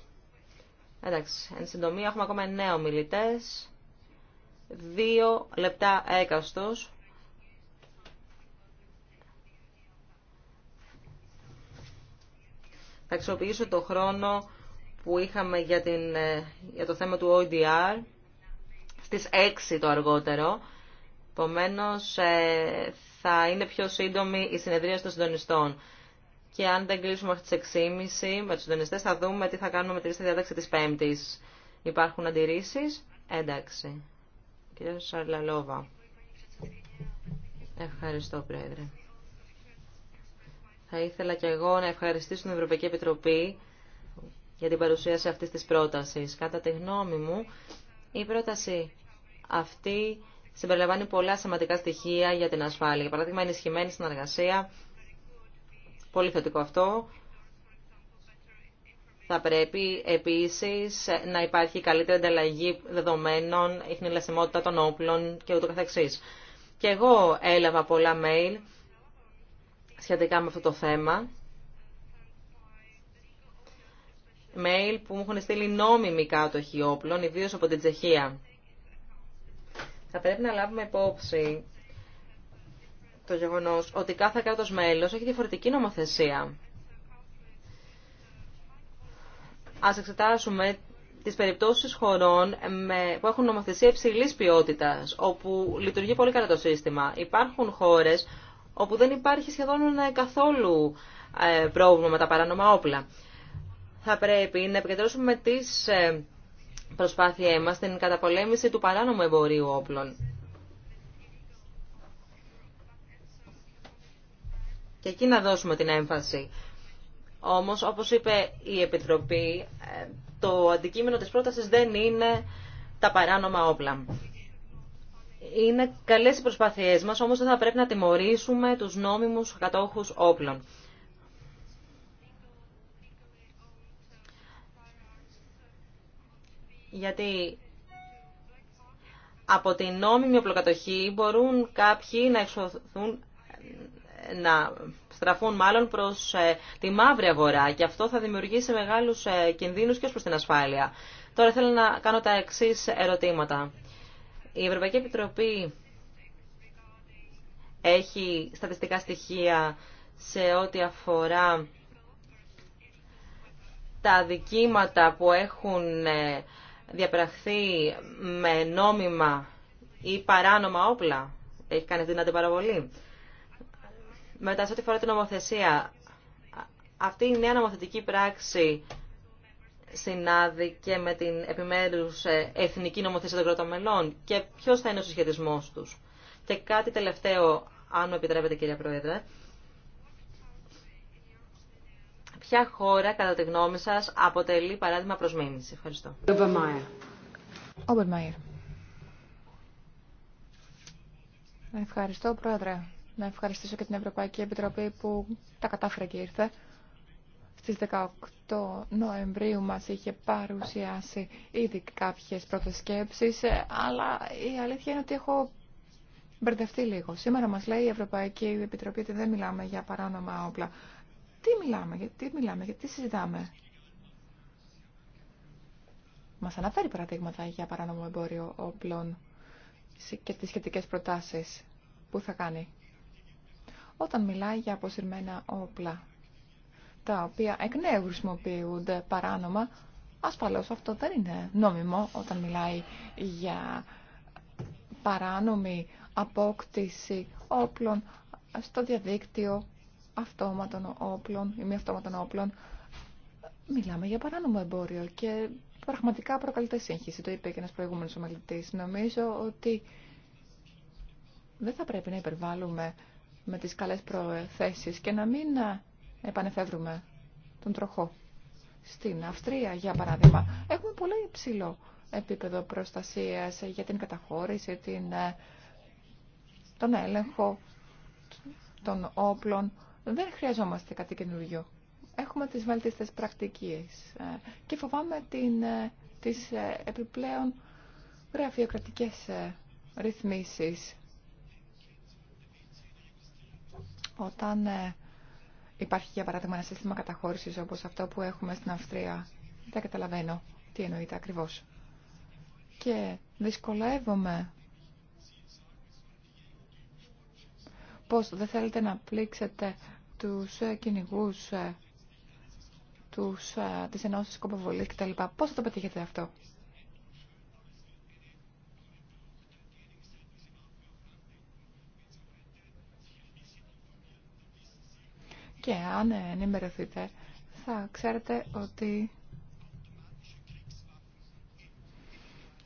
Εντάξει, εν συντομία έχουμε ακόμα νέο ομιλητές, δύο λεπτά έκαστος. Θα αξιοποιήσω το χρόνο που είχαμε για, την, ε, για το θέμα του ODR στις 6 το αργότερο. Επομένω, ε, θα είναι πιο σύντομη η συνεδρία των συντονιστών. Και αν δεν κλείσουμε αυτή τις 6.30 με τους συντονιστές θα δούμε τι θα κάνουμε με τη λίστα διάταξη της Πέμπτης. Υπάρχουν αντιρρήσεις. Εντάξει. Κύριε Σαρλαλόβα. Ευχαριστώ, Πρόεδρε. Θα ήθελα και εγώ να ευχαριστήσω την Ευρωπαϊκή Επιτροπή για την παρουσίαση αυτής της πρότασης. Κατά τη γνώμη μου, η πρόταση αυτή συμπεριλαμβάνει πολλά σημαντικά στοιχεία για την ασφάλεια. Για παράδειγμα, ενισχυμένη συνεργασία. Πολύ θετικό αυτό. Θα πρέπει επίσης να υπάρχει καλύτερη ανταλλαγή δεδομένων, η χνηλασιμότητα των όπλων και ούτω καθεξής. Και εγώ έλαβα πολλά mail σχετικά με αυτό το θέμα. Μέιλ που μου έχουν στείλει νόμιμοι κάτοχοι όπλων, ιδίως από την Τσεχία. Θα πρέπει να λάβουμε υπόψη το γεγονός ότι κάθε κράτος μέλος έχει διαφορετική νομοθεσία. Ας εξετάσουμε τις περιπτώσεις χωρών που έχουν νομοθεσία υψηλής ποιότητας, όπου λειτουργεί πολύ καλά το σύστημα. Υπάρχουν χώρες όπου δεν υπάρχει σχεδόν ε, καθόλου ε, πρόβλημα με τα παράνομα όπλα. Θα πρέπει να επικεντρώσουμε τις ε, προσπάθειές μας στην καταπολέμηση του παράνομου εμπορίου όπλων. Και εκεί να δώσουμε την έμφαση. Όμως, όπως είπε η Επιτροπή, το αντικείμενο της πρότασης δεν είναι τα παράνομα όπλα. Είναι καλές οι προσπάθειές μας, όμως δεν θα πρέπει να τιμωρήσουμε τους νόμιμους κατόχους όπλων. Γιατί από την νόμιμη οπλοκατοχή μπορούν κάποιοι να εξωθούν, να στραφούν μάλλον προς ε, τη μαύρη αγορά και αυτό θα δημιουργήσει μεγάλους ε, κινδύνους και ως προς την ασφάλεια. Τώρα θέλω να κάνω τα εξής ερωτήματα. Η Ευρωπαϊκή Επιτροπή έχει στατιστικά στοιχεία σε ό,τι αφορά τα δικήματα που έχουν ε, διαπραχθεί με νόμιμα ή παράνομα όπλα. Έχει κάνει την αντιπαραβολή. Μετά σε ό,τι αφορά την νομοθεσία, αυτή η παρανομα οπλα εχει κανει δυνατη παραβολη νομοθετική πράξη συνάδει και με την επιμέρους ε, εθνική νομοθεσία των κρατών μελών και ποιο θα είναι ο συσχετισμό του, Και κάτι τελευταίο, αν μου επιτρέπετε κυρία Πρόεδρε, ποια χώρα κατά τη γνώμη σα αποτελεί παράδειγμα προ μίμηση. Ευχαριστώ. Ευχαριστώ Πρόεδρε. Να ευχαριστήσω και την Ευρωπαϊκή Επιτροπή που τα κατάφερε και ήρθε στις 18 Νοεμβρίου μας είχε παρουσιάσει ήδη κάποιες σκέψεις ε, αλλά η αλήθεια είναι ότι έχω μπερδευτεί λίγο. Σήμερα μας λέει η Ευρωπαϊκή Επιτροπή ότι δεν μιλάμε για παράνομα όπλα. Τι μιλάμε, γιατί μιλάμε, γιατί συζητάμε. Μας αναφέρει παραδείγματα για παράνομο εμπόριο όπλων και τις σχετικές προτάσεις που θα κάνει. Όταν μιλάει για αποσυρμένα όπλα, τα οποία εκ νέου χρησιμοποιούνται παράνομα. Ασφαλώς αυτό δεν είναι νόμιμο όταν μιλάει για παράνομη απόκτηση όπλων στο διαδίκτυο αυτόματων όπλων ή μη αυτόματων όπλων. Μιλάμε για παράνομο εμπόριο και πραγματικά προκαλείται σύγχυση. Το είπε και ένας προηγούμενος ομιλητής. Νομίζω ότι δεν θα πρέπει να υπερβάλλουμε με τις καλές προθέσεις και να μην επανεφεύρουμε τον τροχό. Στην Αυστρία, για παράδειγμα, έχουμε πολύ υψηλό επίπεδο προστασίας για την καταχώρηση, την, ε, τον έλεγχο των όπλων. Δεν χρειαζόμαστε κάτι καινούργιο Έχουμε τις βέλτιστες πρακτικές ε, και φοβάμαι την, ε, τις επιπλέον γραφειοκρατικές ρυθμίσεις. Όταν Υπάρχει για παράδειγμα ένα σύστημα καταχώρηση όπως αυτό που έχουμε στην Αυστρία. Δεν καταλαβαίνω τι εννοείται ακριβώς. Και δυσκολεύομαι πως δεν θέλετε να πλήξετε του κυνηγού τους, ε, ε, ε, τις ενώσεις κτλ. Πώς θα το πετύχετε αυτό. Και αν ενημερωθείτε, θα ξέρετε ότι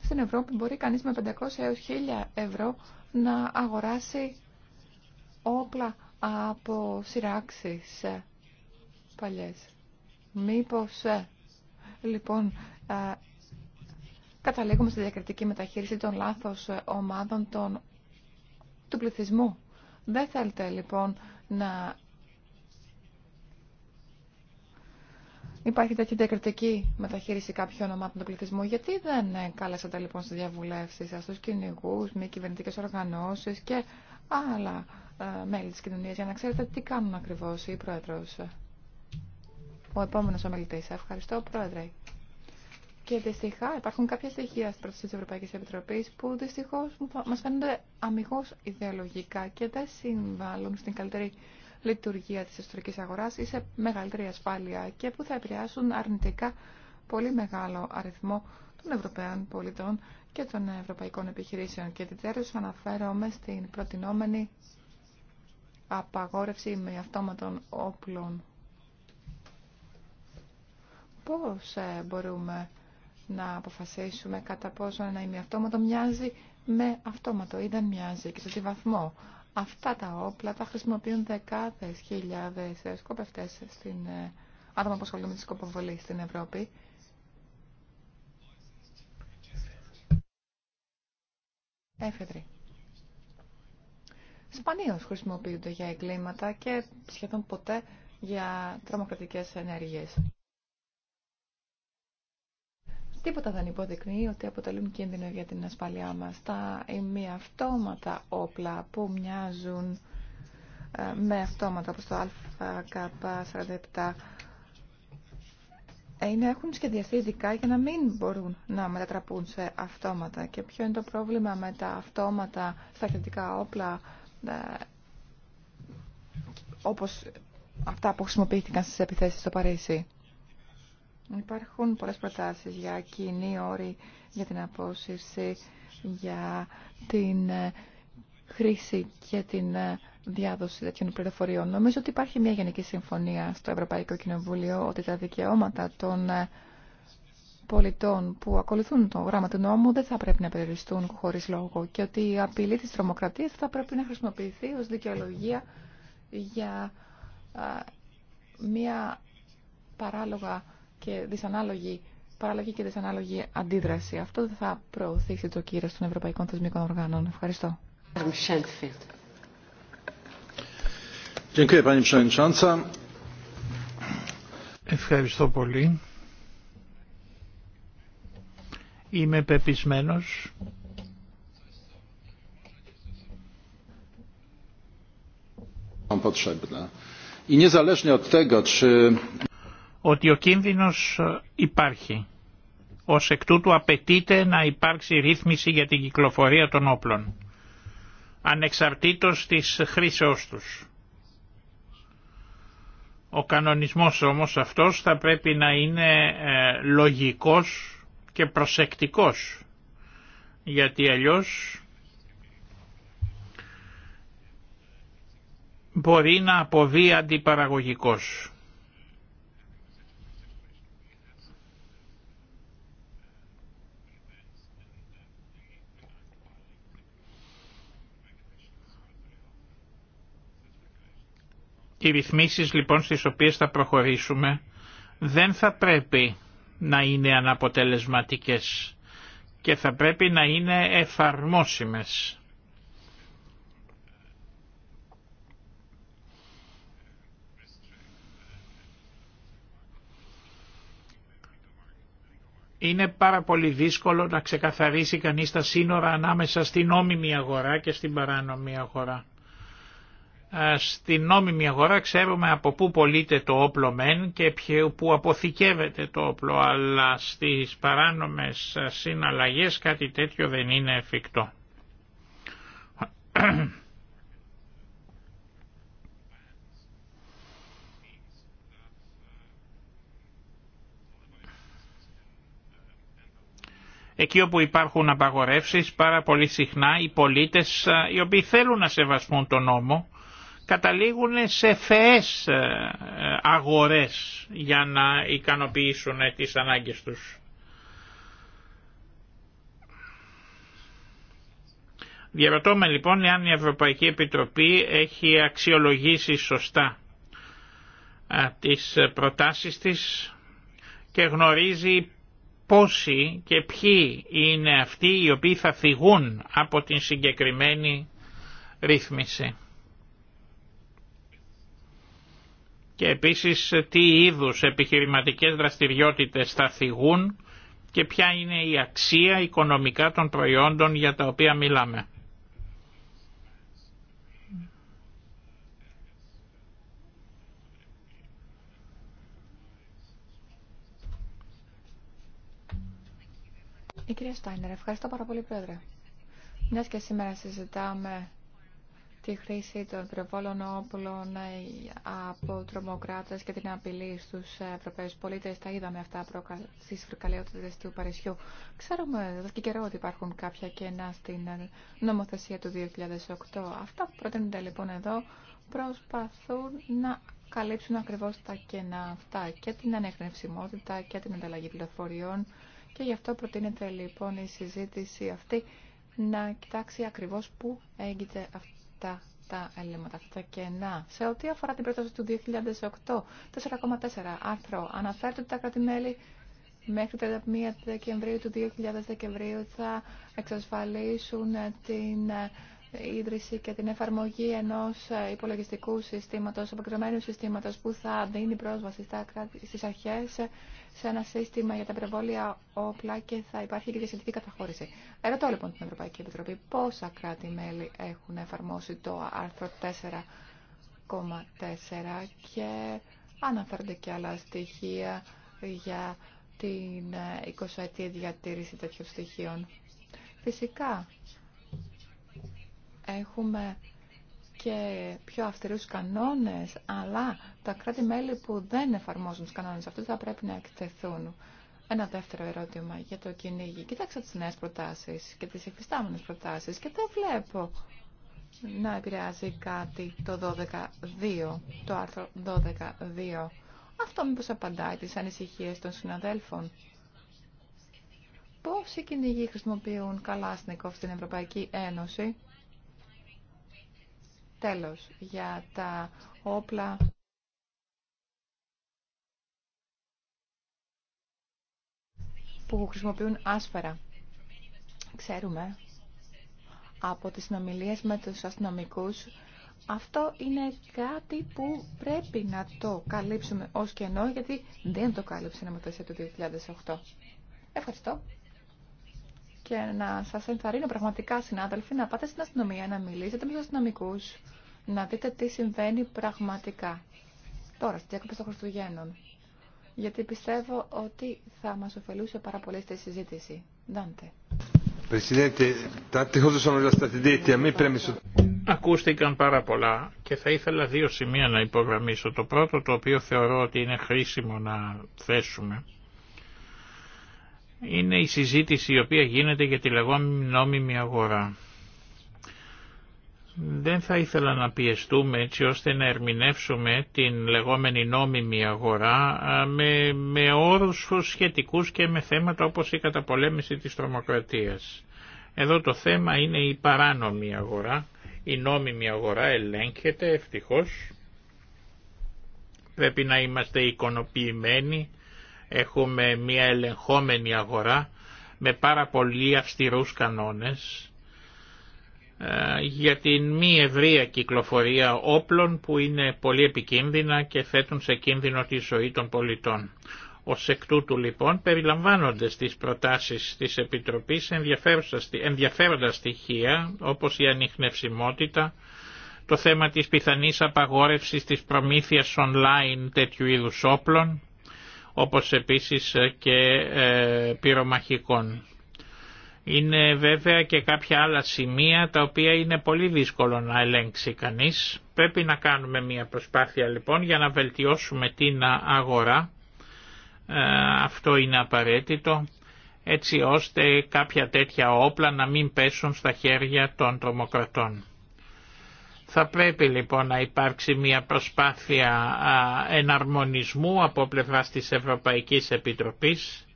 στην Ευρώπη μπορεί κανείς με 500 έως 1000 ευρώ να αγοράσει όπλα από σειράξεις παλιές. Μήπως, ε, λοιπόν, ε, καταλήγουμε στη διακριτική μεταχείριση των λάθος ομάδων των, του πληθυσμού. Δεν θέλετε, λοιπόν, να Υπάρχει τέτοια διακριτική μεταχείριση κάποιων ομάδων του πληθυσμού. Γιατί δεν ε, κάλεσατε λοιπόν στι διαβουλεύσει σα του κυνηγού, μη κυβερνητικέ οργανώσει και άλλα ε, μέλη τη κοινωνία για να ξέρετε τι κάνουν ακριβώ οι πρόεδρο. Ε. Ο επόμενο ομιλητή. Ευχαριστώ, πρόεδρε. Και δυστυχά υπάρχουν κάποια στοιχεία στην πρόταση τη Ευρωπαϊκή Επιτροπή που δυστυχώ μα φαίνονται αμυγό ιδεολογικά και δεν συμβάλλουν στην καλύτερη λειτουργία της ιστορικής αγοράς ή σε μεγαλύτερη ασφάλεια και που θα επηρεάσουν αρνητικά πολύ μεγάλο αριθμό των Ευρωπαίων πολιτών και των ευρωπαϊκών επιχειρήσεων. Και τετέρως αναφέρομαι στην προτινόμενη απαγόρευση με αυτόματων όπλων. Πώς ε, μπορούμε να αποφασίσουμε κατά πόσο ένα ημιαυτόματο μοιάζει με αυτόματο ή δεν μοιάζει και σε τι βαθμό. Αυτά τα όπλα τα χρησιμοποιούν δεκάδε χιλιάδε σκοπευτές στην, ε, άτομα που ασχολούνται με τη σκοποβολή στην Ευρώπη. Έφεδρη. Σπανίως χρησιμοποιούνται για εγκλήματα και σχεδόν ποτέ για τρομοκρατικές ενέργειες. Τίποτα δεν υποδεικνύει ότι αποτελούν κίνδυνο για την ασφαλειά μας. Τα μη αυτόματα όπλα που μοιάζουν ε, με αυτόματα όπως το ΑΚ47 ε, είναι, έχουν σχεδιαστεί ειδικά για να μην μπορούν να μετατραπούν σε αυτόματα. Και ποιο είναι το πρόβλημα με τα αυτόματα στα κριτικά όπλα ε, όπως αυτά που χρησιμοποιήθηκαν στις επιθέσεις στο Παρίσι. Υπάρχουν πολλές προτάσεις για κοινή όρη για την απόσυρση, για την ε, χρήση και την ε, διάδοση τέτοιων πληροφοριών. Νομίζω ότι υπάρχει μια γενική συμφωνία στο Ευρωπαϊκό Κοινοβούλιο ότι τα δικαιώματα των ε, πολιτών που ακολουθούν το γράμμα του νόμου δεν θα πρέπει να περιοριστούν χωρίς λόγο και ότι η απειλή της τρομοκρατία θα πρέπει να χρησιμοποιηθεί ως δικαιολογία για μια παράλογα και δυσανάλογη παραλογή και δυσανάλογη αντίδραση. Αυτό δεν θα προωθήσει το κύριο των Ευρωπαϊκών Θεσμικών Οργάνων. Ευχαριστώ. Ευχαριστώ πολύ. Είμαι πεπισμένος potrzebne. I niezależnie od tego, czy ότι ο κίνδυνος ε, υπάρχει. Ως εκ τούτου απαιτείται να υπάρξει ρύθμιση για την κυκλοφορία των όπλων, ανεξαρτήτως της χρήσεώς τους. Ο κανονισμός όμως αυτός θα πρέπει να είναι ε, λογικός και προσεκτικός, γιατί αλλιώς μπορεί να αποβεί αντιπαραγωγικός. Οι ρυθμίσεις λοιπόν στις οποίες θα προχωρήσουμε δεν θα πρέπει να είναι αναποτελεσματικές και θα πρέπει να είναι εφαρμόσιμες. Είναι πάρα πολύ δύσκολο να ξεκαθαρίσει κανείς τα σύνορα ανάμεσα στην νόμιμη αγορά και στην παράνομη αγορά. Ε, στην νόμιμη αγορά ξέρουμε από πού πωλείται το όπλο μεν και πού αποθηκεύεται το όπλο, αλλά στις παράνομες συναλλαγές κάτι τέτοιο δεν είναι εφικτό. Εκεί όπου υπάρχουν απαγορεύσεις πάρα πολύ συχνά οι πολίτες ε, οι οποίοι θέλουν να σεβασμούν τον νόμο καταλήγουν σε φαιές ε, αγορές για να ικανοποιήσουν ε, τις ανάγκες τους. Διαρωτώ λοιπόν εάν η Ευρωπαϊκή Επιτροπή έχει αξιολογήσει σωστά ε, τις προτάσεις της και γνωρίζει πόσοι και ποιοι είναι αυτοί οι οποίοι θα φυγούν από την συγκεκριμένη ρύθμιση. και επίσης τι είδους επιχειρηματικές δραστηριότητες θα θυγούν και ποια είναι η αξία οικονομικά των προϊόντων για τα οποία μιλάμε. Η κυρία Στάινερ, ευχαριστώ πάρα πολύ πρόεδρε. Μια και σήμερα συζητάμε τη χρήση των πυροβόλων όπλων ε, από τρομοκράτε και την απειλή στου Ευρωπαίου πολίτε Τα είδαμε αυτά στι φρικαλαιότητε του Παρισιού. Ξέρουμε εδώ και καιρό ότι υπάρχουν κάποια κενά στην νομοθεσία του 2008. Αυτά που προτείνονται λοιπόν εδώ προσπαθούν να καλύψουν ακριβώ τα κενά αυτά και την ανεχνευσιμότητα και την ανταλλαγή πληροφοριών και γι' αυτό προτείνεται λοιπόν η συζήτηση αυτή να κοιτάξει ακριβώς πού έγκυται αυτή αυτά τα ελλείμματα, αυτά Σε ό,τι αφορά την πρόταση του 2008, 4,4 άρθρο, αναφέρεται ότι τα κρατημέλη μέχρι 31 Δεκεμβρίου του 2000 Δεκεμβρίου θα εξασφαλίσουν την ε, ίδρυση και την εφαρμογή ενός ε, υπολογιστικού συστήματος, αποκριμένου συστήματος που θα δίνει πρόσβαση στα κράτη, στις αρχές σε ένα σύστημα για τα πυροβόλια όπλα και θα υπάρχει και διασυντική καταχώρηση. Ερωτώ λοιπόν την Ευρωπαϊκή Επιτροπή πόσα κράτη-μέλη έχουν εφαρμόσει το άρθρο 4,4 και αναφέρονται και άλλα στοιχεία για την 20 ετία διατήρηση τέτοιων στοιχείων. Φυσικά, έχουμε και πιο αυστηρούς κανόνες, αλλά τα κράτη-μέλη που δεν εφαρμόζουν τους κανόνες αυτούς θα πρέπει να εκτεθούν. Ένα δεύτερο ερώτημα για το κυνήγι. Κοιτάξα τις νέες προτάσεις και τις εφιστάμενες προτάσεις και δεν βλέπω να επηρεάζει κάτι το 12.2, το άρθρο 12.2. Αυτό μήπως απαντάει τις ανησυχίες των συναδέλφων. Πώς οι κυνηγοί χρησιμοποιούν καλά στην Ευρωπαϊκή Ένωση. Τέλος, για τα όπλα που χρησιμοποιούν άσφαιρα. Ξέρουμε από τις συνομιλίες με τους αστυνομικούς αυτό είναι κάτι που πρέπει να το καλύψουμε ως κενό γιατί δεν το κάλυψε η νομοθεσία του 2008. Ευχαριστώ. Και να σας ενθαρρύνω πραγματικά συνάδελφοι να πάτε στην αστυνομία να μιλήσετε με τους αστυνομικούς να δείτε τι συμβαίνει πραγματικά. Τώρα, στις διακοπές των Χριστουγέννων γιατί πιστεύω ότι θα μας ωφελούσε πάρα πολύ στη συζήτηση. Ντάντε. Ακούστηκαν πάρα πολλά και θα ήθελα δύο σημεία να υπογραμμίσω. Το πρώτο το οποίο θεωρώ ότι είναι χρήσιμο να θέσουμε είναι η συζήτηση η οποία γίνεται για τη λεγόμενη νόμιμη αγορά δεν θα ήθελα να πιεστούμε έτσι ώστε να ερμηνεύσουμε την λεγόμενη νόμιμη αγορά με, με όρους σχετικούς και με θέματα όπως η καταπολέμηση της τρομοκρατίας. Εδώ το θέμα είναι η παράνομη αγορά. Η νόμιμη αγορά ελέγχεται ευτυχώς. Πρέπει να είμαστε εικονοποιημένοι. Έχουμε μια ελεγχόμενη αγορά με πάρα πολύ αυστηρούς κανόνες ε, για την μη ευρεία κυκλοφορία όπλων που είναι πολύ επικίνδυνα και θέτουν σε κίνδυνο τη ζωή των πολιτών. Ω εκ τούτου λοιπόν περιλαμβάνονται στις προτάσεις της Επιτροπής ενδιαφέροντα στοιχεία όπως η ανιχνευσιμότητα, το θέμα της πιθανής απαγόρευσης της προμήθειας online τέτοιου είδους όπλων, όπως επίσης και ε, πυρομαχικών. Είναι βέβαια και κάποια άλλα σημεία τα οποία είναι πολύ δύσκολο να ελέγξει κανείς. Πρέπει να κάνουμε μια προσπάθεια λοιπόν για να βελτιώσουμε την αγορά. Ε, αυτό είναι απαραίτητο έτσι ώστε κάποια τέτοια όπλα να μην πέσουν στα χέρια των τρομοκρατών. Θα πρέπει λοιπόν να υπάρξει μια προσπάθεια εναρμονισμού από πλευράς της Ευρωπαϊκής Επιτροπής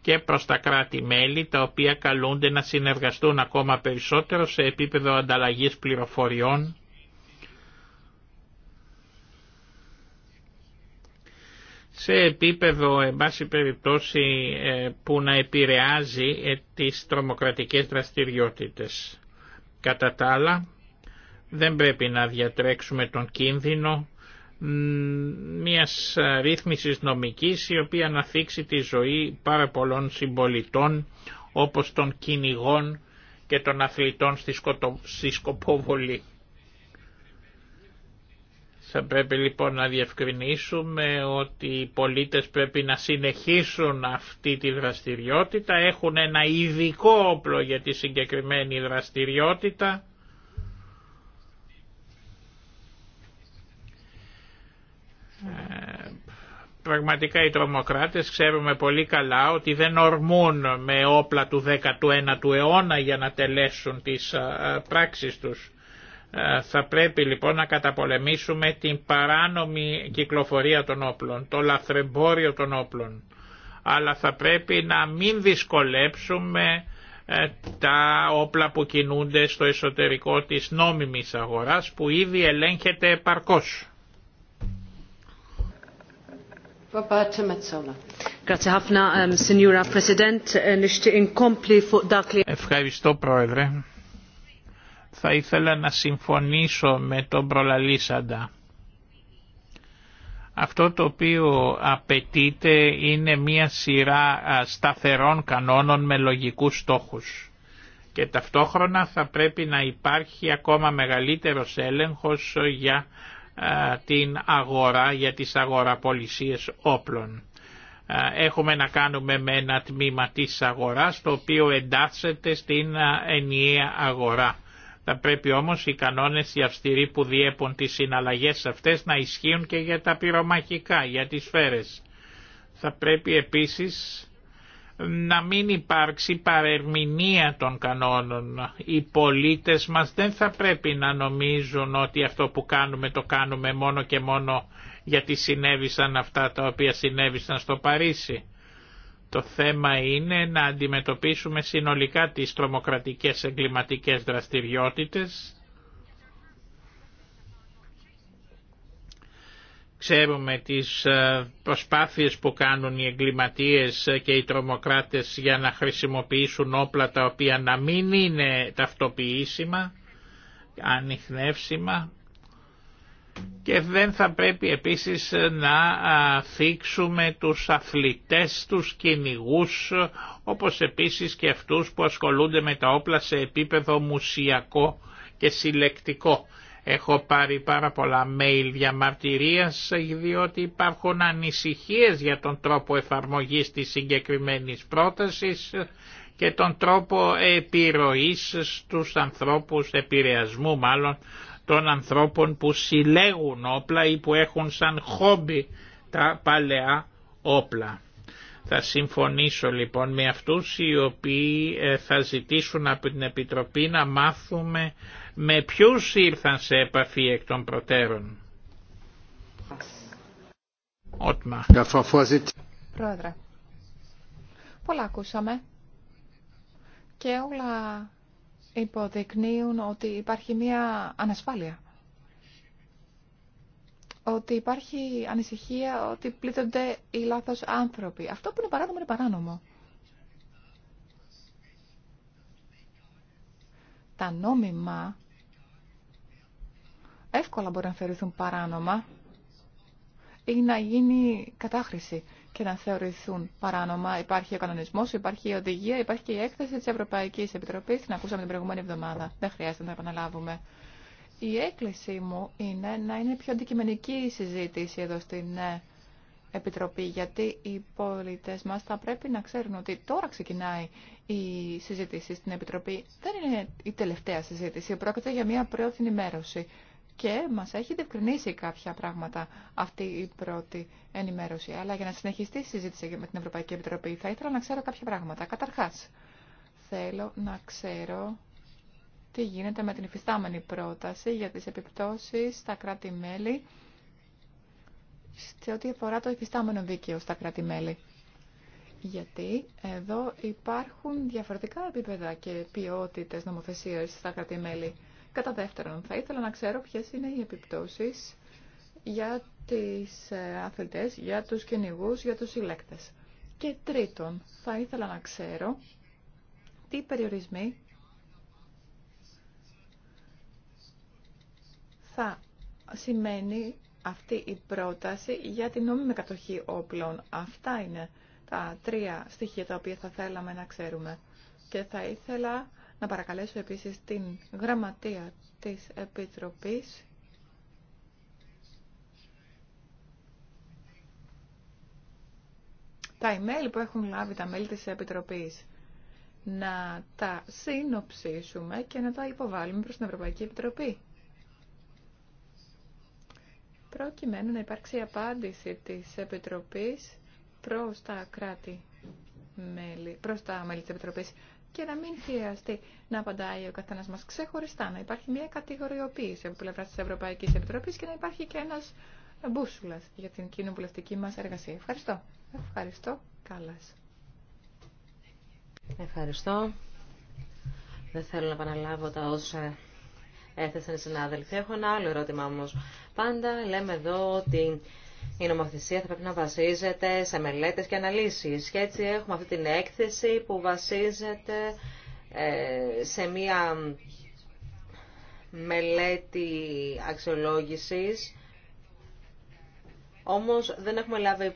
και προς τα κράτη-μέλη τα οποία καλούνται να συνεργαστούν ακόμα περισσότερο σε επίπεδο ανταλλαγής πληροφοριών σε επίπεδο, εν περιπτώσει, ε, που να επηρεάζει ε, τις τρομοκρατικές δραστηριότητες. Κατά τα άλλα, δεν πρέπει να διατρέξουμε τον κίνδυνο μιας ρύθμισης νομικής η οποία να θίξει τη ζωή πάρα πολλών συμπολιτών όπως των κυνηγών και των αθλητών στη, σκοτω... στη σκοπόβολη. Θα πρέπει λοιπόν να διευκρινίσουμε ότι οι πολίτες πρέπει να συνεχίσουν αυτή τη δραστηριότητα, έχουν ένα ειδικό όπλο για τη συγκεκριμένη δραστηριότητα Ε, πραγματικά οι τρομοκράτες ξέρουμε πολύ καλά ότι δεν ορμούν με όπλα του 19ου αιώνα για να τελέσουν τις ε, πράξεις τους. Ε, θα πρέπει λοιπόν να καταπολεμήσουμε την παράνομη κυκλοφορία των όπλων, το λαθρεμπόριο των όπλων. Αλλά θα πρέπει να μην δυσκολέψουμε τα όπλα που κινούνται στο εσωτερικό της νόμιμης αγοράς που ήδη ελέγχεται επαρκώς. Um, eh, Ευχαριστώ Πρόεδρε. Θα ήθελα να συμφωνήσω με τον προλαλήσαντα. Αυτό το οποίο απαιτείται είναι μία σειρά σταθερών κανόνων με λογικούς στόχους και ταυτόχρονα θα πρέπει να υπάρχει ακόμα μεγαλύτερος έλεγχος για την αγορά για τις αγοραπολισίες όπλων. Έχουμε να κάνουμε με ένα τμήμα της αγοράς το οποίο εντάσσεται στην ενιαία αγορά. Θα πρέπει όμως οι κανόνες οι αυστηροί που διέπουν τις συναλλαγές αυτές να ισχύουν και για τα πυρομαχικά, για τις σφαίρες. Θα πρέπει επίσης να μην υπάρξει παρερμηνία των κανόνων. Οι πολίτες μας δεν θα πρέπει να νομίζουν ότι αυτό που κάνουμε το κάνουμε μόνο και μόνο γιατί συνέβησαν αυτά τα οποία συνέβησαν στο Παρίσι. Το θέμα είναι να αντιμετωπίσουμε συνολικά τις τρομοκρατικές εγκληματικές δραστηριότητες Ξέρουμε τις ε, προσπάθειες που κάνουν οι εγκληματίες και οι τρομοκράτες για να χρησιμοποιήσουν όπλα τα οποία να μην είναι ταυτοποιήσιμα, ανιχνεύσιμα και δεν θα πρέπει επίσης να θίξουμε τους αθλητές, τους κυνηγού, όπως επίσης και αυτούς που ασχολούνται με τα όπλα σε επίπεδο μουσιακό και συλλεκτικό. Έχω πάρει πάρα πολλά mail διαμαρτυρίας διότι υπάρχουν ανησυχίες για τον τρόπο εφαρμογής της συγκεκριμένης πρότασης και τον τρόπο επιρροής στους ανθρώπους, επηρεασμού μάλλον, των ανθρώπων που συλλέγουν όπλα ή που έχουν σαν χόμπι τα παλαιά όπλα. Θα συμφωνήσω λοιπόν με αυτούς οι οποίοι ε, θα ζητήσουν από την Επιτροπή να μάθουμε με ποιους ήρθαν σε επαφή εκ των προτέρων. Ότμα. Πρόεδρε, πολλά ακούσαμε και όλα υποδεικνύουν ότι υπάρχει μία ανασφάλεια. Ότι υπάρχει ανησυχία ότι πλήττονται οι λάθος άνθρωποι. Αυτό που είναι παράνομο είναι παράνομο. τα νόμιμα εύκολα μπορεί να θεωρηθούν παράνομα ή να γίνει κατάχρηση και να θεωρηθούν παράνομα. Υπάρχει ο κανονισμό, υπάρχει η οδηγία, υπάρχει και η έκθεση τη Ευρωπαϊκή Επιτροπή. Την ακούσαμε την προηγούμενη εβδομάδα. Δεν χρειάζεται να επαναλάβουμε. Η έκκλησή μου είναι να είναι πιο αντικειμενική η συζήτηση εδώ στην ε, Επιτροπή, γιατί οι πολίτες μας θα πρέπει να ξέρουν ότι τώρα ξεκινάει η συζήτηση στην Επιτροπή. Δεν είναι η τελευταία συζήτηση, πρόκειται για μια πρώτη ενημέρωση. Και μας έχει διευκρινίσει κάποια πράγματα αυτή η πρώτη ενημέρωση. Αλλά για να συνεχιστεί η συζήτηση με την Ευρωπαϊκή Επιτροπή, θα ήθελα να ξέρω κάποια πράγματα. Καταρχάς, θέλω να ξέρω τι γίνεται με την υφιστάμενη πρόταση για τις επιπτώσεις στα κράτη-μέλη σε ό,τι αφορά το εφιστάμενο δίκαιο στα κράτη-μέλη. Γιατί εδώ υπάρχουν διαφορετικά επίπεδα και ποιότητε νομοθεσίας στα κράτη-μέλη. Κατά δεύτερον, θα ήθελα να ξέρω ποιε είναι οι επιπτώσεις για τι ε, αθλητέ, για τους κυνηγού, για τους συλλέκτε. Και τρίτον, θα ήθελα να ξέρω τι περιορισμοί θα σημαίνει αυτή η πρόταση για την νόμιμη κατοχή όπλων. Αυτά είναι τα τρία στοιχεία τα οποία θα θέλαμε να ξέρουμε. Και θα ήθελα να παρακαλέσω επίσης την γραμματεία της Επιτροπής τα email που έχουν λάβει τα μέλη της Επιτροπής να τα συνοψίσουμε και να τα υποβάλουμε προς την Ευρωπαϊκή Επιτροπή προκειμένου να υπάρξει απάντηση της Επιτροπής προς τα κράτη μέλη, προς τα μέλη της Επιτροπής και να μην χρειαστεί να απαντάει ο καθένας μας ξεχωριστά, να υπάρχει μια κατηγοριοποίηση από πλευρά της Ευρωπαϊκής Επιτροπής και να υπάρχει και ένας μπούσουλας για την κοινοβουλευτική μας εργασία. Ευχαριστώ. Ευχαριστώ. Καλάς. Ευχαριστώ. Δεν θέλω να επαναλάβω τα όσα έθεσαν οι συνάδελφοι. Έχω ένα άλλο ερώτημα όμω. Πάντα λέμε εδώ ότι η νομοθεσία θα πρέπει να βασίζεται σε μελέτες και αναλύσεις. Και έτσι έχουμε αυτή την έκθεση που βασίζεται ε, σε μία μελέτη αξιολόγησης. Όμως δεν έχουμε λάβει,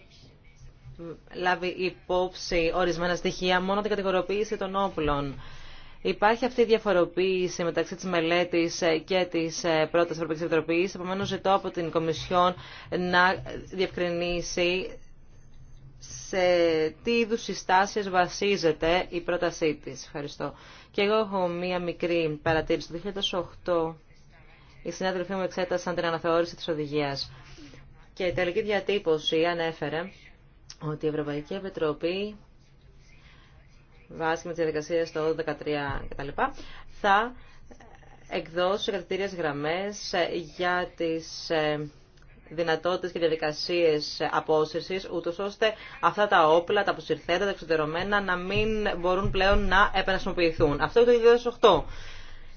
λάβει υπόψη ορισμένα στοιχεία, μόνο την κατηγοροποίηση των όπλων. Υπάρχει αυτή η διαφοροποίηση μεταξύ της μελέτης ε, και της ε, πρώτης Ευρωπαϊκής Επιτροπής. Επομένως, ζητώ από την Κομισιόν να διευκρινίσει σε τι είδου συστάσει βασίζεται η πρότασή τη. Ευχαριστώ. Και εγώ έχω μία μικρή παρατήρηση. Το 2008 οι συνάδελφοί μου εξέτασαν την αναθεώρηση τη οδηγία. και η τελική διατύπωση ανέφερε ότι η Ευρωπαϊκή Επιτροπή βάσει με τις διαδικασίες το 2013 κτλ. Θα εκδώσει κατητήριες γραμμέ ε, για τι ε, δυνατότητε και διαδικασίε απόσυρσης, ούτω ώστε αυτά τα όπλα, τα αποσυρθέντα, τα εξωτερωμένα, να μην μπορούν πλέον να επανασυμποποιηθούν. Αυτό το 2008.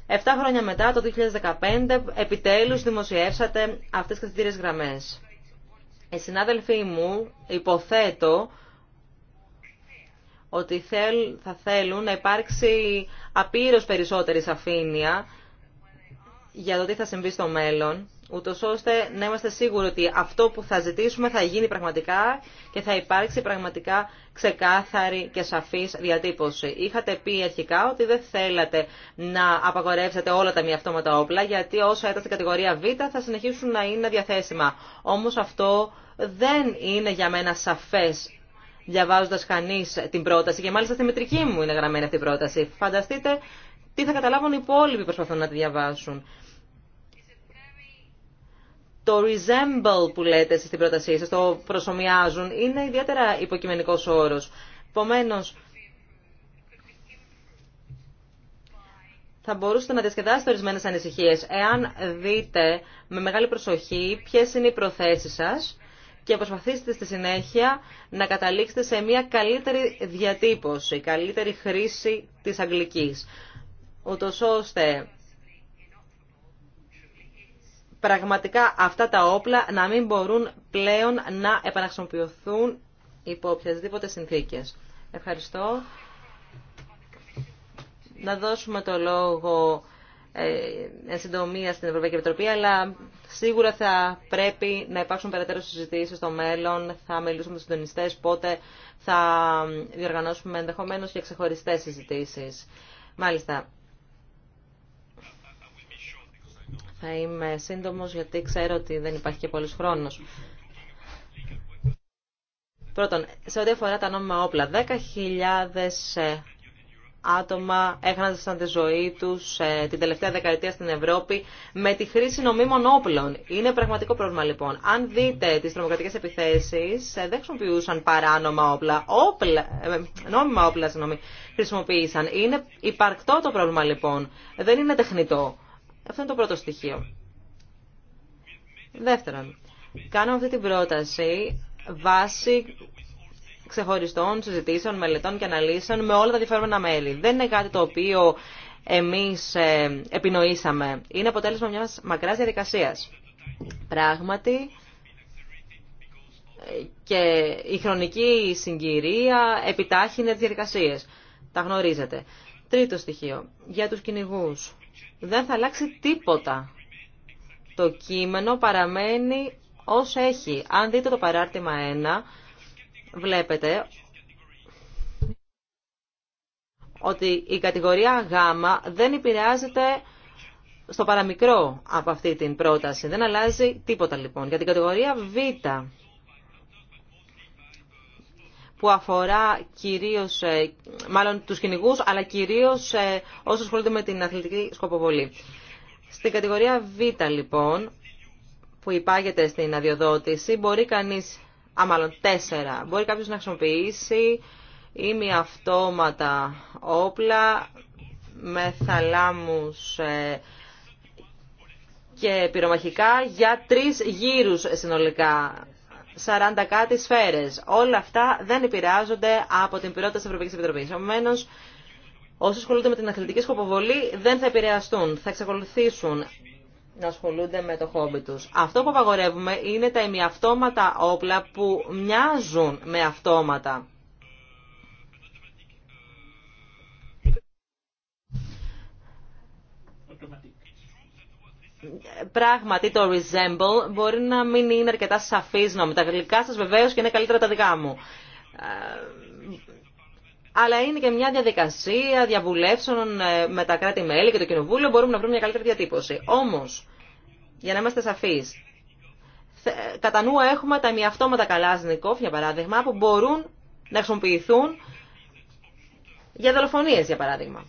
Εφτά χρόνια μετά, το 2015, επιτέλους δημοσιεύσατε αυτές τις κατητήριες γραμμές. Οι συνάδελφοί μου, υποθέτω, ότι θα θέλουν να υπάρξει απείρως περισσότερη σαφήνεια για το τι θα συμβεί στο μέλλον, ούτω ώστε να είμαστε σίγουροι ότι αυτό που θα ζητήσουμε θα γίνει πραγματικά και θα υπάρξει πραγματικά ξεκάθαρη και σαφής διατύπωση. Είχατε πει αρχικά ότι δεν θέλατε να απαγορεύσετε όλα τα μη αυτόματα όπλα, γιατί όσα ήταν στην κατηγορία Β θα συνεχίσουν να είναι διαθέσιμα. Όμως αυτό δεν είναι για μένα σαφές Διαβάζοντα κανεί την πρόταση και μάλιστα στη μετρική μου είναι γραμμένη αυτή η πρόταση. Φανταστείτε τι θα καταλάβουν οι υπόλοιποι προσπαθούν να τη διαβάσουν. Το resemble που λέτε εσείς στην πρότασή σας, το προσωμιάζουν, είναι ιδιαίτερα υποκειμενικός όρος. Επομένω, θα μπορούσατε να διασκεδάσετε ορισμένες ανησυχίες, εάν δείτε με μεγάλη προσοχή ποιες είναι οι προθέσεις σας και προσπαθήστε στη συνέχεια να καταλήξετε σε μια καλύτερη διατύπωση, καλύτερη χρήση της αγγλικής, ούτως ώστε πραγματικά αυτά τα όπλα να μην μπορούν πλέον να επαναχρησιμοποιηθούν υπό οποιασδήποτε συνθήκες. Ευχαριστώ. Να δώσουμε το λόγο ε, εν συντομία στην Ευρωπαϊκή Επιτροπή, αλλά σίγουρα θα πρέπει να υπάρξουν περαιτέρω συζητήσει στο μέλλον. Θα μιλήσουμε με του συντονιστέ, πότε θα διοργανώσουμε ενδεχομένω και ξεχωριστέ συζητήσει. Μάλιστα. Θα είμαι σύντομο γιατί ξέρω ότι δεν υπάρχει και πολλή χρόνο. Πρώτον, σε ό,τι αφορά τα νόμιμα όπλα, 10.000 άτομα έχασαν τη ζωή τους ε, την τελευταία δεκαετία στην Ευρώπη με τη χρήση νομίμων όπλων. Είναι πραγματικό πρόβλημα λοιπόν. Αν δείτε τις τρομοκρατικές επιθέσεις, ε, δεν χρησιμοποιούσαν παράνομα όπλα, όπλα ε, νόμιμα όπλα συγγνώμη, χρησιμοποίησαν. Είναι υπαρκτό το πρόβλημα λοιπόν. Δεν είναι τεχνητό. Αυτό είναι το πρώτο στοιχείο. Δεύτερον, κάνουμε αυτή την πρόταση βάσει ξεχωριστών συζητήσεων, μελετών και αναλύσεων με όλα τα διαφέρμενα μέλη. Δεν είναι κάτι το οποίο εμείς ε, επινοήσαμε. Είναι αποτέλεσμα μιας μακράς διαδικασίας. Πράγματι, και η χρονική συγκυρία επιτάχυνε τις διαδικασίες. Τα γνωρίζετε. Τρίτο στοιχείο, για τους κυνηγού. Δεν θα αλλάξει τίποτα. Το κείμενο παραμένει ως έχει. Αν δείτε το παράρτημα 1 βλέπετε ότι η κατηγορία Γ δεν επηρεάζεται στο παραμικρό από αυτή την πρόταση. Δεν αλλάζει τίποτα λοιπόν. Για την κατηγορία Β που αφορά κυρίως, ε, μάλλον τους κυνηγού, αλλά κυρίως ε, όσους ασχολούνται με την αθλητική σκοποβολή. Στην κατηγορία Β λοιπόν, που υπάγεται στην αδειοδότηση, μπορεί κανείς α μάλλον τέσσερα. Μπορεί κάποιος να χρησιμοποιήσει ή μη αυτόματα όπλα με θαλάμους ε, και πυρομαχικά για τρεις γύρους συνολικά. 40 κάτι σφαίρες. Όλα αυτά δεν επηρεάζονται από την πυρότητα της Ευρωπαϊκής Επιτροπής. Επομένω, όσοι ασχολούνται με την αθλητική σκοποβολή δεν θα επηρεαστούν, θα εξακολουθήσουν να ασχολούνται με το χόμπι τους. Αυτό που απαγορεύουμε είναι τα ημιαυτόματα όπλα που μοιάζουν με αυτόματα. Πράγματι το resemble μπορεί να μην είναι αρκετά σαφής Τα γλυκά σας βεβαίως και είναι καλύτερα τα δικά μου. Ε, αλλά είναι και μια διαδικασία διαβουλεύσεων ε, με τα κράτη-μέλη και το Κοινοβούλιο. Μπορούμε να βρούμε μια καλύτερη διατύπωση. Όμω, για να είμαστε σαφεί, κατά νου έχουμε τα καλά καλάζνικοφ, για παράδειγμα, που μπορούν να χρησιμοποιηθούν για δολοφονίε, για παράδειγμα.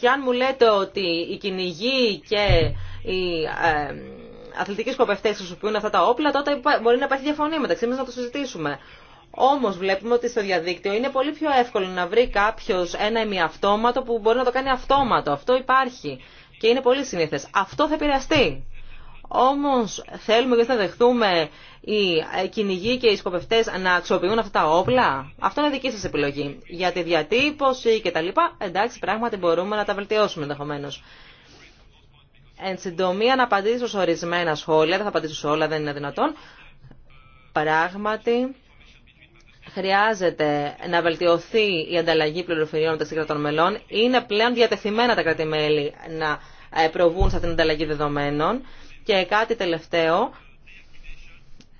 Και αν μου λέτε ότι οι κυνηγοί και οι ε, αθλητικοί σκοπευτέ χρησιμοποιούν αυτά τα όπλα, τότε μπορεί να υπάρχει διαφωνία μεταξύ μας να το συζητήσουμε. Όμω βλέπουμε ότι στο διαδίκτυο είναι πολύ πιο εύκολο να βρει κάποιο ένα ημιαυτόματο που μπορεί να το κάνει αυτόματο. Αυτό υπάρχει και είναι πολύ συνήθες. Αυτό θα επηρεαστεί. Όμω θέλουμε και θα δεχτούμε οι κυνηγοί και οι σκοπευτέ να αξιοποιούν αυτά τα όπλα. Αυτό είναι δική σα επιλογή. Για τη διατύπωση και τα λοιπά, εντάξει πράγματι μπορούμε να τα βελτιώσουμε ενδεχομένω. Εν συντομία να απαντήσω σε ορισμένα σχόλια, δεν θα απαντήσω σε όλα, δεν είναι δυνατόν. Πράγματι, χρειάζεται να βελτιωθεί η ανταλλαγή πληροφοριών μεταξύ κρατών μελών. Είναι πλέον διατεθειμένα τα κράτη-μέλη να ε, προβούν σε αυτήν την ανταλλαγή δεδομένων. Και κάτι τελευταίο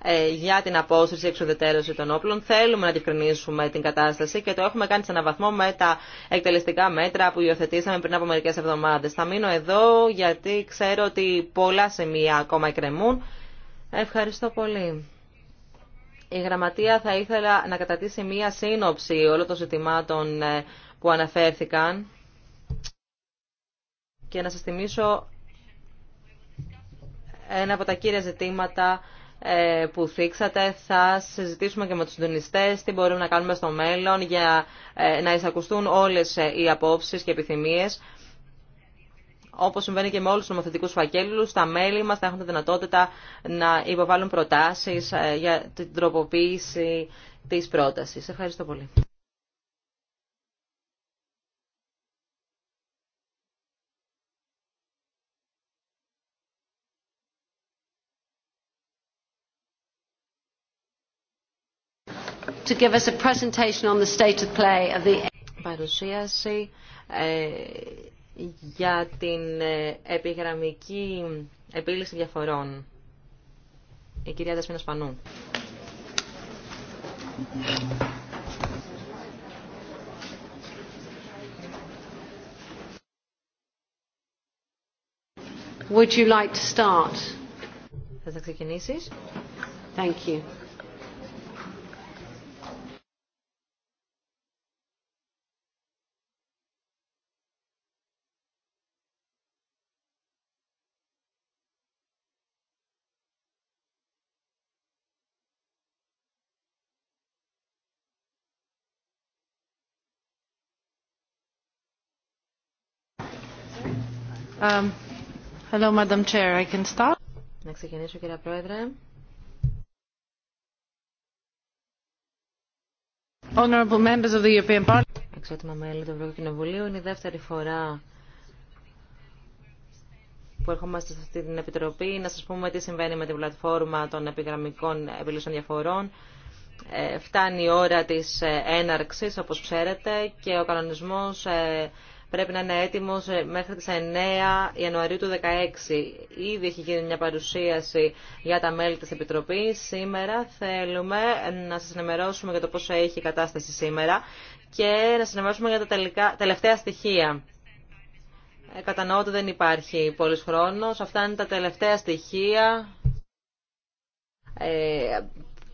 ε, για την απόσυρση εξοδετέρωση των όπλων. Θέλουμε να διευκρινίσουμε την κατάσταση και το έχουμε κάνει σε έναν βαθμό με τα εκτελεστικά μέτρα που υιοθετήσαμε πριν από μερικές εβδομάδες. Θα μείνω εδώ γιατί ξέρω ότι πολλά σημεία ακόμα εκκρεμούν. Ευχαριστώ πολύ. Η Γραμματεία θα ήθελα να κατατήσει μία σύνοψη όλων των ζητημάτων ε, που αναφέρθηκαν και να σας θυμίσω ένα από τα κύρια ζητήματα ε, που θίξατε. Θα συζητήσουμε και με τους συντονιστές τι μπορούμε να κάνουμε στο μέλλον για ε, να εισακουστούν όλες οι απόψεις και επιθυμίες όπω συμβαίνει και με όλου του νομοθετικού φακέλου, τα μέλη μα θα έχουν τη δυνατότητα να υποβάλουν προτάσει ε, για την τροποποίηση τη πρόταση. Ευχαριστώ πολύ. To give us a presentation on the state of play of the... Παρουσίαση ε, για την ε, επιγραμμική επίλυση διαφορών. Η κυρία Δεσμίνα Σπανού. Would you like to start? Θα ξεκινήσεις. Thank you. Um, hello, Madam Chair. I Να ξεκινήσω, κύριε Πρόεδρε. Εξότιμα μέλη του Ευρωπαϊκού Κοινοβουλίου, είναι η δεύτερη φορά που ερχόμαστε σε αυτή την Επιτροπή να σας πούμε τι συμβαίνει με την πλατφόρμα των επιγραμμικών επιλύσεων διαφορών. Ε, φτάνει η ώρα της ε, έναρξης, όπως ξέρετε, και ο κανονισμός ε, πρέπει να είναι έτοιμο ε, μέχρι τι 9 Ιανουαρίου του 2016. Ήδη έχει γίνει μια παρουσίαση για τα μέλη της Επιτροπής. Σήμερα θέλουμε να σας ενημερώσουμε για το πώ έχει η κατάσταση σήμερα και να σας ενημερώσουμε για τα τελευταία στοιχεία. Ε, κατανοώ ότι δεν υπάρχει πολλή χρόνος. Αυτά είναι τα τελευταία στοιχεία ε,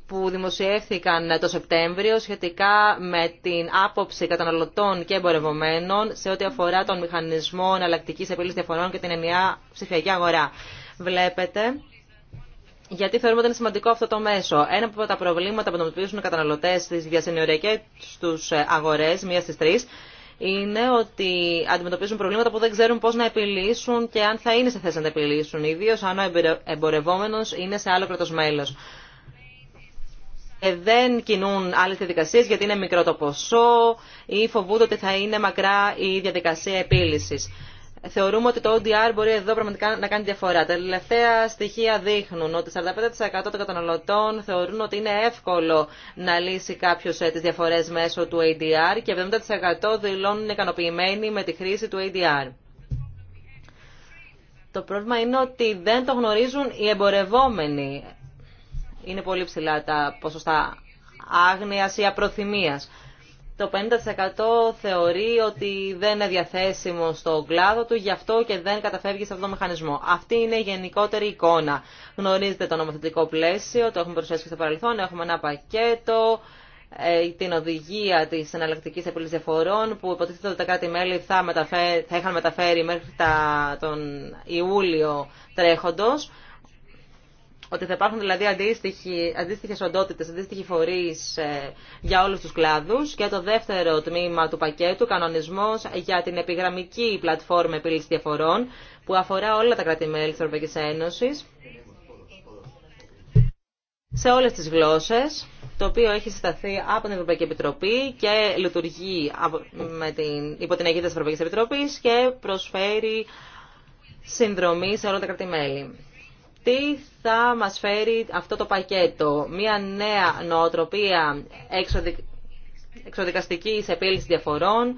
που δημοσιεύθηκαν το Σεπτέμβριο σχετικά με την άποψη καταναλωτών και εμπορευομένων σε ό,τι αφορά τον μηχανισμό εναλλακτική επίλυση διαφορών και την ενιαία ψηφιακή αγορά. Βλέπετε. Γιατί θεωρούμε ότι είναι σημαντικό αυτό το μέσο. Ένα από τα προβλήματα που αντιμετωπίζουν οι καταναλωτέ στι διασυνοριακέ του αγορέ, μία στι τρει, είναι ότι αντιμετωπίζουν προβλήματα που δεν ξέρουν πώ να επιλύσουν και αν θα είναι σε θέση να τα επιλύσουν. Ιδίω αν ο εμπορευόμενο είναι σε άλλο κράτο ε, δεν κινούν άλλε διαδικασίε γιατί είναι μικρό το ποσό ή φοβούνται ότι θα είναι μακρά η διαδικασία επίλυση. Θεωρούμε ότι το ODR μπορεί εδώ πραγματικά να κάνει διαφορά. Τα τελευταία στοιχεία δείχνουν ότι 45% των καταναλωτών θεωρούν ότι είναι εύκολο να λύσει κάποιο ε, τι διαφορέ μέσω του ADR και 70% δηλώνουν ικανοποιημένοι με τη χρήση του ADR. Το πρόβλημα είναι ότι δεν το γνωρίζουν οι εμπορευόμενοι είναι πολύ ψηλά τα ποσοστά άγνοιας ή απροθυμίας. Το 50% θεωρεί ότι δεν είναι διαθέσιμο στον κλάδο του, γι' αυτό και δεν καταφεύγει σε αυτόν τον μηχανισμό. Αυτή είναι η γενικότερη εικόνα. Γνωρίζετε το νομοθετικό πλαίσιο, το έχουμε προσθέσει και στο παρελθόν, έχουμε ένα πακέτο, ε, την οδηγία τη εναλλακτική επίλυση διαφορών που υποτίθεται ότι τα κράτη-μέλη θα, θα είχαν μεταφέρει μέχρι τα, τον Ιούλιο τρέχοντος. Ότι θα υπάρχουν δηλαδή αντίστοιχε οντότητε, αντίστοιχοι φορεί ε, για όλου του κλάδου. Και το δεύτερο τμήμα του πακέτου, κανονισμό για την επιγραμμική πλατφόρμα επίλυση διαφορών, που αφορά όλα τα κράτη-μέλη τη Ευρωπαϊκή Ένωση σε όλες τις γλώσσες, το οποίο έχει συσταθεί από την Ευρωπαϊκή Επιτροπή και λειτουργεί με την, υπό την αιγύδα της Ευρωπαϊκής Επιτροπής και προσφέρει συνδρομή σε όλα τα κράτη-μέλη τι θα μας φέρει αυτό το πακέτο. Μία νέα νοοτροπία εξοδικαστικής επίλυσης διαφορών,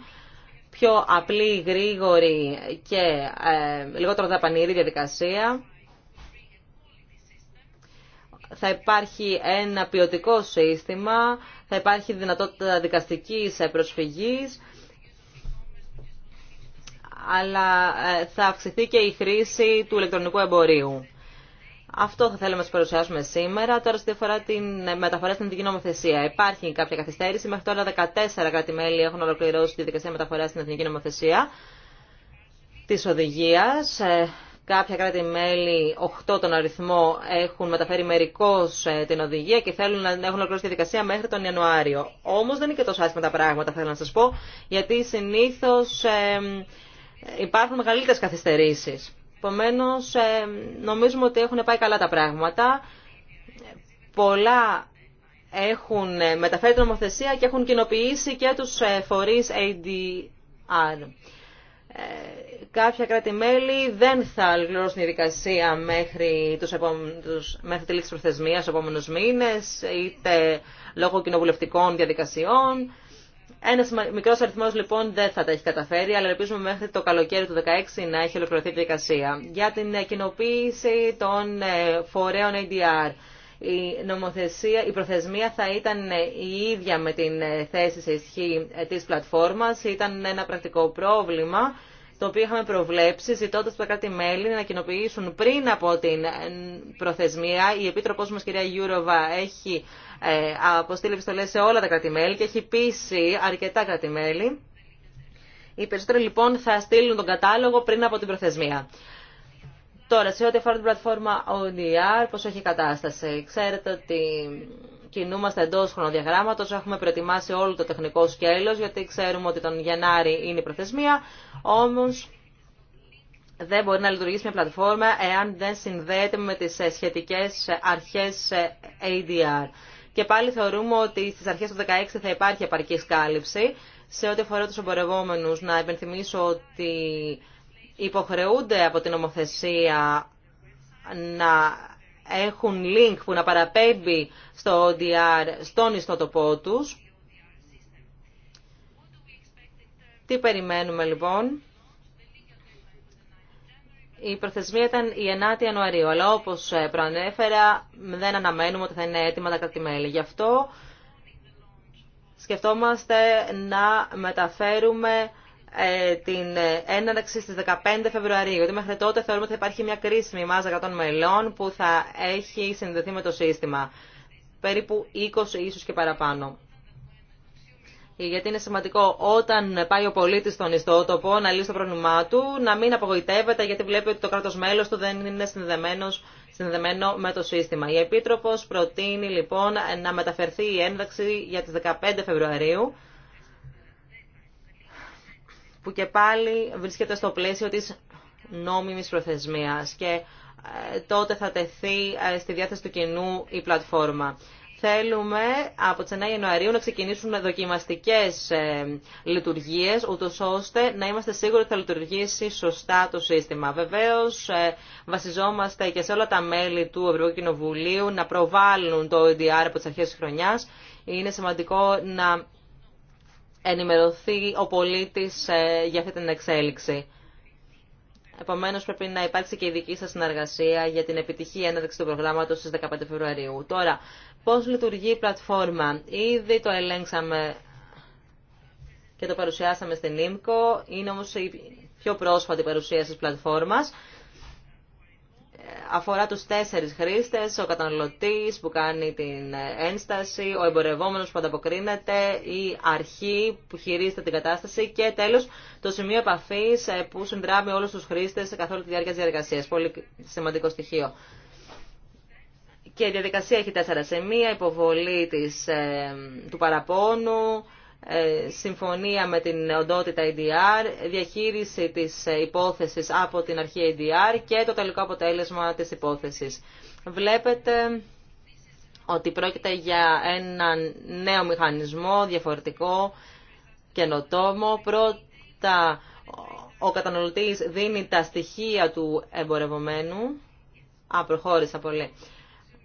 πιο απλή, γρήγορη και ε, λιγότερο δαπανηρή διαδικασία. Θα υπάρχει ένα ποιοτικό σύστημα, θα υπάρχει δυνατότητα δικαστικής προσφυγής, αλλά ε, θα αυξηθεί και η χρήση του ηλεκτρονικού εμπορίου. Αυτό θα θέλαμε να σα παρουσιάσουμε σήμερα. Τώρα, στη αφορά την ε, μεταφορά στην εθνική νομοθεσία. Υπάρχει κάποια καθυστέρηση. Μέχρι τώρα 14 κράτη-μέλη έχουν ολοκληρώσει τη δικασία μεταφορά στην εθνική νομοθεσία τη οδηγία. Ε, κάποια κράτη-μέλη, 8 τον αριθμό, έχουν μεταφέρει μερικώ ε, την οδηγία και θέλουν να έχουν ολοκληρώσει τη δικασία μέχρι τον Ιανουάριο. Όμω δεν είναι και τόσο άσχημα τα πράγματα, θέλω να σα πω, γιατί συνήθω υπάρχουν μεγαλύτερε καθυστερήσει. Επομένω, ε, νομίζουμε ότι έχουν πάει καλά τα πράγματα. Πολλά έχουν μεταφέρει την νομοθεσία και έχουν κοινοποιήσει και τους ε, φορείς ADR. Ε, κάποια κράτη-μέλη δεν θα ολοκληρώσουν η δικασία μέχρι, τους επόμενους, μέχρι τη λήξη προθεσμίας στους επόμενους μήνες, είτε λόγω κοινοβουλευτικών διαδικασιών. Ένα μικρό αριθμό λοιπόν δεν θα τα έχει καταφέρει, αλλά ελπίζουμε μέχρι το καλοκαίρι του 2016 να έχει ολοκληρωθεί η διαδικασία. Για την ε, κοινοποίηση των ε, φορέων ADR. Η, νομοθεσία, η προθεσμία θα ήταν ε, η ίδια με την θέση σε ισχύ τη πλατφόρμα. Ήταν ένα πρακτικό πρόβλημα το οποίο είχαμε προβλέψει, ζητώντα τα κράτη-μέλη να κοινοποιήσουν πριν από την προθεσμία. Η Επίτροπό μα, κυρία Γιούροβα, έχει ε, αποστείλει επιστολέ σε όλα τα κρατημέλη και έχει πείσει αρκετά κρατημέλη. Οι περισσότεροι λοιπόν θα στείλουν τον κατάλογο πριν από την προθεσμία. Τώρα, σε ό,τι αφορά την πλατφόρμα ODR, πώς έχει η κατάσταση. Ξέρετε ότι κινούμαστε εντό χρονοδιαγράμματο. Έχουμε προετοιμάσει όλο το τεχνικό σκέλο, γιατί ξέρουμε ότι τον Γενάρη είναι η προθεσμία. Όμω δεν μπορεί να λειτουργήσει μια πλατφόρμα εάν δεν συνδέεται με τι ε, σχετικέ ε, αρχέ ADR και πάλι θεωρούμε ότι στις αρχές του 2016 θα υπάρχει επαρκή σκάλυψη. Σε ό,τι αφορά τους εμπορευόμενους, να υπενθυμίσω ότι υποχρεούνται από την νομοθεσία να έχουν link που να παραπέμπει στο ODR στον ιστότοπό τους. Τι περιμένουμε λοιπόν η προθεσμία ήταν η 9η Ιανουαρίου, αλλά όπως ε, προανέφερα δεν αναμένουμε ότι θα είναι έτοιμα τα μέλη. Γι' αυτό σκεφτόμαστε να μεταφέρουμε ε, την έναρξη στις 15 Φεβρουαρίου, γιατί μέχρι τότε θεωρούμε ότι θα υπάρχει μια κρίσιμη μάζα 100 μελών που θα έχει συνδεθεί με το σύστημα, περίπου 20 ίσως και παραπάνω γιατί είναι σημαντικό όταν πάει ο πολίτης στον ιστότοπο να λύσει το πρόβλημά του, να μην απογοητεύεται γιατί βλέπει ότι το κράτος μέλο του δεν είναι συνδεδεμένο με το σύστημα. Η επίτροπο προτείνει λοιπόν να μεταφερθεί η ένταξη για τις 15 Φεβρουαρίου, που και πάλι βρίσκεται στο πλαίσιο της νόμιμης προθεσμίας και ε, τότε θα τεθεί ε, στη διάθεση του κοινού η πλατφόρμα. Θέλουμε από τις 9 Ιανουαρίου να ξεκινήσουν δοκιμαστικές ε, λειτουργίες, ούτω ώστε να είμαστε σίγουροι ότι θα λειτουργήσει σωστά το σύστημα. Βεβαίως, ε, βασιζόμαστε και σε όλα τα μέλη του Ευρωπαϊκού να προβάλλουν το EDR από τι αρχέ τη χρονιάς. Είναι σημαντικό να ενημερωθεί ο πολίτης ε, για αυτή την εξέλιξη. Επομένω, πρέπει να υπάρξει και η δική σα συνεργασία για την επιτυχή έναρξη του προγράμματος στι 15 Φεβρουαρίου. Τώρα, πώ λειτουργεί η πλατφόρμα. Ήδη το ελέγξαμε και το παρουσιάσαμε στην ΙΜΚΟ. Είναι όμω η πιο πρόσφατη παρουσίαση τη πλατφόρμας αφορά τους τέσσερις χρήστες, ο καταναλωτής που κάνει την ένσταση, ο εμπορευόμενος που ανταποκρίνεται, η αρχή που χειρίζεται την κατάσταση και τέλος το σημείο επαφής ε, που συνδράμει όλους τους χρήστες καθόλου τη διάρκεια της διαδικασίας. Πολύ σημαντικό στοιχείο. Και η διαδικασία έχει τέσσερα σημεία, υποβολή ε, του παραπώνου, ε, συμφωνία με την οντότητα EDR, διαχείριση της υπόθεσης από την αρχή EDR και το τελικό αποτέλεσμα της υπόθεσης. Βλέπετε ότι πρόκειται για ένα νέο μηχανισμό, διαφορετικό, καινοτόμο. Πρώτα, ο καταναλωτής δίνει τα στοιχεία του εμπορευομένου. Α, προχώρησα πολύ.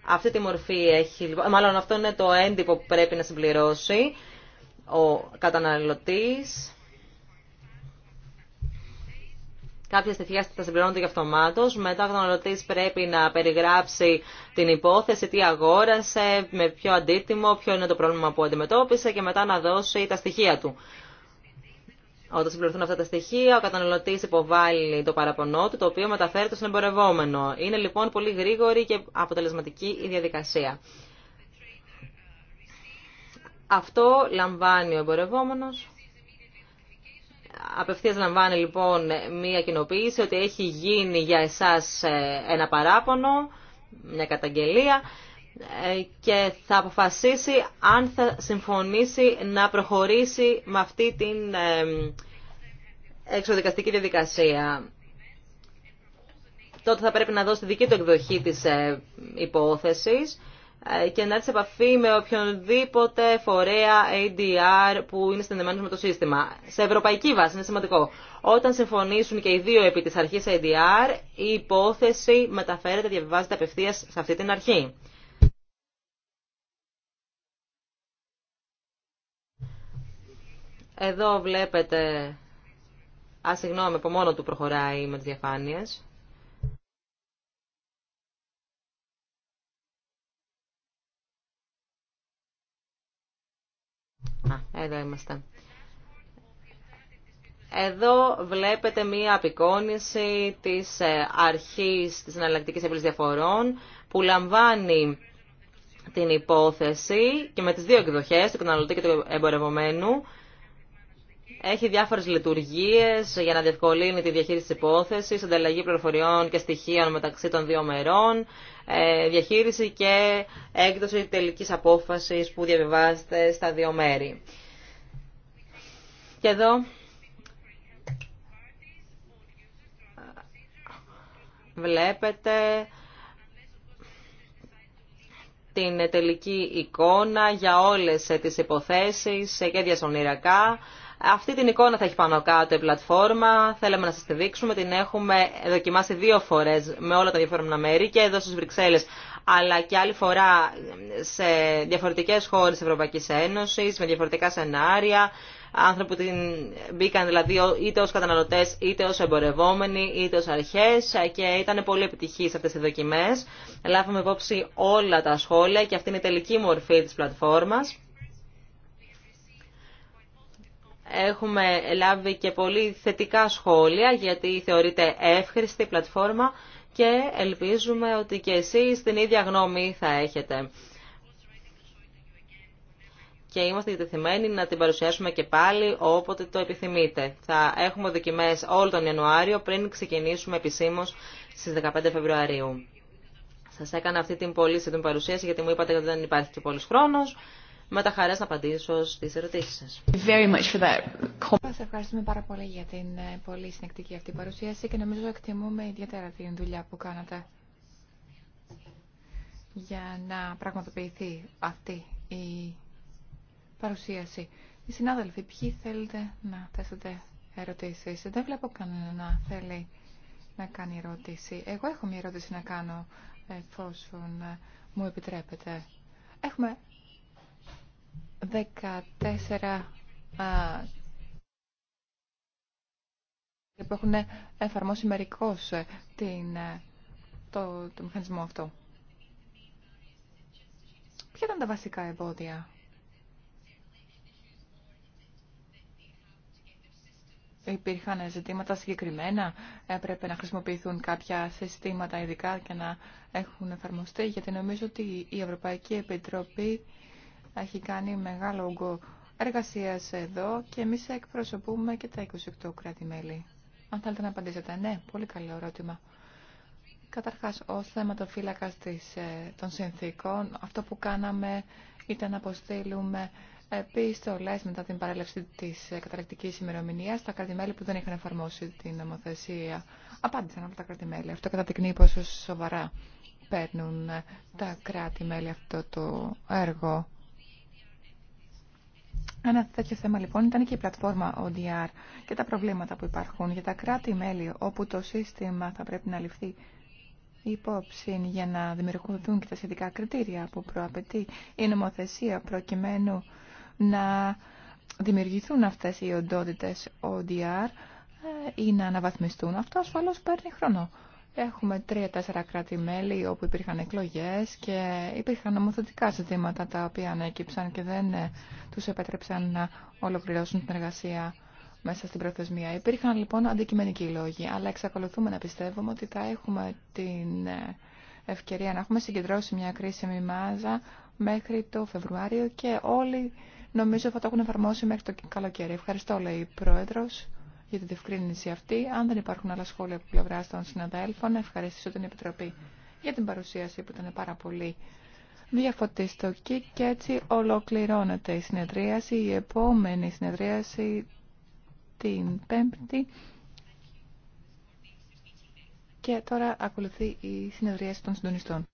Αυτή τη μορφή έχει, μάλλον αυτό είναι το έντυπο που πρέπει να συμπληρώσει ο καταναλωτής κάποια στοιχεία θα συμπληρώνονται για αυτομάτω. Μετά ο καταναλωτή πρέπει να περιγράψει την υπόθεση, τι αγόρασε, με ποιο αντίτιμο, ποιο είναι το πρόβλημα που αντιμετώπισε και μετά να δώσει τα στοιχεία του. Όταν συμπληρωθούν αυτά τα στοιχεία, ο καταναλωτή υποβάλλει το παραπονό του, το οποίο μεταφέρεται στον εμπορευόμενο. Είναι λοιπόν πολύ γρήγορη και αποτελεσματική η διαδικασία. Αυτό λαμβάνει ο εμπορευόμενο. λοιπόν μία κοινοποίηση ότι έχει γίνει για εσάς ε, ένα παράπονο, μια καταγγελία ε, και θα αποφασίσει αν θα συμφωνήσει να προχωρήσει με αυτή την ε, εξοδικαστική διαδικασία. Τότε θα πρέπει να δώσει τη δική του εκδοχή της υπόθεσης ε, και να έρθει σε επαφή με οποιονδήποτε φορέα ADR που είναι συνδεμένο με το σύστημα. Σε ευρωπαϊκή βάση είναι σημαντικό. Όταν συμφωνήσουν και οι δύο επί της αρχής ADR, η υπόθεση μεταφέρεται, διαβιβάζεται απευθεία σε αυτή την αρχή. Εδώ βλέπετε... Α, συγγνώμη, από μόνο του προχωράει με τις διαφάνειες. εδώ βλέπετε μία απεικόνιση της ε, αρχής της εναλλακτικής επίλυσης διαφορών που λαμβάνει την υπόθεση και με τις δύο εκδοχές, του καταναλωτή και του εμπορευομένου έχει διάφορε λειτουργίε για να διευκολύνει τη διαχείριση τη υπόθεση, ανταλλαγή πληροφοριών και στοιχείων μεταξύ των δύο μερών, ε, διαχείριση και έκδοση τελική απόφαση που διαβιβάζεται στα δύο μέρη. Και εδώ βλέπετε την τελική εικόνα για όλες τις υποθέσεις και διασωνηρακά αυτή την εικόνα θα έχει πάνω κάτω η πλατφόρμα. Θέλαμε να σα τη δείξουμε. Την έχουμε δοκιμάσει δύο φορέ με όλα τα διαφορετικά μέρη και εδώ στι Βρυξέλλε, αλλά και άλλη φορά σε διαφορετικέ χώρε της Ευρωπαϊκής Ένωσης, με διαφορετικά σενάρια, άνθρωποι που την μπήκαν δηλαδή είτε ω καταναλωτέ είτε ω εμπορευόμενοι, είτε ω αρχέ και ήταν πολύ επιτυχής αυτέ οι δοκιμέ. Λάβαμε υπόψη όλα τα σχόλια και αυτή είναι η τελική μορφή τη πλατφόρμας. Έχουμε λάβει και πολύ θετικά σχόλια γιατί θεωρείται εύχριστη πλατφόρμα και ελπίζουμε ότι και εσείς την ίδια γνώμη θα έχετε. Και είμαστε διατεθειμένοι να την παρουσιάσουμε και πάλι όποτε το επιθυμείτε. Θα έχουμε δοκιμές όλο τον Ιανουάριο πριν ξεκινήσουμε επισήμως στις 15 Φεβρουαρίου. Σας έκανα αυτή την πολύ σύντομη παρουσίαση γιατί μου είπατε ότι δεν υπάρχει και πολλής χρόνος με τα χαράς να απαντήσω στις ερωτήσεις σας. Very ευχαριστούμε πάρα πολύ για την ε, πολύ συνεκτική αυτή παρουσίαση και νομίζω εκτιμούμε ιδιαίτερα την δουλειά που κάνατε για να πραγματοποιηθεί αυτή η παρουσίαση. Οι συνάδελφοι, ποιοι θέλετε να θέσετε ερωτήσεις. Δεν βλέπω κανένα να θέλει να κάνει ερώτηση. Εγώ έχω μια ερώτηση να κάνω εφόσον μου επιτρέπετε. Έχουμε 14 που έχουν εφαρμόσει μερικώς ε, την, ε, το, το μηχανισμό αυτό. Ποια ήταν τα βασικά εμπόδια. Υπήρχαν ζητήματα συγκεκριμένα, έπρεπε να χρησιμοποιηθούν κάποια συστήματα ειδικά και να έχουν εφαρμοστεί, γιατί νομίζω ότι η Ευρωπαϊκή Επιτροπή έχει κάνει μεγάλο όγκο εργασία εδώ και εμεί εκπροσωπούμε και τα 28 κράτη-μέλη. Αν θέλετε να απαντήσετε, ναι, πολύ καλό ερώτημα. Καταρχάς, ο θεματοφύλακας της, ε, των συνθήκων, αυτό που κάναμε ήταν να αποστείλουμε επιστολές μετά την παρέλευση της ε, καταληκτικής ημερομηνίας στα κράτη-μέλη που δεν είχαν εφαρμόσει την νομοθεσία. Απάντησαν όλα τα κράτη-μέλη. Αυτό καταδεικνύει πόσο σοβαρά παίρνουν ε, τα κράτη-μέλη αυτό το έργο. Ένα τέτοιο θέμα λοιπόν ήταν και η πλατφόρμα ODR και τα προβλήματα που υπάρχουν για τα κράτη-μέλη όπου το σύστημα θα πρέπει να ληφθεί υπόψη για να δημιουργηθούν και τα σχετικά κριτήρια που προαπαιτεί η νομοθεσία προκειμένου να δημιουργηθούν αυτές οι οντότητες ODR ε, ή να αναβαθμιστούν. Αυτό ασφαλώς παίρνει χρόνο. Έχουμε τρία-τέσσερα κράτη-μέλη όπου υπήρχαν εκλογές και υπήρχαν νομοθετικά ζητήματα τα οποία ανέκυψαν και δεν ε, τους επέτρεψαν να ολοκληρώσουν την εργασία μέσα στην προθεσμία. Υπήρχαν λοιπόν αντικειμενικοί λόγοι, αλλά εξακολουθούμε να πιστεύουμε ότι θα έχουμε την ε, ευκαιρία να έχουμε συγκεντρώσει μια κρίσιμη μάζα μέχρι το Φεβρουάριο και όλοι νομίζω θα το έχουν εφαρμόσει μέχρι το καλοκαίρι. Ευχαριστώ, λέει η Πρόεδρος για τη διευκρίνηση αυτή. Αν δεν υπάρχουν άλλα σχόλια από πλευρά των συναδέλφων, ευχαριστήσω την Επιτροπή για την παρουσίαση που ήταν πάρα πολύ διαφωτιστική και έτσι ολοκληρώνεται η συνεδρίαση. Η επόμενη συνεδρίαση την Πέμπτη. Και τώρα ακολουθεί η συνεδρίαση των συντονιστών.